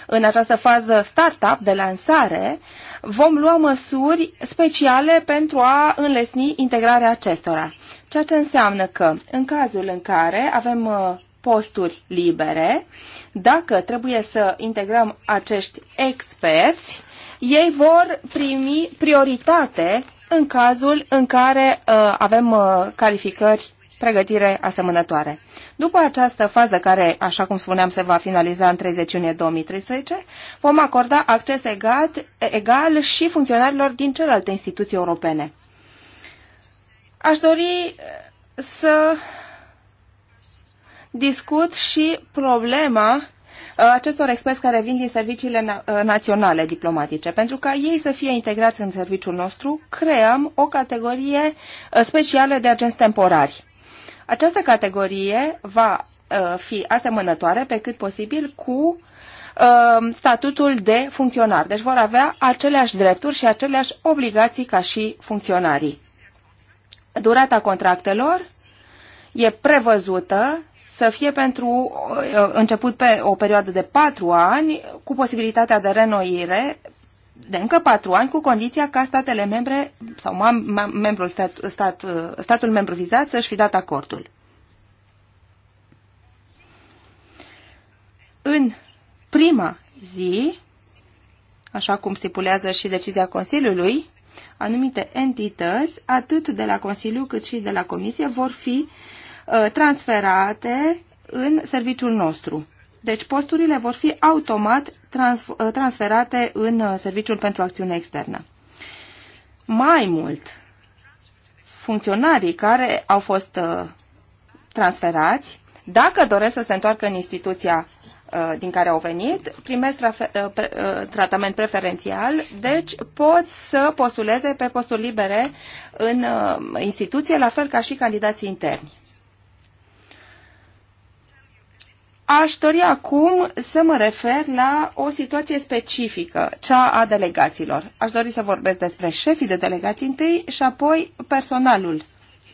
în această fază startup de lansare, vom lua măsuri speciale pentru a înlesni integrarea acestora. Ceea ce înseamnă că în cazul în care avem uh, posturi libere, dacă trebuie să integrăm acești experți, ei vor primi prioritate în cazul în care uh, avem uh, calificări pregătire asemănătoare. După această fază care, așa cum spuneam, se va finaliza în 30 iunie 2013, vom acorda acces egal, egal și funcționarilor din celelalte instituții europene. Aș dori eh, să discut și problema eh, acestor experți care vin din serviciile eh, naționale diplomatice. Pentru ca ei să fie integrați în serviciul nostru, creăm o categorie specială de agenți temporari. Această categorie va uh, fi asemănătoare pe cât posibil cu uh, statutul de funcționar. Deci vor avea aceleași drepturi și aceleași obligații ca și funcționarii. Durata contractelor e prevăzută să fie pentru uh, început pe o perioadă de patru ani, cu posibilitatea de renoire de încă patru ani, cu condiția ca statele membre sau membrul stat, stat, uh, statul membru vizat să-și fi dat acordul. În prima zi, așa cum stipulează și decizia Consiliului, anumite entități, atât de la Consiliu cât și de la Comisie, vor fi uh, transferate în serviciul nostru. Deci posturile vor fi automat ă, transferate în ă, Serviciul pentru Acțiune Externă. Mai mult, funcționarii care au fost ă, transferați, dacă doresc să se întoarcă în instituția din care au venit, primesc tratament preferențial, deci pot să postuleze pe posturi libere în instituție, la fel ca și candidații interni. Aș dori acum să mă refer la o situație specifică, cea a delegaților. Aș dori să vorbesc despre șefii de delegații întâi și apoi personalul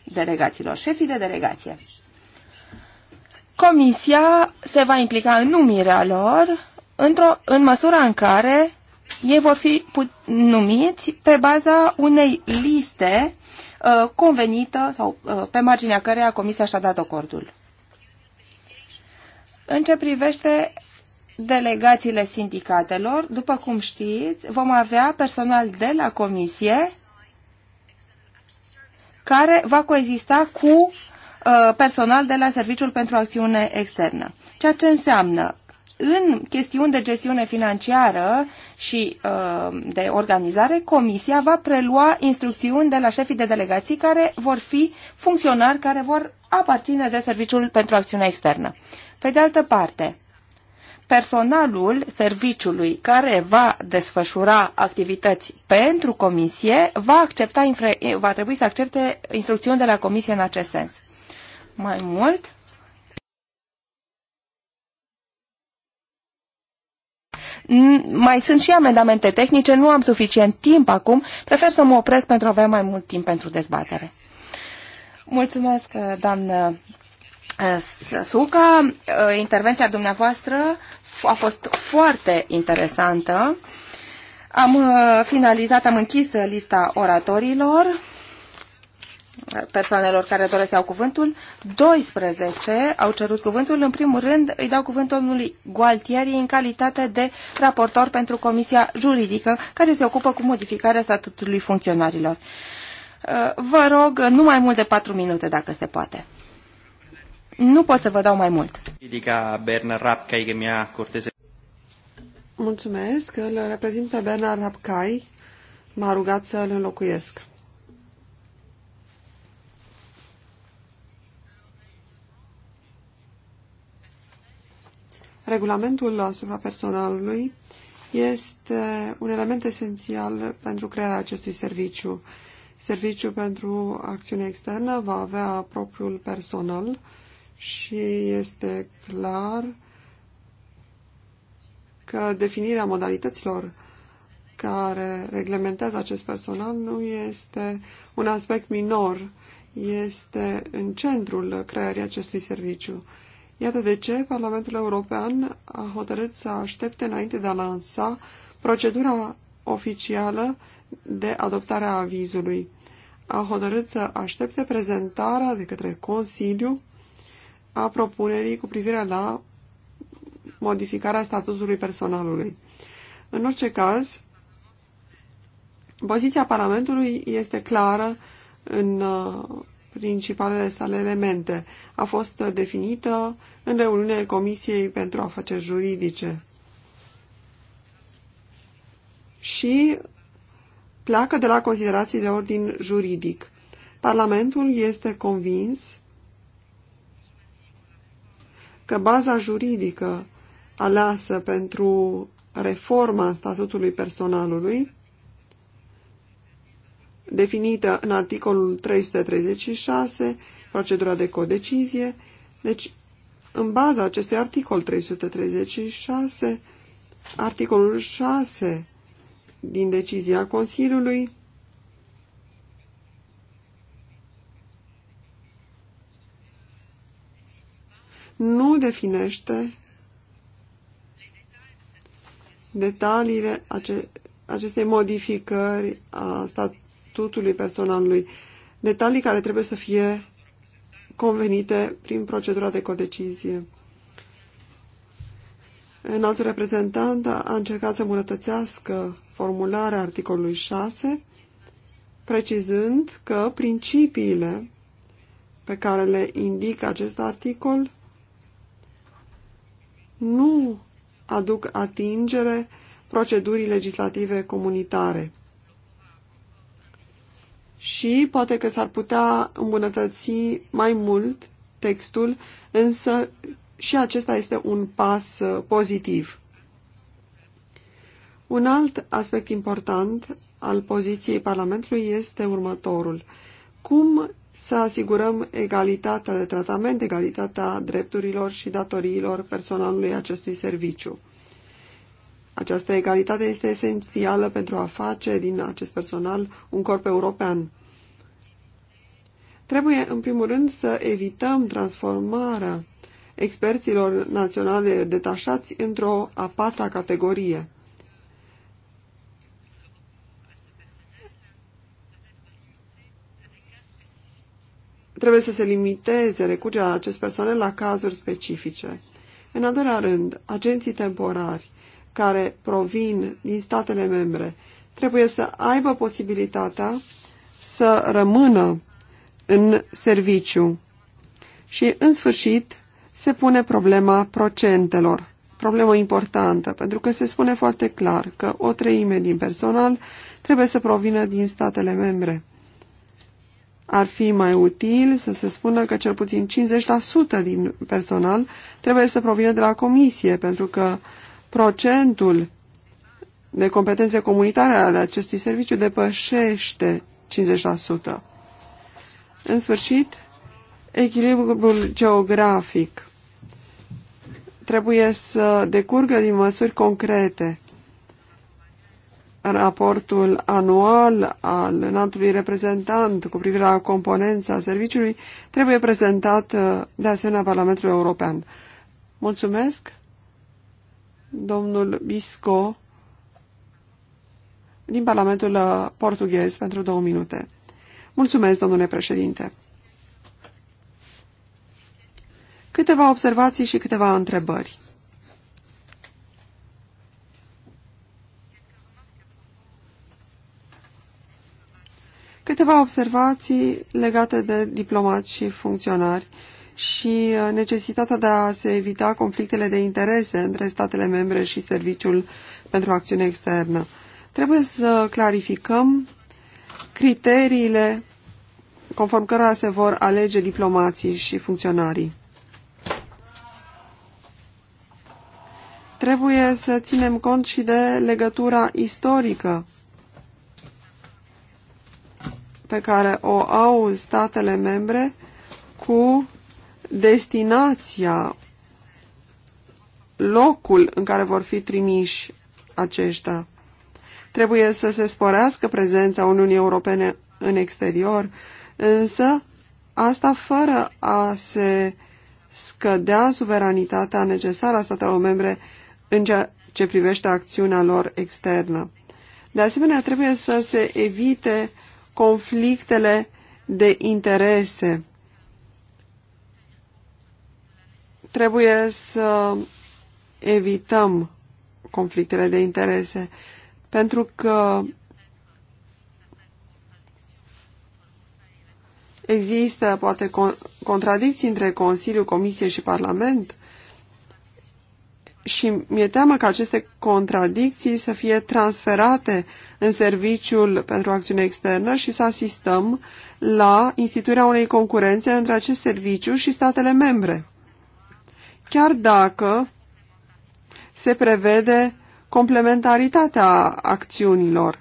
delegaților, șefii de delegație. Comisia se va implica în numirea lor într-o, în măsura în care ei vor fi numiți pe baza unei liste uh, convenită sau uh, pe marginea căreia Comisia și-a dat acordul. În ce privește delegațiile sindicatelor, după cum știți, vom avea personal de la comisie care va coexista cu uh, personal de la Serviciul pentru Acțiune Externă. Ceea ce înseamnă în chestiuni de gestiune financiară și uh, de organizare, Comisia va prelua instrucțiuni de la șefii de delegații care vor fi funcționari care vor aparține de Serviciul pentru Acțiune Externă. Pe de altă parte, personalul serviciului care va desfășura activități pentru comisie va, accepta, va trebui să accepte instrucțiuni de la comisie în acest sens. Mai mult, Mai sunt și amendamente tehnice, nu am suficient timp acum, prefer să mă opresc pentru a avea mai mult timp pentru dezbatere. Mulțumesc, uh, doamnă uh, Suca. Uh, intervenția dumneavoastră a fost foarte interesantă. Am finalizat, am închis lista oratorilor persoanelor care doresc să iau cuvântul. 12 au cerut cuvântul. În primul rând îi dau cuvântul domnului Gualtieri în calitate de raportor pentru Comisia Juridică care se ocupă cu modificarea statutului funcționarilor. Uh, vă rog, nu mai mult de 4 minute, dacă se poate. Nu pot să vă dau mai mult. Mulțumesc, îl reprezint pe Bernard Rapcai. M-a rugat să îl înlocuiesc. Regulamentul asupra personalului este un element esențial pentru crearea acestui serviciu. Serviciul pentru acțiune externă va avea propriul personal și este clar că definirea modalităților care reglementează acest personal nu este un aspect minor, este în centrul creării acestui serviciu. Iată de ce Parlamentul European a hotărât să aștepte înainte de a lansa procedura oficială de adoptare a avizului. A hotărât să aștepte prezentarea de către Consiliu a propunerii cu privire la modificarea statutului personalului. În orice caz, poziția Parlamentului este clară în uh, principalele sale elemente. A fost definită în reuniunea Comisiei pentru Afaceri Juridice. Și pleacă de la considerații de ordin juridic. Parlamentul este convins că baza juridică aleasă pentru reforma statutului personalului definită în articolul 336, procedura de codecizie. Deci, în baza acestui articol 336, articolul 6 din decizia Consiliului nu definește detaliile ace acestei modificări a statului statutului personalului, detalii care trebuie să fie convenite prin procedura de codecizie. În altul reprezentant a încercat să îmbunătățească formularea articolului 6, precizând că principiile pe care le indică acest articol nu aduc atingere procedurii legislative comunitare și poate că s-ar putea îmbunătăți mai mult textul, însă și acesta este un pas uh, pozitiv. Un alt aspect important al poziției Parlamentului este următorul. Cum să asigurăm egalitatea de tratament, egalitatea drepturilor și datoriilor personalului acestui serviciu? Această egalitate este esențială pentru a face din acest personal un corp european. Trebuie, în primul rând, să evităm transformarea experților naționale detașați într-o a patra categorie. Trebuie să se limiteze recurgerea acest personal la cazuri specifice. În al doilea rând, agenții temporari care provin din statele membre trebuie să aibă posibilitatea să rămână în serviciu. Și, în sfârșit, se pune problema procentelor. Problemă importantă, pentru că se spune foarte clar că o treime din personal trebuie să provină din statele membre. Ar fi mai util să se spună că cel puțin 50% din personal trebuie să provină de la comisie, pentru că procentul de competențe comunitare ale acestui serviciu depășește 50%. În sfârșit, echilibrul geografic trebuie să decurgă din măsuri concrete. Raportul anual al înaltului reprezentant cu privire la componența serviciului trebuie prezentat de asemenea Parlamentului European. Mulțumesc! domnul Bisco din Parlamentul uh, portughez pentru două minute. Mulțumesc, domnule președinte. Câteva observații și câteva întrebări. Câteva observații legate de diplomați și funcționari și uh, necesitatea de a se evita conflictele de interese între statele membre și Serviciul pentru Acțiune Externă. Trebuie să clarificăm criteriile conform cărora se vor alege diplomații și funcționarii. Trebuie să ținem cont și de legătura istorică pe care o au statele membre cu destinația, locul în care vor fi trimiși aceștia. Trebuie să se sporească prezența Uniunii Europene în exterior, însă asta fără a se scădea suveranitatea necesară a statelor membre în ceea ce privește acțiunea lor externă. De asemenea, trebuie să se evite conflictele de interese. trebuie să evităm conflictele de interese, pentru că există poate contradicții între Consiliu, Comisie și Parlament și mi-e teamă că aceste contradicții să fie transferate în serviciul pentru acțiune externă și să asistăm la instituirea unei concurențe între acest serviciu și statele membre chiar dacă se prevede complementaritatea acțiunilor.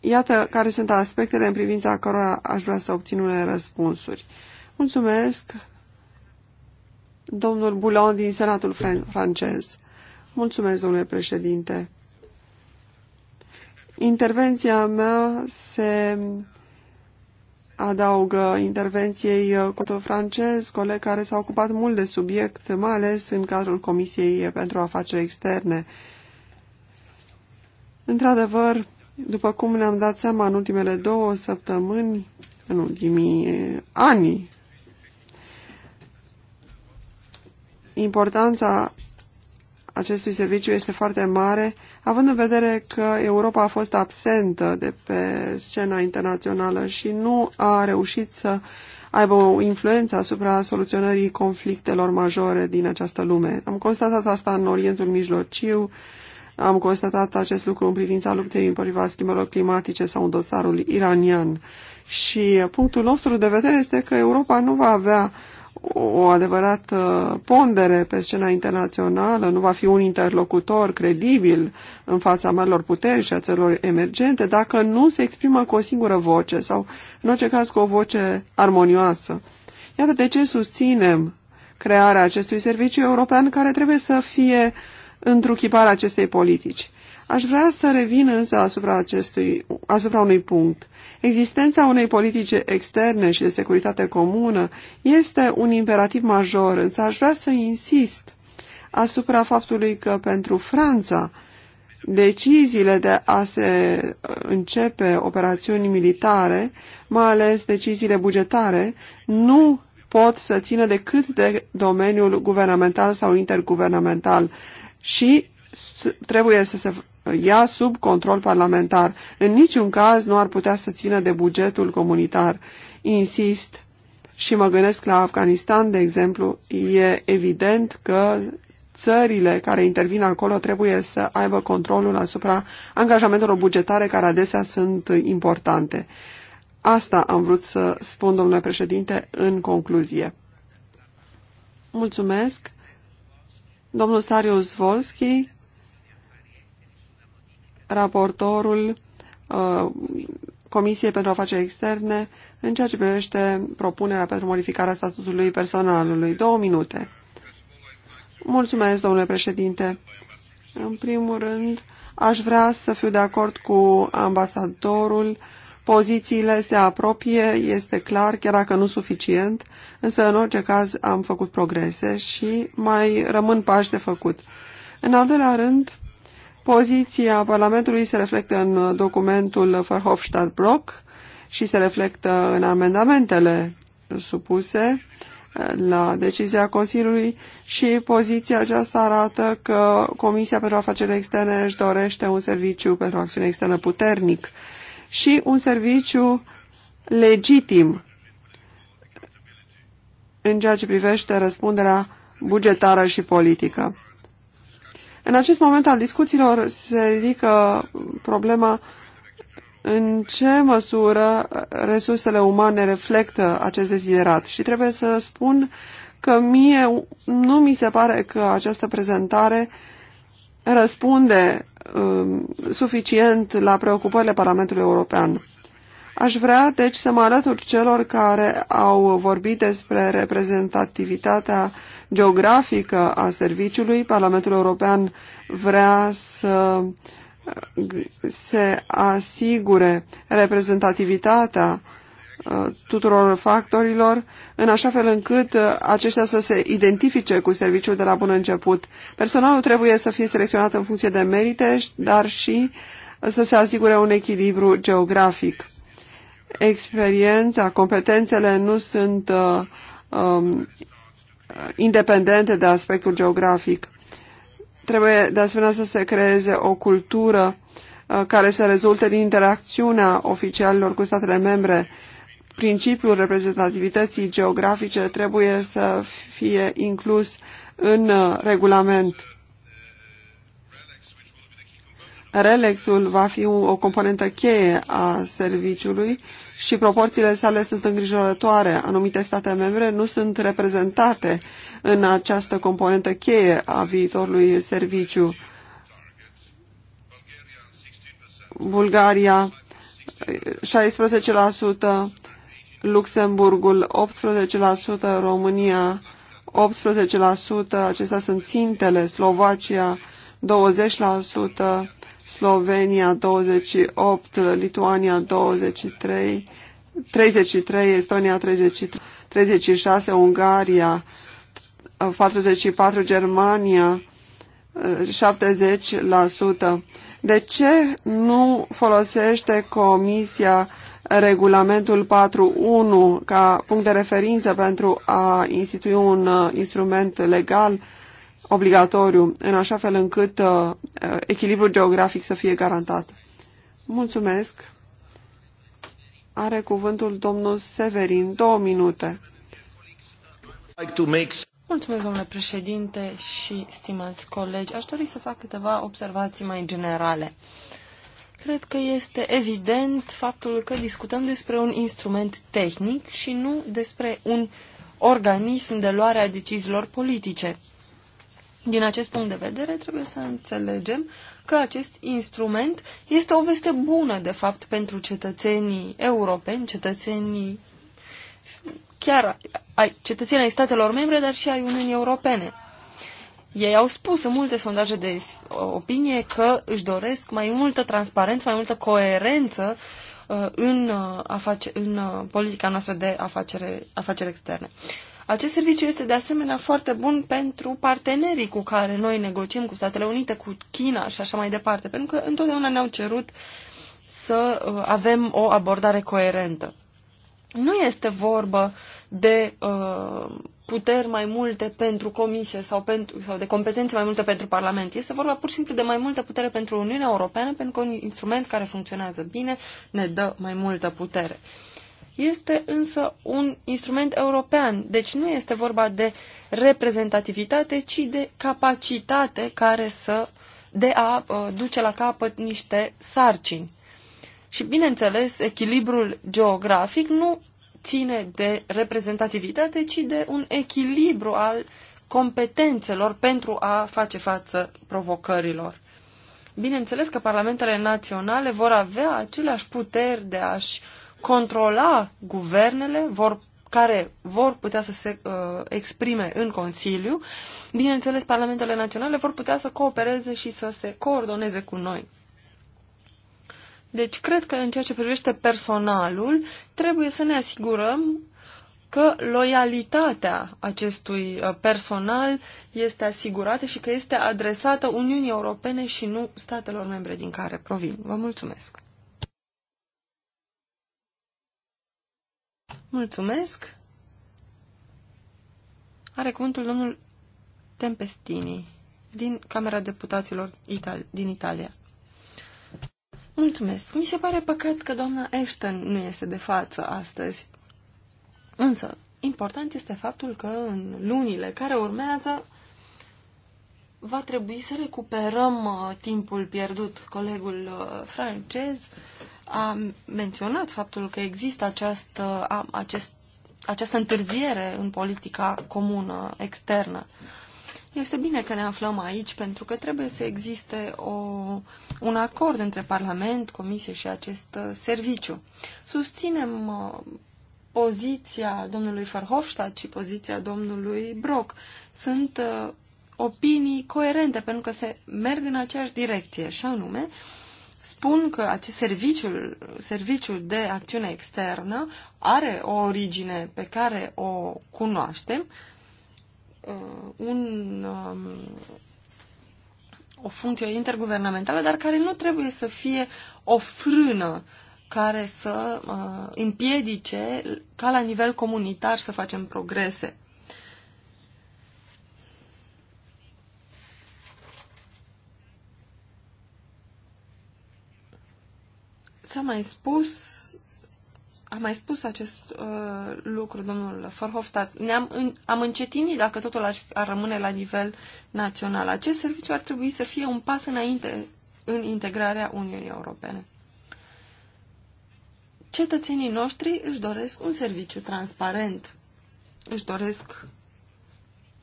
Iată care sunt aspectele în privința cărora aș vrea să obțin unele răspunsuri. Mulțumesc, domnul Boulon din Senatul francez. Mulțumesc, domnule președinte. Intervenția mea se adaugă intervenției uh, Coto francez, coleg care s-a ocupat mult de subiect, mai ales în cadrul Comisiei pentru Afaceri Externe. Într-adevăr, după cum ne-am dat seama în ultimele două săptămâni, în ultimii eh, ani, importanța acestui serviciu este foarte mare, având în vedere că Europa a fost absentă de pe scena internațională și nu a reușit să aibă o influență asupra soluționării conflictelor majore din această lume. Am constatat asta în Orientul Mijlociu, am constatat acest lucru în privința luptei împotriva schimbărilor climatice sau în dosarul iranian. Și punctul nostru de vedere este că Europa nu va avea o adevărată uh, pondere pe scena internațională, nu va fi un interlocutor credibil în fața marilor puteri și a țărilor emergente dacă nu se exprimă cu o singură voce sau, în orice caz, cu o voce armonioasă. Iată de ce susținem crearea acestui serviciu european care trebuie să fie întruchiparea acestei politici. Aș vrea să revin însă asupra, acestui, asupra unui punct. Existența unei politici externe și de securitate comună este un imperativ major, însă aș vrea să insist asupra faptului că pentru Franța deciziile de a se începe operațiuni militare, mai ales deciziile bugetare, nu pot să țină decât de domeniul guvernamental sau interguvernamental și trebuie să se ia sub control parlamentar. În niciun caz nu ar putea să țină de bugetul comunitar. Insist și mă gândesc la Afganistan, de exemplu, e evident că țările care intervin acolo trebuie să aibă controlul asupra angajamentelor bugetare care adesea sunt importante. Asta am vrut să spun, domnule președinte, în concluzie. Mulțumesc. Domnul Sarius Volski raportorul uh, Comisiei pentru Afaceri Externe în ceea ce privește propunerea pentru modificarea statutului personalului. Două minute. Mulțumesc, domnule președinte. În primul rând, aș vrea să fiu de acord cu ambasadorul. Pozițiile se apropie, este clar, chiar dacă nu suficient, însă în orice caz am făcut progrese și mai rămân pași de făcut. În al doilea rând, Poziția Parlamentului se reflectă în documentul Verhofstadt-Brock și se reflectă în amendamentele supuse eh, la decizia Consiliului și poziția aceasta arată că Comisia pentru Afaceri Externe își dorește un serviciu pentru acțiune externă puternic și un serviciu legitim în ceea ce privește răspunderea bugetară și politică. În acest moment al discuțiilor se ridică problema în ce măsură resursele umane reflectă acest deziderat și trebuie să spun că mie nu mi se pare că această prezentare răspunde um, suficient la preocupările Parlamentului European. Aș vrea, deci, să mă alătur celor care au vorbit despre reprezentativitatea geografică a serviciului. Parlamentul European vrea să se asigure reprezentativitatea uh, tuturor factorilor, în așa fel încât uh, aceștia să se identifice cu serviciul de la bun început. Personalul trebuie să fie selecționat în funcție de merite, dar și să se asigure un echilibru geografic experiența, competențele nu sunt uh, um, independente de aspectul geografic. Trebuie de asemenea să se creeze o cultură uh, care să rezulte din interacțiunea oficialilor cu statele membre. Principiul reprezentativității geografice trebuie să fie inclus în uh, regulament. Relexul va fi o componentă cheie a serviciului și proporțiile sale sunt îngrijorătoare. Anumite state membre nu sunt reprezentate în această componentă cheie a viitorului serviciu. Bulgaria 16%, Luxemburgul 18%, România 18%, acestea sunt țintele, Slovacia 20%, Slovenia 28, Lituania 23, 33, Estonia 33, 36, Ungaria 44, Germania 70%. De ce nu folosește Comisia regulamentul 4.1 ca punct de referință pentru a institui un uh, instrument legal obligatoriu, în așa fel încât uh, uh, echilibrul geografic să fie garantat. Mulțumesc. Are cuvântul domnul Severin. Două minute. Mulțumesc, domnule președinte și stimați colegi. Aș dori să fac câteva observații mai generale. Cred că este evident faptul că discutăm despre un instrument tehnic și nu despre un organism de luare a deciziilor politice. Din acest punct de vedere, trebuie să înțelegem că acest instrument este o veste bună, de fapt, pentru cetățenii europeni, cetățenii chiar ai, cetățenii ai statelor membre, dar și ai Uniunii Europene. Ei au spus în multe sondaje de opinie că își doresc mai multă transparență, mai multă coerență uh, în, uh, aface, în uh, politica noastră de afacere, afaceri externe. Acest serviciu este de asemenea foarte bun pentru partenerii cu care noi negociem, cu Statele Unite, cu China și așa mai departe, pentru că întotdeauna ne-au cerut să uh, avem o abordare coerentă. Nu este vorbă de uh, puteri mai multe pentru comisie sau, pentru, sau de competențe mai multe pentru Parlament. Este vorba pur și simplu de mai multă putere pentru Uniunea Europeană, pentru că un instrument care funcționează bine ne dă mai multă putere. Uh, este însă un instrument european, deci nu este vorba de reprezentativitate, ci de capacitate care să de a uh, duce la capăt niște sarcini. Și bineînțeles, echilibrul geografic nu ține de reprezentativitate, ci de un echilibru al competențelor pentru a face față provocărilor. Bineînțeles că parlamentele naționale vor avea aceleași puteri de a-și uh, controla guvernele vor, care vor putea să se uh, exprime în Consiliu. Bineînțeles, parlamentele naționale vor putea să coopereze și să se coordoneze cu noi. Deci, cred că în ceea ce privește personalul, trebuie să ne asigurăm că loialitatea acestui uh, personal este asigurată și că este adresată Uniunii Europene și nu statelor membre din care provin. Vă mulțumesc! Mulțumesc. Are cuvântul domnul Tempestini din Camera Deputaților Ital din Italia. Mulțumesc. Mi se pare păcat că doamna Ashton nu este de față astăzi. Însă, important este faptul că în lunile care urmează va trebui să recuperăm uh, timpul pierdut. Colegul uh, francez a menționat faptul că există această, a, acest, această întârziere în politica comună externă. Este bine că ne aflăm aici pentru că trebuie să existe o, un acord între Parlament, Comisie și acest uh, serviciu. Susținem uh, poziția domnului Verhofstadt și poziția domnului Brock. Sunt uh, opinii coerente pentru că se merg în aceeași direcție și anume uh, spun că acest serviciu, serviciu de acțiune externă are o origine pe care o cunoaștem, uh, un, um, o funcție interguvernamentală, dar care nu trebuie să fie o frână care să uh, împiedice ca la nivel comunitar să facem progrese. S-a mai spus, a mai spus acest uh, lucru domnul Forhofstadt. Ne-am, în, am încetinit dacă totul ar, ar rămâne la nivel național. Acest serviciu ar trebui să fie un pas înainte în integrarea Uniunii Europene. Cetățenii noștri își doresc un serviciu transparent. Își doresc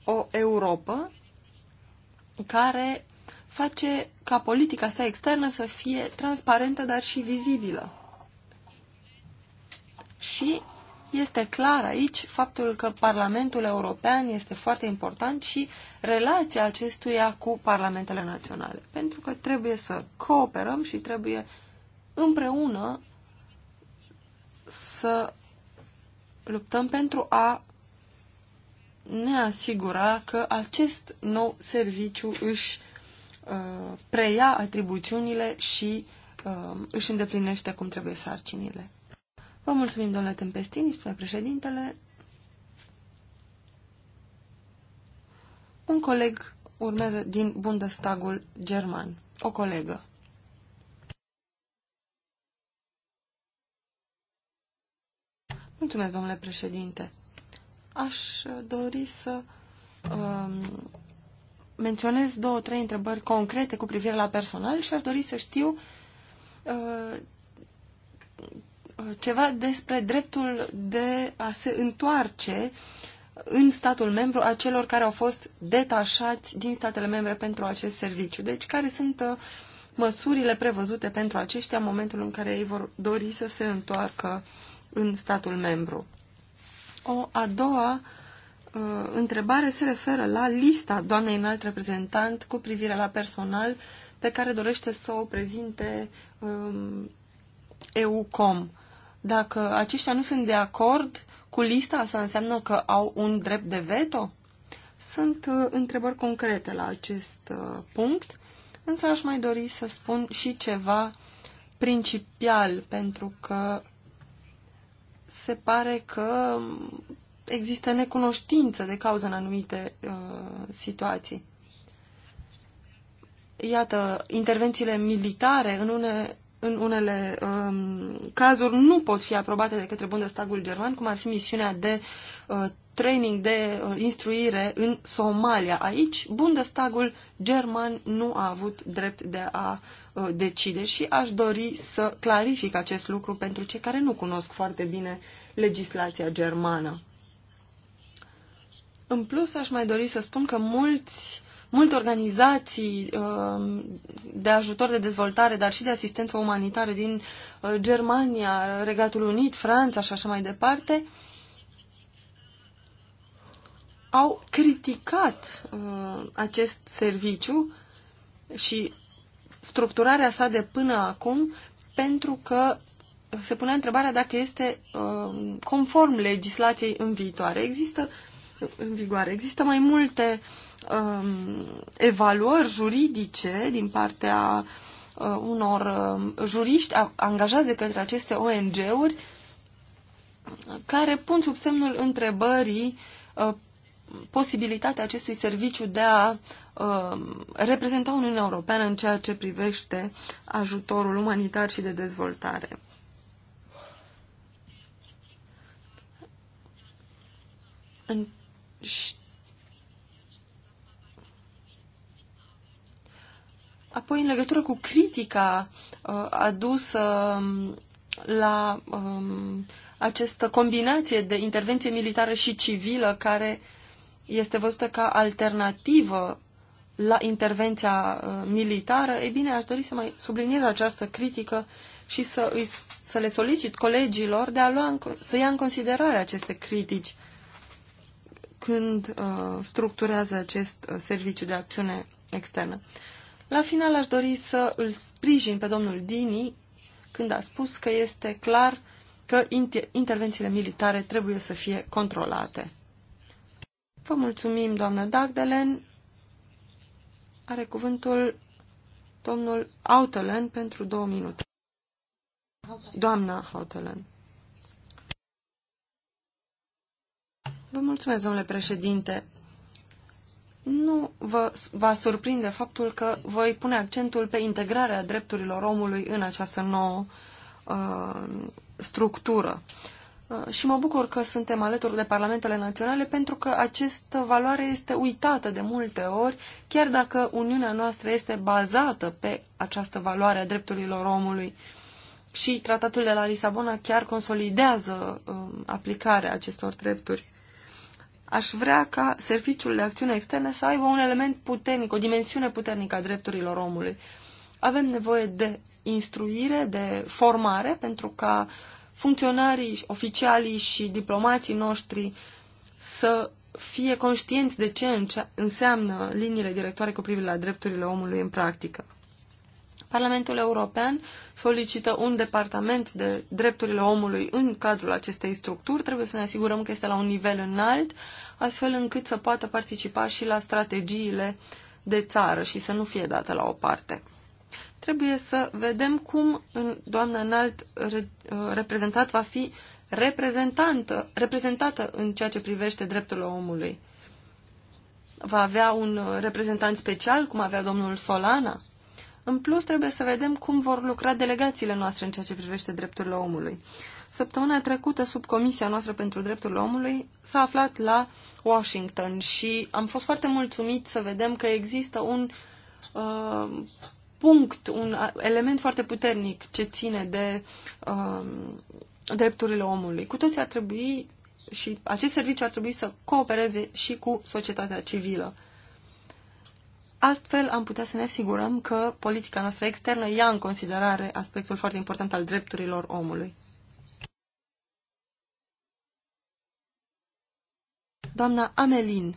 o Europa care face ca politica sa externă să fie transparentă, dar și vizibilă. Și este clar aici faptul că Parlamentul European este foarte important și relația acestuia cu parlamentele naționale. Pentru că trebuie să cooperăm și trebuie împreună să luptăm pentru a ne asigura că acest nou serviciu își Uh, preia atribuțiunile și uh, își îndeplinește cum trebuie sarcinile. Vă mulțumim, domnule Tempestini, spune președintele. Un coleg urmează din Bundestagul german, o colegă. Mulțumesc, domnule președinte. Aș dori să um, menționez două, trei întrebări concrete cu privire la personal și aș dori să știu uh, ceva despre dreptul de a se întoarce în statul membru a celor care au fost detașați din statele membre pentru acest serviciu. Deci care sunt uh, măsurile prevăzute pentru aceștia în momentul în care ei vor dori să se întoarcă în statul membru. O a doua uh, întrebare se referă la lista doamnei înalt reprezentant cu privire la personal pe care dorește să o prezinte um, EUCOM. Dacă aceștia nu sunt de acord cu lista, asta înseamnă că au un drept de veto? Sunt uh, întrebări concrete la acest uh, punct, însă aș mai dori să spun și ceva principial, pentru că se pare că există necunoștință de cauză în anumite uh, situații. Iată, intervențiile militare în, une, în unele um, cazuri nu pot fi aprobate de către Bundestagul german, cum ar fi misiunea de uh, training, de uh, instruire în Somalia. Aici, Bundestagul german nu a avut drept de a uh, decide și aș dori să clarific acest lucru pentru cei care nu cunosc foarte bine legislația germană. În plus, aș mai dori să spun că mulți, multe organizații um, de ajutor de dezvoltare, dar și de asistență umanitară din uh, Germania, Regatul Unit, Franța și așa mai departe, au criticat uh, acest serviciu și structurarea sa de până acum pentru că se pune întrebarea dacă este uh, conform legislației în viitoare. Există în vigoare. Există mai multe um, evaluări juridice din partea uh, unor um, juriști angajați de către aceste ONG-uri care pun sub semnul întrebării uh, posibilitatea acestui serviciu de a uh, reprezenta Uniunea Europeană în ceea ce privește ajutorul umanitar și de dezvoltare. În Apoi, în legătură cu critica uh, adusă um, la um, această combinație de intervenție militară și civilă care este văzută ca alternativă la intervenția uh, militară, e bine, aș dori să mai subliniez această critică și să, îi, să le solicit colegilor de a lua în, să ia în considerare aceste critici când uh, structurează acest uh, serviciu de acțiune externă. La final aș dori să îl sprijin pe domnul Dini când a spus că este clar că inter intervențiile militare trebuie să fie controlate. Vă mulțumim, doamnă Dagdelen. Are cuvântul domnul Autelen pentru două minute. Doamna Autelen. Vă mulțumesc, domnule președinte. Nu vă va surprinde faptul că voi pune accentul pe integrarea drepturilor omului în această nouă uh, structură. Uh, și mă bucur că suntem alături de parlamentele naționale pentru că această valoare este uitată de multe ori, chiar dacă Uniunea noastră este bazată pe această valoare a drepturilor omului. Și tratatul de la Lisabona chiar consolidează uh, aplicarea acestor drepturi aș vrea ca Serviciul de Acțiune Externă să aibă un element puternic, o dimensiune puternică a drepturilor omului. Avem nevoie de instruire, de formare, pentru ca funcționarii, oficialii și diplomații noștri să fie conștienți de ce înseamnă liniile directoare cu privire la drepturile omului în practică. Parlamentul European solicită un departament de drepturile omului în cadrul acestei structuri. Trebuie să ne asigurăm că este la un nivel înalt, astfel încât să poată participa și la strategiile de țară și să nu fie dată la o parte. Trebuie să vedem cum doamna înalt uh, reprezentat va fi reprezentantă reprezentată în ceea ce privește drepturile omului va avea un uh, reprezentant special, cum avea domnul Solana? În plus, trebuie să vedem cum vor lucra delegațiile noastre în ceea ce privește drepturile omului. Săptămâna trecută, sub comisia noastră pentru drepturile omului, s-a aflat la Washington și am fost foarte mulțumit să vedem că există un uh, punct, un element foarte puternic ce ține de uh, drepturile omului. Cu toții ar trebui și acest serviciu ar trebui să coopereze și cu societatea civilă. Astfel am putea să ne asigurăm că politica noastră externă ia în considerare aspectul foarte important al drepturilor omului. Doamna Amelin,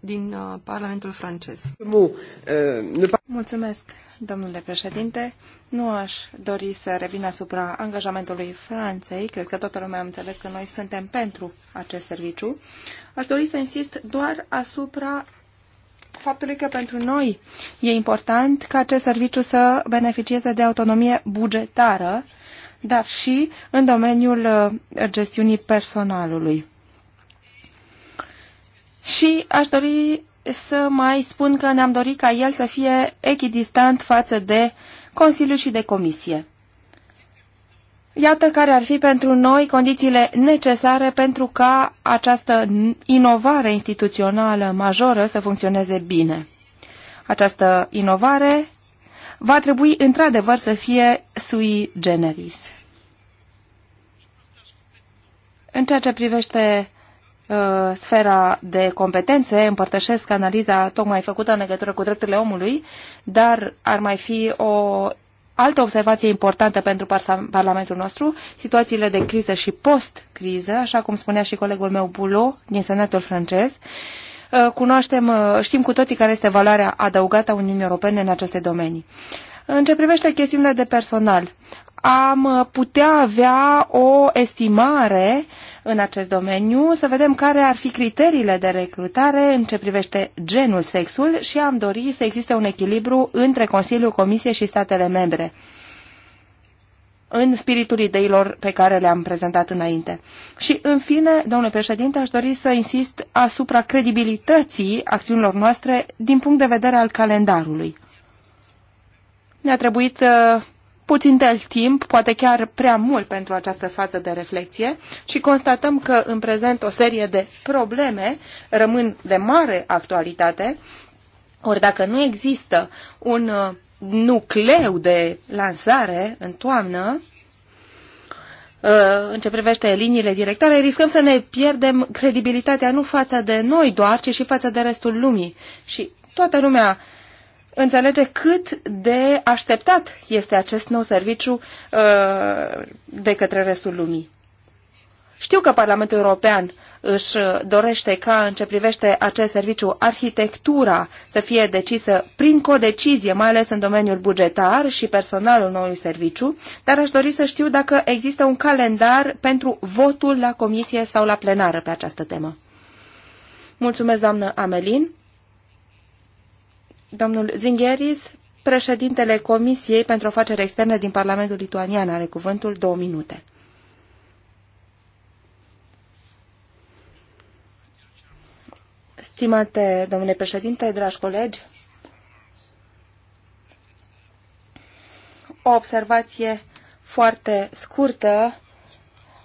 din uh, Parlamentul francez. Mulțumesc, domnule președinte. Nu aș dori să revin asupra angajamentului Franței. Cred că toată lumea a înțeles că noi suntem pentru acest serviciu. Aș dori să insist doar asupra faptului că pentru noi e important ca acest serviciu să beneficieze de autonomie bugetară, dar și în domeniul uh, gestiunii personalului. Și aș dori să mai spun că ne-am dorit ca el să fie echidistant față de Consiliu și de Comisie. Iată care ar fi pentru noi condițiile necesare pentru ca această inovare instituțională majoră să funcționeze bine. Această inovare va trebui într-adevăr să fie sui generis. În ceea ce privește uh, sfera de competențe, împărtășesc analiza tocmai făcută în legătură cu drepturile omului, dar ar mai fi o Altă observație importantă pentru Parlamentul nostru, situațiile de criză și post-criză, așa cum spunea și colegul meu Bulo din Senatul francez, uh, cunoaștem, uh, știm cu toții care este valoarea adăugată a Uniunii Europene în aceste domenii. În ce privește chestiunile de personal, am uh, putea avea o estimare în acest domeniu, să vedem care ar fi criteriile de recrutare în ce privește genul, sexul și am dori să existe un echilibru între Consiliul, Comisie și statele membre în spiritul ideilor pe care le-am prezentat înainte. Și, în fine, domnule președinte, aș dori să insist asupra credibilității acțiunilor noastre din punct de vedere al calendarului. Ne-a trebuit uh, puțin de timp, poate chiar prea mult pentru această fază de reflexie și constatăm că în prezent o serie de probleme rămân de mare actualitate, ori dacă nu există un uh, nucleu de lansare în toamnă, uh, în ce privește liniile directoare, riscăm să ne pierdem credibilitatea nu față de noi doar, ci și față de restul lumii. Și toată lumea înțelege cât de așteptat este acest nou serviciu uh, de către restul lumii. Știu că Parlamentul European își dorește ca, în ce privește acest serviciu, arhitectura să fie decisă prin codecizie, mai ales în domeniul bugetar și personalul noului serviciu, dar aș dori să știu dacă există un calendar pentru votul la comisie sau la plenară pe această temă. Mulțumesc, doamnă Amelin. Domnul Zingheris, președintele Comisiei pentru Afaceri Externe din Parlamentul Lituanian, are cuvântul două minute. Stimate domnule președinte, dragi colegi, o observație foarte scurtă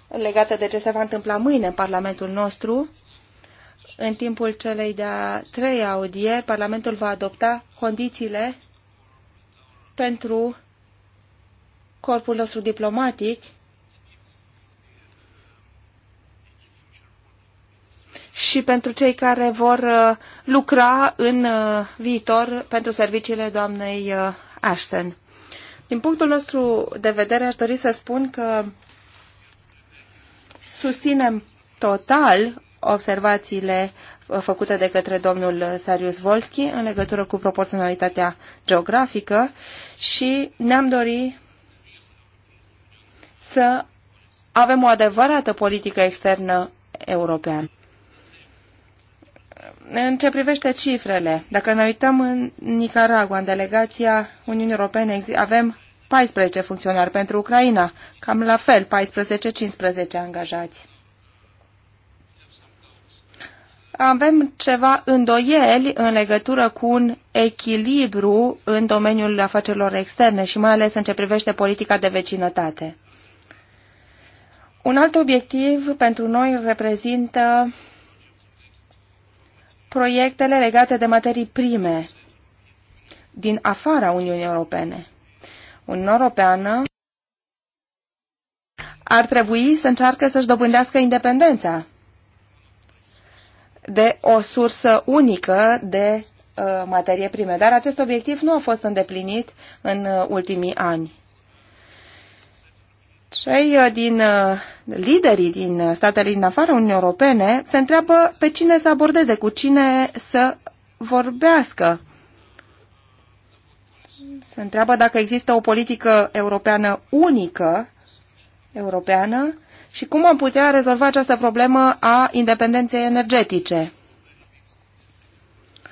legată de ce se va întâmpla mâine în Parlamentul nostru în timpul celei de-a treia audieri, Parlamentul va adopta condițiile pentru corpul nostru diplomatic și pentru cei care vor uh, lucra în uh, viitor pentru serviciile doamnei uh, Ashton. Din punctul nostru de vedere, aș dori să spun că susținem total observațiile făcute de către domnul Sarius Volski în legătură cu proporționalitatea geografică și ne-am dori să avem o adevărată politică externă europeană. În ce privește cifrele, dacă ne uităm în Nicaragua, în delegația Uniunii Europene, avem 14 funcționari pentru Ucraina, cam la fel, 14-15 angajați. avem ceva îndoieli în legătură cu un echilibru în domeniul afacerilor externe și mai ales în ce privește politica de vecinătate. Un alt obiectiv pentru noi reprezintă proiectele legate de materii prime din afara Uniunii Europene. Uniunea Europeană ar trebui să încearcă să-și dobândească independența de o sursă unică de uh, materie prime, dar acest obiectiv nu a fost îndeplinit în uh, ultimii ani. Cei uh, din liderii din statele din afara Uniunii Europene se întreabă pe cine să abordeze, cu cine să vorbească. Se întreabă dacă există o politică europeană unică, europeană, și cum am putea rezolva această problemă a independenței energetice.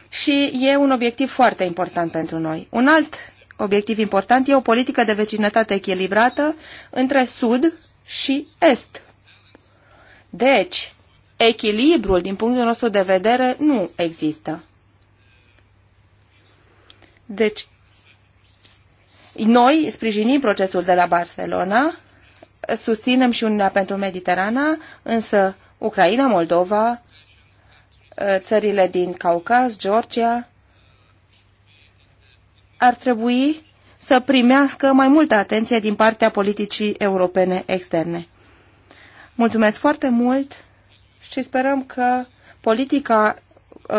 Și e un obiectiv foarte important pentru noi. Un alt obiectiv important e o politică de vecinătate echilibrată între Sud și Est. Deci, echilibrul din punctul nostru de vedere nu există. Deci, noi sprijinim procesul de la Barcelona, susținem și Uniunea pentru Mediterana, însă Ucraina, Moldova, eh, țările din Caucaz, Georgia, ar trebui să primească mai multă atenție din partea politicii europene externe. Mulțumesc foarte mult și sperăm că politica Uh,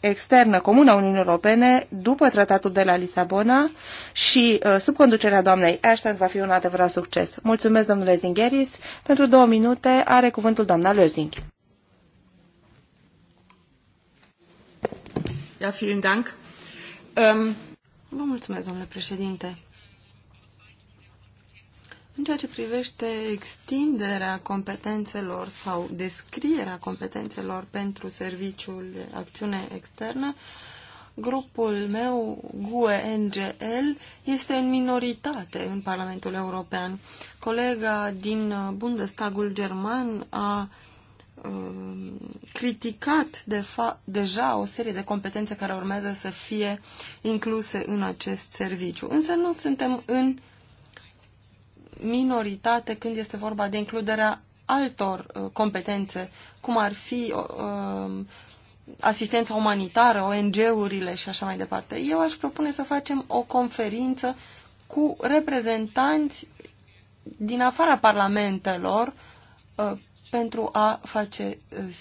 externă comună a Uniunii Europene după tratatul de la Lisabona și uh, sub conducerea doamnei Ashton va fi un adevărat succes. Mulțumesc, domnule Zingheris. Pentru două minute are cuvântul doamna Lözing. Ja, vielen Dank. Um... Vă mulțumesc, domnule președinte. În ceea ce privește extinderea competențelor sau descrierea competențelor pentru serviciul acțiune externă, grupul meu, GUE-NGL, este în minoritate în Parlamentul European. Colega din Bundestagul german a um, criticat de fa deja o serie de competențe care urmează să fie incluse în acest serviciu. Însă nu suntem în minoritate când este vorba de includerea altor uh, competențe, cum ar fi uh, um, asistența umanitară, ONG-urile și așa mai departe. Eu aș propune să facem o conferință cu reprezentanți din afara parlamentelor uh, pentru a face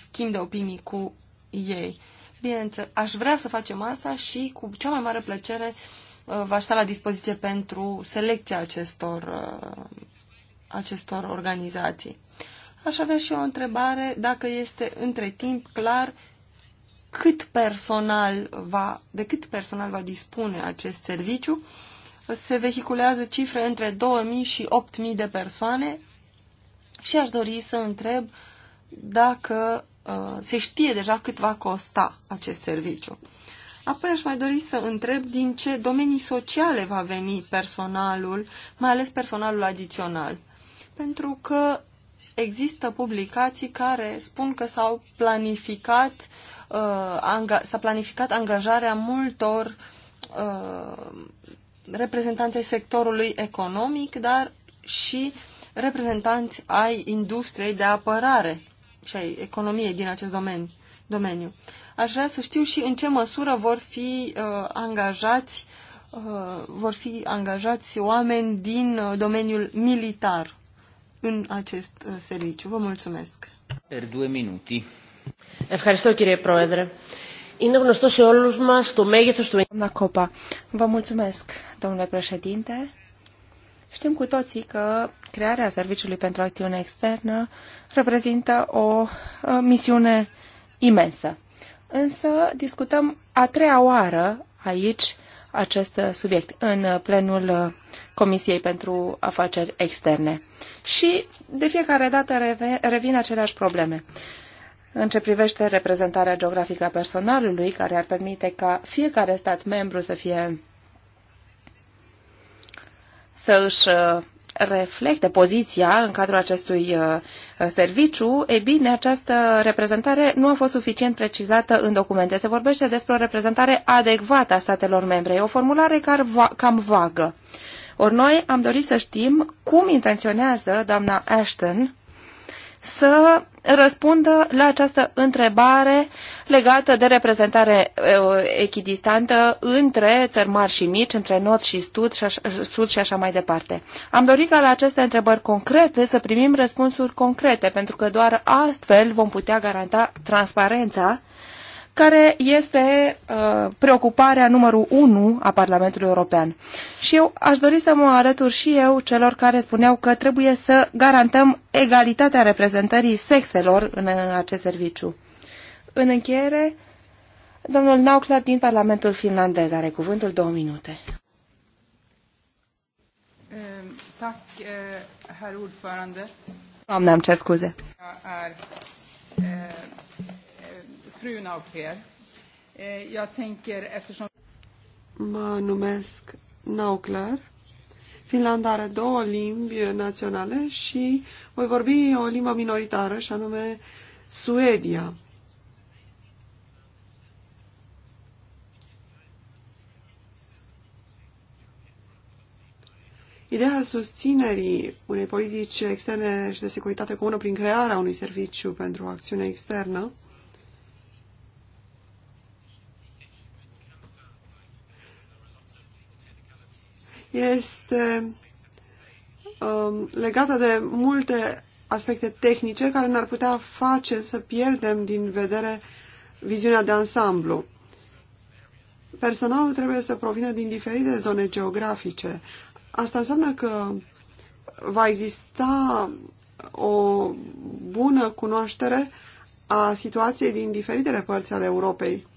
schimb de opinii cu ei. Bineînțeles, aș vrea să facem asta și cu cea mai mare plăcere uh, Uh, va sta la dispoziție pentru selecția acestor, uh, acestor organizații. Aș avea și o întrebare dacă este între timp clar cât personal va, de cât personal va dispune acest serviciu. Se vehiculează cifre între 2000 și 8000 de persoane și aș dori să întreb dacă uh, se știe deja cât va costa acest serviciu. Apoi aș mai dori să întreb din ce domenii sociale va veni personalul, mai ales personalul adițional. Pentru că există publicații care spun că s-au planificat, uh, anga- s-a planificat angajarea multor uh, reprezentanței sectorului economic, dar și reprezentanți ai industriei de apărare și ai economiei din acest domeniu domeniu. Aș vrea să știu și în ce măsură vor fi uh, angajați uh, vor fi angajați oameni din uh, domeniul militar în acest uh, serviciu. Vă mulțumesc. Per două minute. Ευχαριστώ κύριε Πρόεδρε. Είναι γνωστό σε όλους μας το μέγεθος του... Κόπα. Vă mulțumesc, domnule președinte. Știm cu toții că crearea Serviciului pentru Acțiune Externă reprezintă o uh, misiune imensă. Însă discutăm a treia oară aici acest subiect în plenul Comisiei pentru Afaceri Externe. Și de fiecare dată revin aceleași probleme. În ce privește reprezentarea geografică a personalului, care ar permite ca fiecare stat membru să fie să își reflecte poziția în cadrul acestui uh, serviciu, e bine, această reprezentare nu a fost suficient precizată în documente. Se vorbește despre o reprezentare adecvată a statelor membre. E o formulare cam vagă. Ori noi am dorit să știm cum intenționează doamna Ashton să răspundă la această întrebare legată de reprezentare echidistantă între țări mari și mici, între nord și sud și, așa, sud și așa mai departe. Am dorit ca la aceste întrebări concrete să primim răspunsuri concrete, pentru că doar astfel vom putea garanta transparența care este uh, preocuparea numărul 1 a Parlamentului European. Și eu aș dori să mă alătur și eu celor care spuneau că trebuie să garantăm egalitatea reprezentării sexelor în acest serviciu. În încheiere, domnul Naucler din Parlamentul finlandez are cuvântul două minute. Ehm, tack, eh, herr Doamne, am cer scuze frun Auclair. Er. Eh, jag tänker eftersom... Mă numesc Naukler. Finlanda are două limbi naționale și voi vorbi o limbă minoritară, și anume Suedia. Ideea susținerii unei politici externe și de securitate comună prin crearea unui serviciu pentru acțiune externă este um, legată de multe aspecte tehnice care ne-ar putea face să pierdem din vedere viziunea de ansamblu. Personalul trebuie să provină din diferite zone geografice. Asta înseamnă că va exista o bună cunoaștere a situației din diferitele părți ale Europei.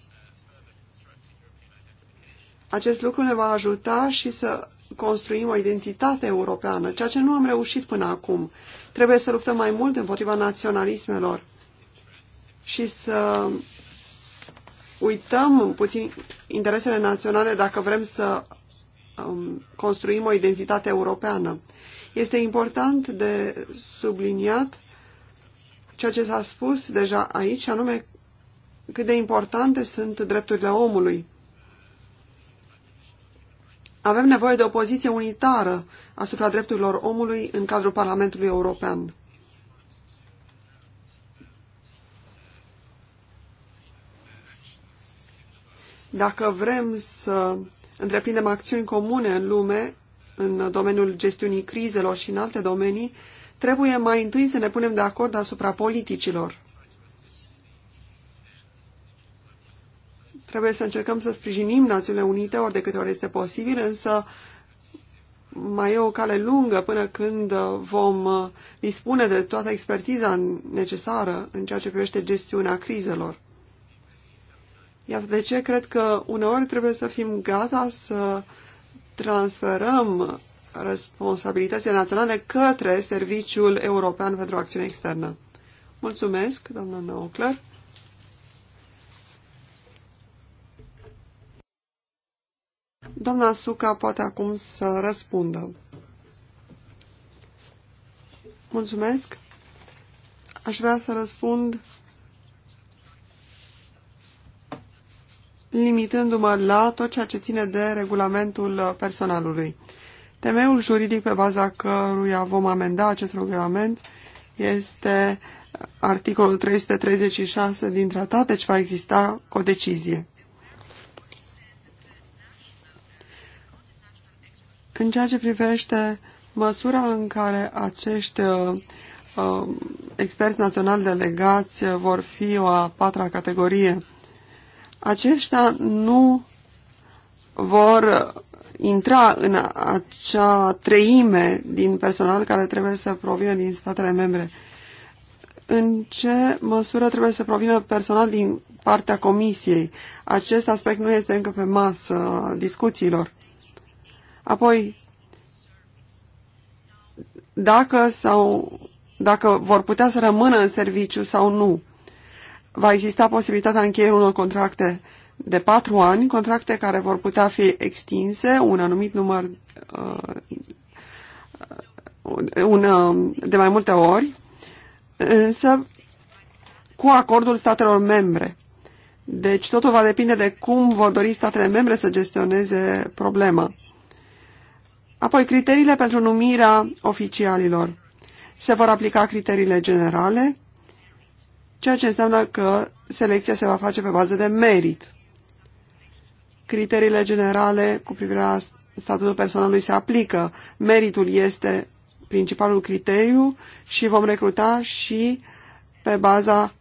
Acest lucru ne va ajuta și să construim o identitate europeană, ceea ce nu am reușit până acum. Trebuie să luptăm mai mult împotriva naționalismelor și să uităm puțin interesele naționale dacă vrem să um, construim o identitate europeană. Este important de subliniat ceea ce s-a spus deja aici, anume cât de importante sunt drepturile omului. Avem nevoie de o poziție unitară asupra drepturilor omului în cadrul Parlamentului European. Dacă vrem să întreprindem acțiuni comune în lume, în domeniul gestiunii crizelor și în alte domenii, trebuie mai întâi să ne punem de acord asupra politicilor. Trebuie să încercăm să sprijinim Națiunile Unite ori de câte ori este posibil, însă mai e o cale lungă până când vom uh, dispune de toată expertiza necesară în ceea ce privește gestiunea crizelor. Iată de ce cred că uneori trebuie să fim gata să transferăm responsabilitățile naționale către Serviciul European pentru Acțiune Externă. Mulțumesc, doamna Naucler. Doamna Suca poate acum să răspundă. Mulțumesc. Aș vrea să răspund limitându-mă la tot ceea ce ține de regulamentul personalului. Temeiul juridic pe baza căruia vom amenda acest regulament este articolul 336 din tratat, deci va exista o decizie. În ceea ce privește măsura în care acești uh, uh experți naționali delegați uh, vor fi o a patra categorie, aceștia nu vor intra în acea treime din personal care trebuie să provină din statele membre. În ce măsură trebuie să provină personal din partea Comisiei? Acest aspect nu este încă pe masă discuțiilor. Apoi, dacă, sau, dacă vor putea să rămână în serviciu sau nu, va exista posibilitatea încheierii unor contracte de patru ani, contracte care vor putea fi extinse un anumit număr uh, un, uh, de mai multe ori, însă cu acordul statelor membre. Deci totul va depinde de cum vor dori statele membre să gestioneze problema. Apoi, criteriile pentru numirea oficialilor. Se vor aplica criteriile generale, ceea ce înseamnă că selecția se va face pe bază de merit. Criteriile generale cu privire la statutul personalului se aplică. Meritul este principalul criteriu și vom recruta și pe baza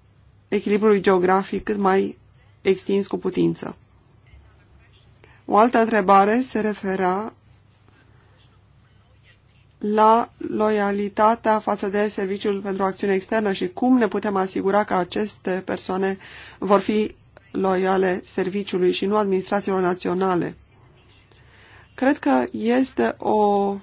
echilibrului geografic cât mai extins cu putință. O altă întrebare se referea la loialitatea față de Serviciul pentru Acțiune Externă și cum ne putem asigura că aceste persoane vor fi loiale serviciului și nu administrațiilor naționale. Cred că este o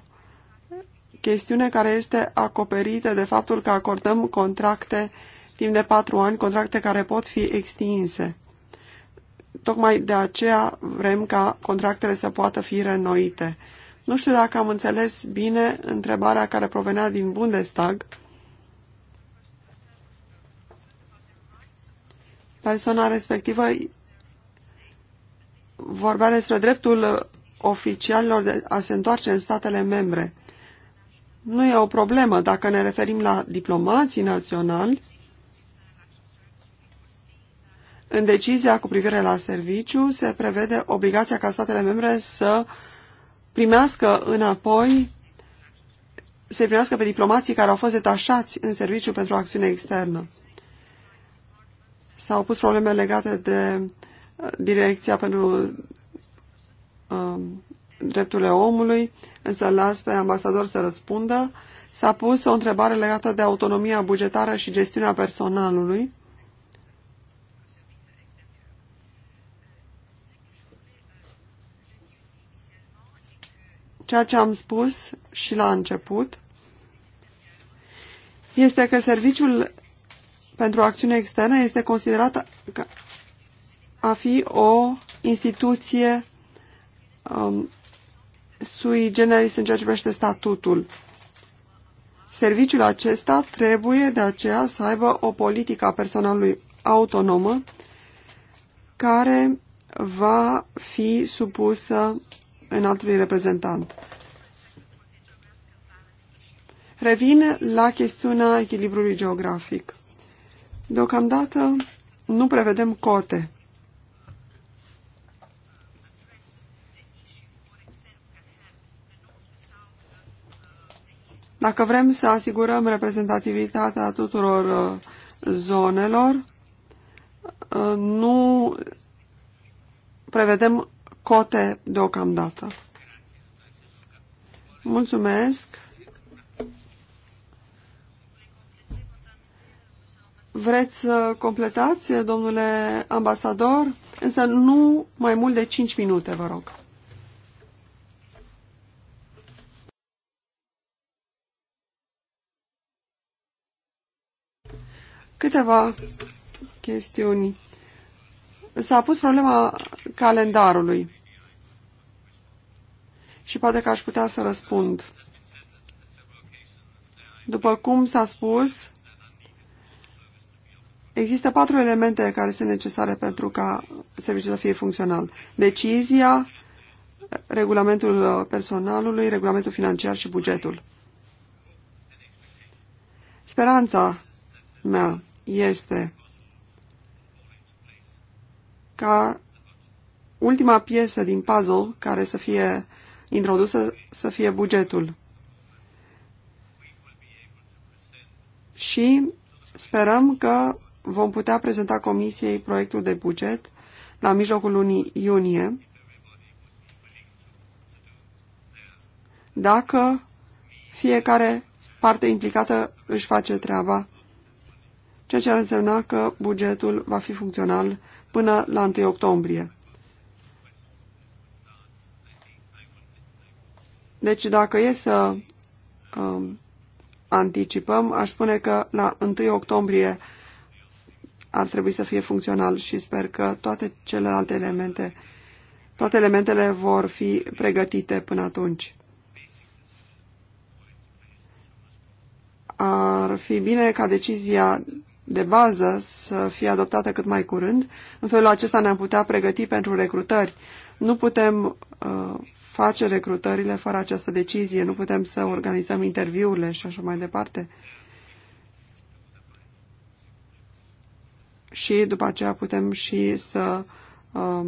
chestiune care este acoperită de faptul că acordăm contracte timp de patru ani, contracte care pot fi extinse. Tocmai de aceea vrem ca contractele să poată fi renoite. Nu știu dacă am înțeles bine întrebarea care provenea din Bundestag. Persoana respectivă vorbea despre dreptul oficialilor de a se întoarce în statele membre. Nu e o problemă dacă ne referim la diplomații naționali. În decizia cu privire la serviciu se prevede obligația ca statele membre să uh, primească înapoi, să primească pe diplomații care au fost detașați în serviciu pentru acțiune externă. S-au pus probleme legate de uh, direcția pentru um, drepturile omului, însă las pe ambasador să răspundă. S-a pus o întrebare legată de autonomia bugetară și gestiunea personalului. Ceea ce am spus și la început este că serviciul pentru acțiune externă este considerat a fi o instituție um, sui generis în ceea ce privește statutul. Serviciul acesta trebuie de aceea să aibă o politică a personalului autonomă care va fi supusă înaltului reprezentant. Revin la chestiunea echilibrului geografic. Deocamdată nu prevedem cote. Dacă vrem să asigurăm reprezentativitatea tuturor uh, zonelor, uh, nu prevedem cote deocamdată. Mulțumesc. Vreți să completați, domnule ambasador? Însă nu mai mult de 5 minute, vă rog. Câteva chestiuni s-a pus problema calendarului și poate că aș putea să răspund. După cum s-a spus, există patru elemente care sunt necesare pentru ca serviciul să fie funcțional. Decizia, regulamentul personalului, regulamentul financiar și bugetul. Speranța mea este ca ultima piesă din puzzle care să fie introdusă să fie bugetul. Și sperăm că vom putea prezenta Comisiei proiectul de buget la mijlocul lunii iunie. Dacă fiecare parte implicată își face treaba, ceea ce ar însemna că bugetul va fi funcțional până la 1 octombrie. Deci dacă e să um, anticipăm, aș spune că la 1 octombrie ar trebui să fie funcțional și sper că toate celelalte elemente, toate elementele vor fi pregătite până atunci. Ar fi bine ca decizia de bază să fie adoptată cât mai curând. În felul acesta ne-am putea pregăti pentru recrutări. Nu putem uh, face recrutările fără această decizie, nu putem să organizăm interviurile și așa mai departe. Și după aceea putem și să uh,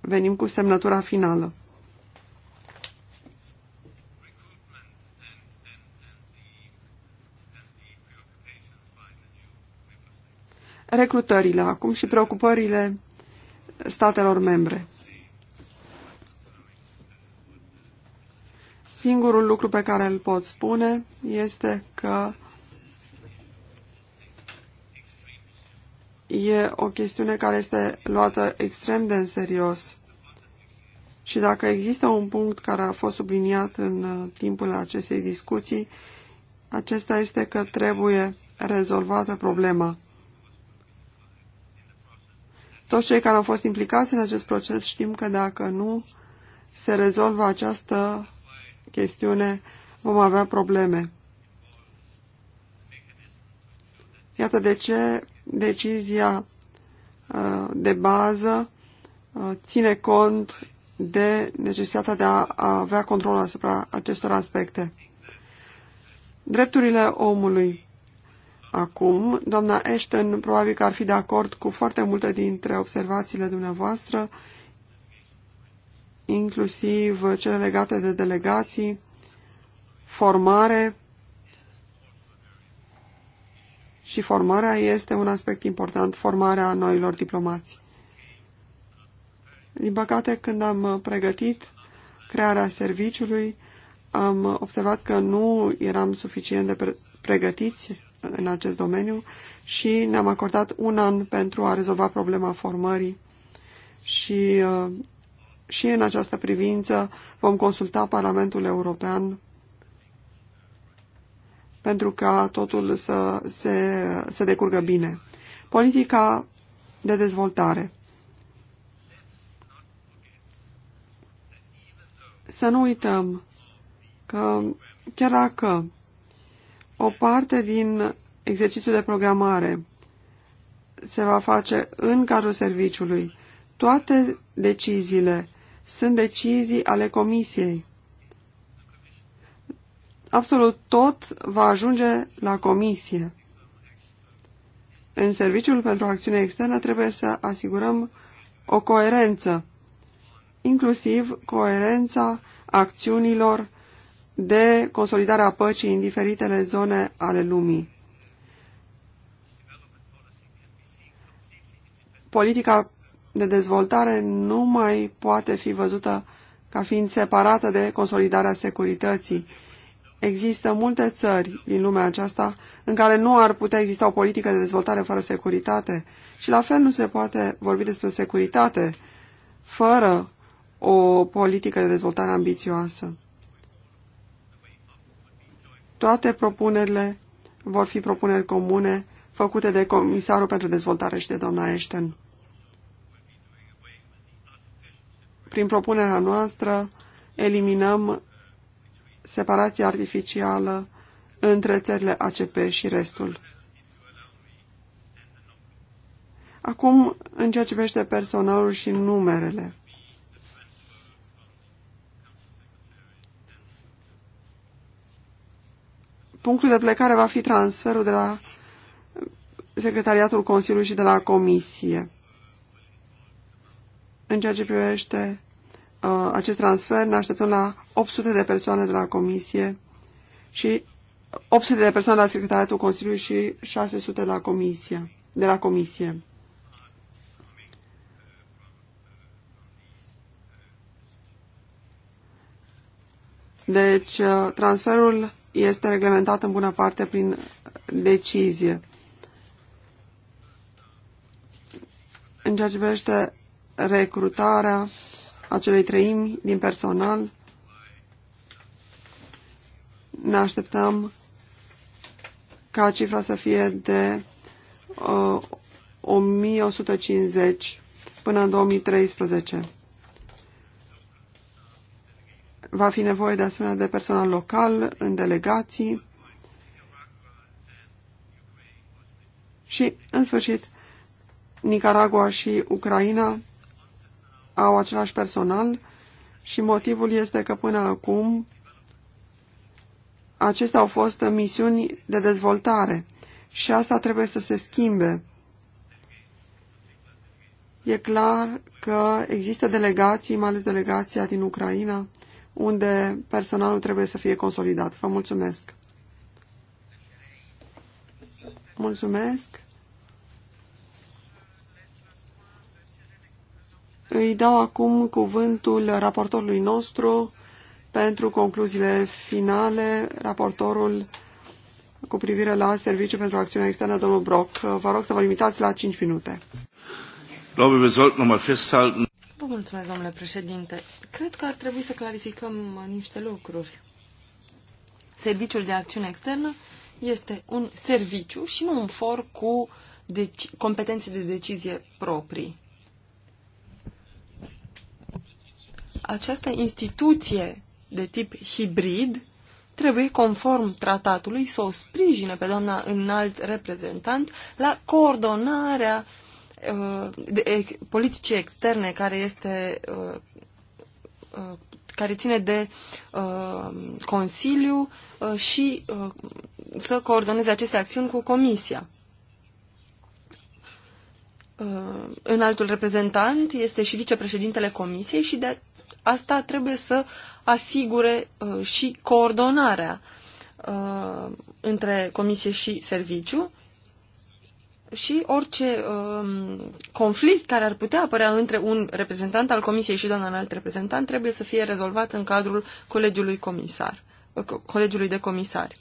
venim cu semnătura finală. recrutările acum și preocupările statelor membre. Singurul lucru pe care îl pot spune este că e o chestiune care este luată extrem de în serios. Și dacă există un punct care a fost subliniat în uh, timpul acestei discuții, acesta este că trebuie rezolvată problema. Toți cei care au fost implicați în acest proces știm că dacă nu se rezolvă această chestiune, vom avea probleme. Iată de ce decizia uh, de bază uh, ține cont de necesitatea de a avea control asupra acestor aspecte. Drepturile omului acum. Doamna Ashton probabil că ar fi de acord cu foarte multe dintre observațiile dumneavoastră, inclusiv cele legate de delegații, formare și formarea este un aspect important, formarea noilor diplomați. Din păcate, când am pregătit crearea serviciului, am observat că nu eram suficient de pregătiți în acest domeniu și ne-am acordat un an pentru a rezolva problema formării și, uh, și în această privință vom consulta Parlamentul European pentru ca totul să se, se decurgă bine. Politica de dezvoltare. Să nu uităm că chiar dacă o parte din exercițiul de programare se va face în cadrul serviciului. Toate deciziile sunt decizii ale comisiei. Absolut tot va ajunge la comisie. În serviciul pentru acțiune externă trebuie să asigurăm o coerență, inclusiv coerența acțiunilor de consolidarea păcii în diferitele zone ale lumii. Politica de dezvoltare nu mai poate fi văzută ca fiind separată de consolidarea securității. Există multe țări din lumea aceasta în care nu ar putea exista o politică de dezvoltare fără securitate și la fel nu se poate vorbi despre securitate fără o politică de dezvoltare ambițioasă. Toate propunerile vor fi propuneri comune făcute de Comisarul pentru Dezvoltare și de doamna Ashton. Prin propunerea noastră eliminăm separația artificială între țările ACP și restul. Acum, în ceea ce privește personalul și numerele. Punctul de plecare va fi transferul de la Secretariatul Consiliului și de la Comisie. În ceea ce privește uh, acest transfer, ne așteptăm la 800 de persoane de la Comisie și 800 de persoane la Secretariatul Consiliului și 600 de la Comisie. De la comisie. Deci, uh, transferul este reglementat în bună parte prin decizie. În ceea ce privește recrutarea acelei treimi din personal, ne așteptăm ca cifra să fie de uh, 1150 până în 2013. Va fi nevoie de asemenea de personal local în delegații și, în sfârșit, Nicaragua și Ucraina au același personal și motivul este că până acum acestea au fost misiuni de dezvoltare și asta trebuie să se schimbe. E clar că există delegații, mai ales delegația din Ucraina, unde personalul trebuie să fie consolidat. Vă mulțumesc! Mulțumesc! Îi dau acum cuvântul raportorului nostru pentru concluziile finale, raportorul cu privire la Serviciul pentru Acțiunea Externă, domnul Brock. Vă rog să vă limitați la 5 minute. Vă mulțumesc, domnule președinte. Cred că ar trebui să clarificăm niște lucruri. Serviciul de acțiune externă este un serviciu și nu un for cu deci, competențe de decizie proprii. Această instituție de tip hibrid trebuie, conform tratatului, să o sprijine pe doamna înalt reprezentant la coordonarea Uh, de, politicii externe care este uh, uh, care ține de Consiliu și să coordoneze aceste acțiuni cu Comisia. în altul reprezentant este și vicepreședintele Comisiei și de asta trebuie să asigure și coordonarea între Comisie și Serviciu și orice um, conflict care ar putea apărea între un reprezentant al Comisiei și doamna înalt reprezentant trebuie să fie rezolvat în cadrul colegiului, comisar, uh, colegiului de comisari.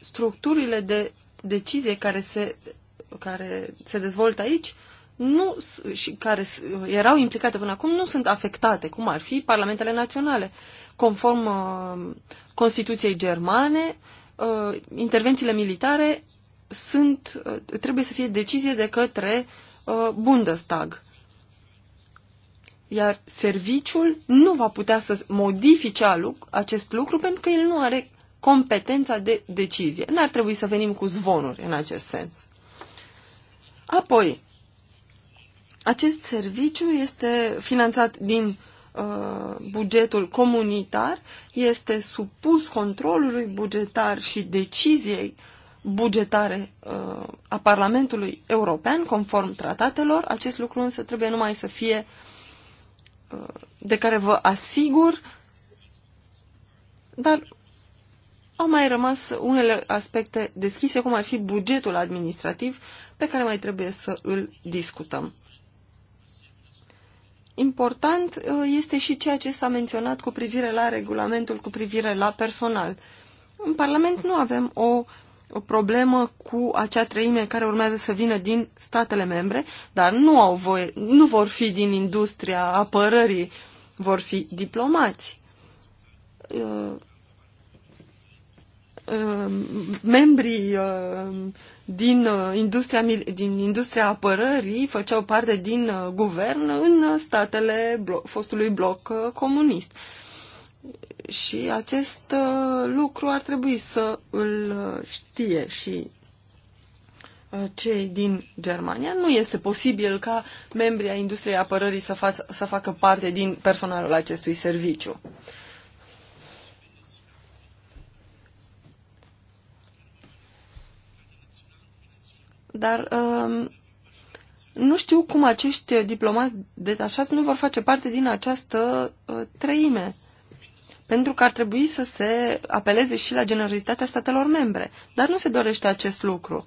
Structurile de decizie care se, care se dezvoltă aici nu, și care erau implicate până acum nu sunt afectate, cum ar fi parlamentele naționale. Conform uh, Constituției germane, uh, intervențiile militare sunt, uh, trebuie să fie decizie de către uh, Bundestag. Iar serviciul nu va putea să modifice acest lucru pentru că el nu are competența de decizie. N-ar trebui să venim cu zvonuri în acest sens. Apoi, acest serviciu este finanțat din uh, bugetul comunitar, este supus controlului bugetar și deciziei bugetare uh, a Parlamentului European, conform tratatelor. Acest lucru însă trebuie numai să fie uh, de care vă asigur, dar au mai rămas unele aspecte deschise, cum ar fi bugetul administrativ, pe care mai trebuie să îl discutăm. Important uh, este și ceea ce s-a menționat cu privire la regulamentul, cu privire la personal. În Parlament nu avem o, o problemă cu acea treime care urmează să vină din statele membre, dar nu, au voie, nu vor fi din industria apărării, vor fi diplomați. Uh, uh, membrii din uh, industria, din industria apărării făceau parte din uh, guvern în uh, statele blo- fostului bloc comunist. Și acest lucru ar trebui să îl știe și cei din Germania. Nu este posibil ca membrii a industriei apărării să, fa- să facă parte din personalul acestui serviciu. dar um, nu știu cum acești diplomați detașați nu vor face parte din această uh, treime. Pentru că ar trebui să se apeleze și la generozitatea statelor membre. Dar nu se dorește acest lucru.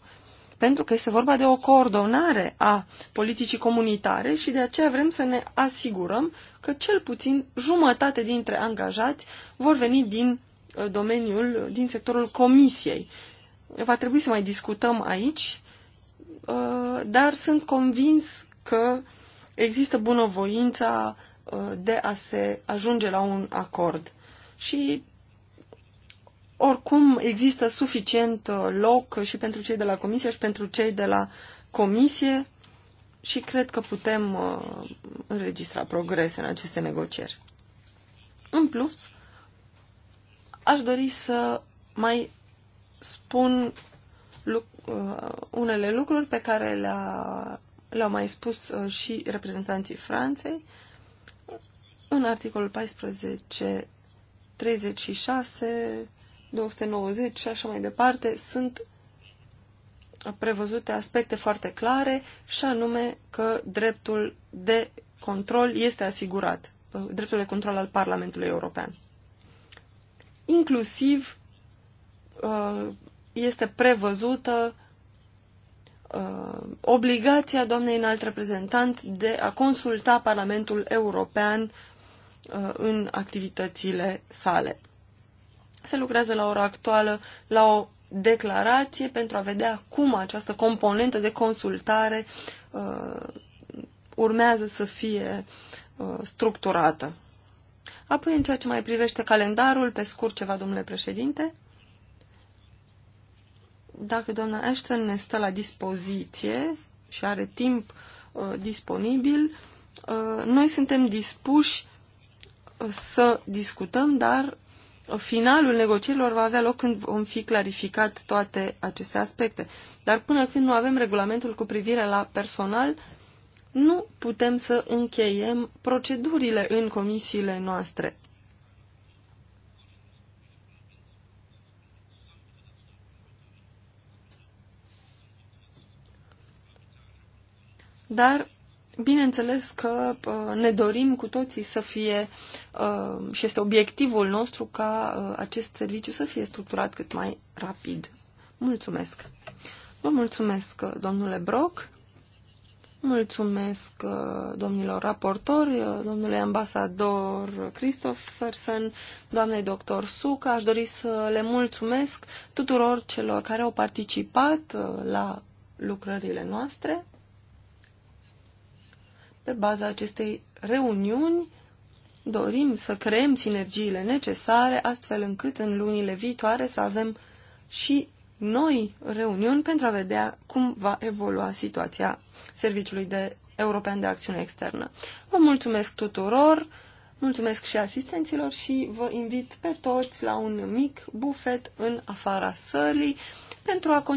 Pentru că este vorba de o coordonare a politicii comunitare și de aceea vrem să ne asigurăm că cel puțin jumătate dintre angajați vor veni din uh, domeniul, din sectorul comisiei. Va trebui să mai discutăm aici Uh, dar sunt convins că există bunăvoința uh, de a se ajunge la un acord. Și oricum există suficient uh, loc și pentru cei de la Comisie și pentru cei de la Comisie și cred că putem înregistra progrese în aceste negocieri. În plus, aș dori să mai spun Uh, unele lucruri pe care le-a, le-au mai spus uh, și reprezentanții Franței. În articolul 14, 36, 290 și așa mai departe sunt prevăzute aspecte foarte clare și anume că dreptul de control este asigurat, uh, dreptul de control al Parlamentului European. Inclusiv este prevăzută uh, obligația doamnei înalt reprezentant de a consulta Parlamentul European uh, în activitățile sale. Se lucrează la ora actuală la o declarație pentru a vedea cum această componentă de consultare uh, urmează să fie uh, structurată. Apoi, în ceea ce mai privește calendarul, pe scurt ceva, domnule președinte, dacă doamna Ashton ne stă la dispoziție și are timp uh, disponibil, uh, noi suntem dispuși uh, să discutăm, dar uh, finalul negocierilor va avea loc când vom fi clarificat toate aceste aspecte. Dar până când nu avem regulamentul cu privire la personal, nu putem să încheiem procedurile în comisiile noastre. Dar, bineînțeles că uh, ne dorim cu toții să fie, uh, și este obiectivul nostru, ca uh, acest serviciu să fie structurat cât mai rapid. Mulțumesc! Vă mulțumesc, domnule Brock. Mulțumesc domnilor raportori, domnule ambasador Christopherson, doamnei doctor Suca. Aș dori să le mulțumesc tuturor celor care au participat la lucrările noastre. Pe baza acestei reuniuni dorim să creăm sinergiile necesare astfel încât în lunile viitoare să avem și noi reuniuni pentru a vedea cum va evolua situația Serviciului de European de Acțiune Externă. Vă mulțumesc tuturor, mulțumesc și asistenților și vă invit pe toți la un mic bufet în afara sălii pentru a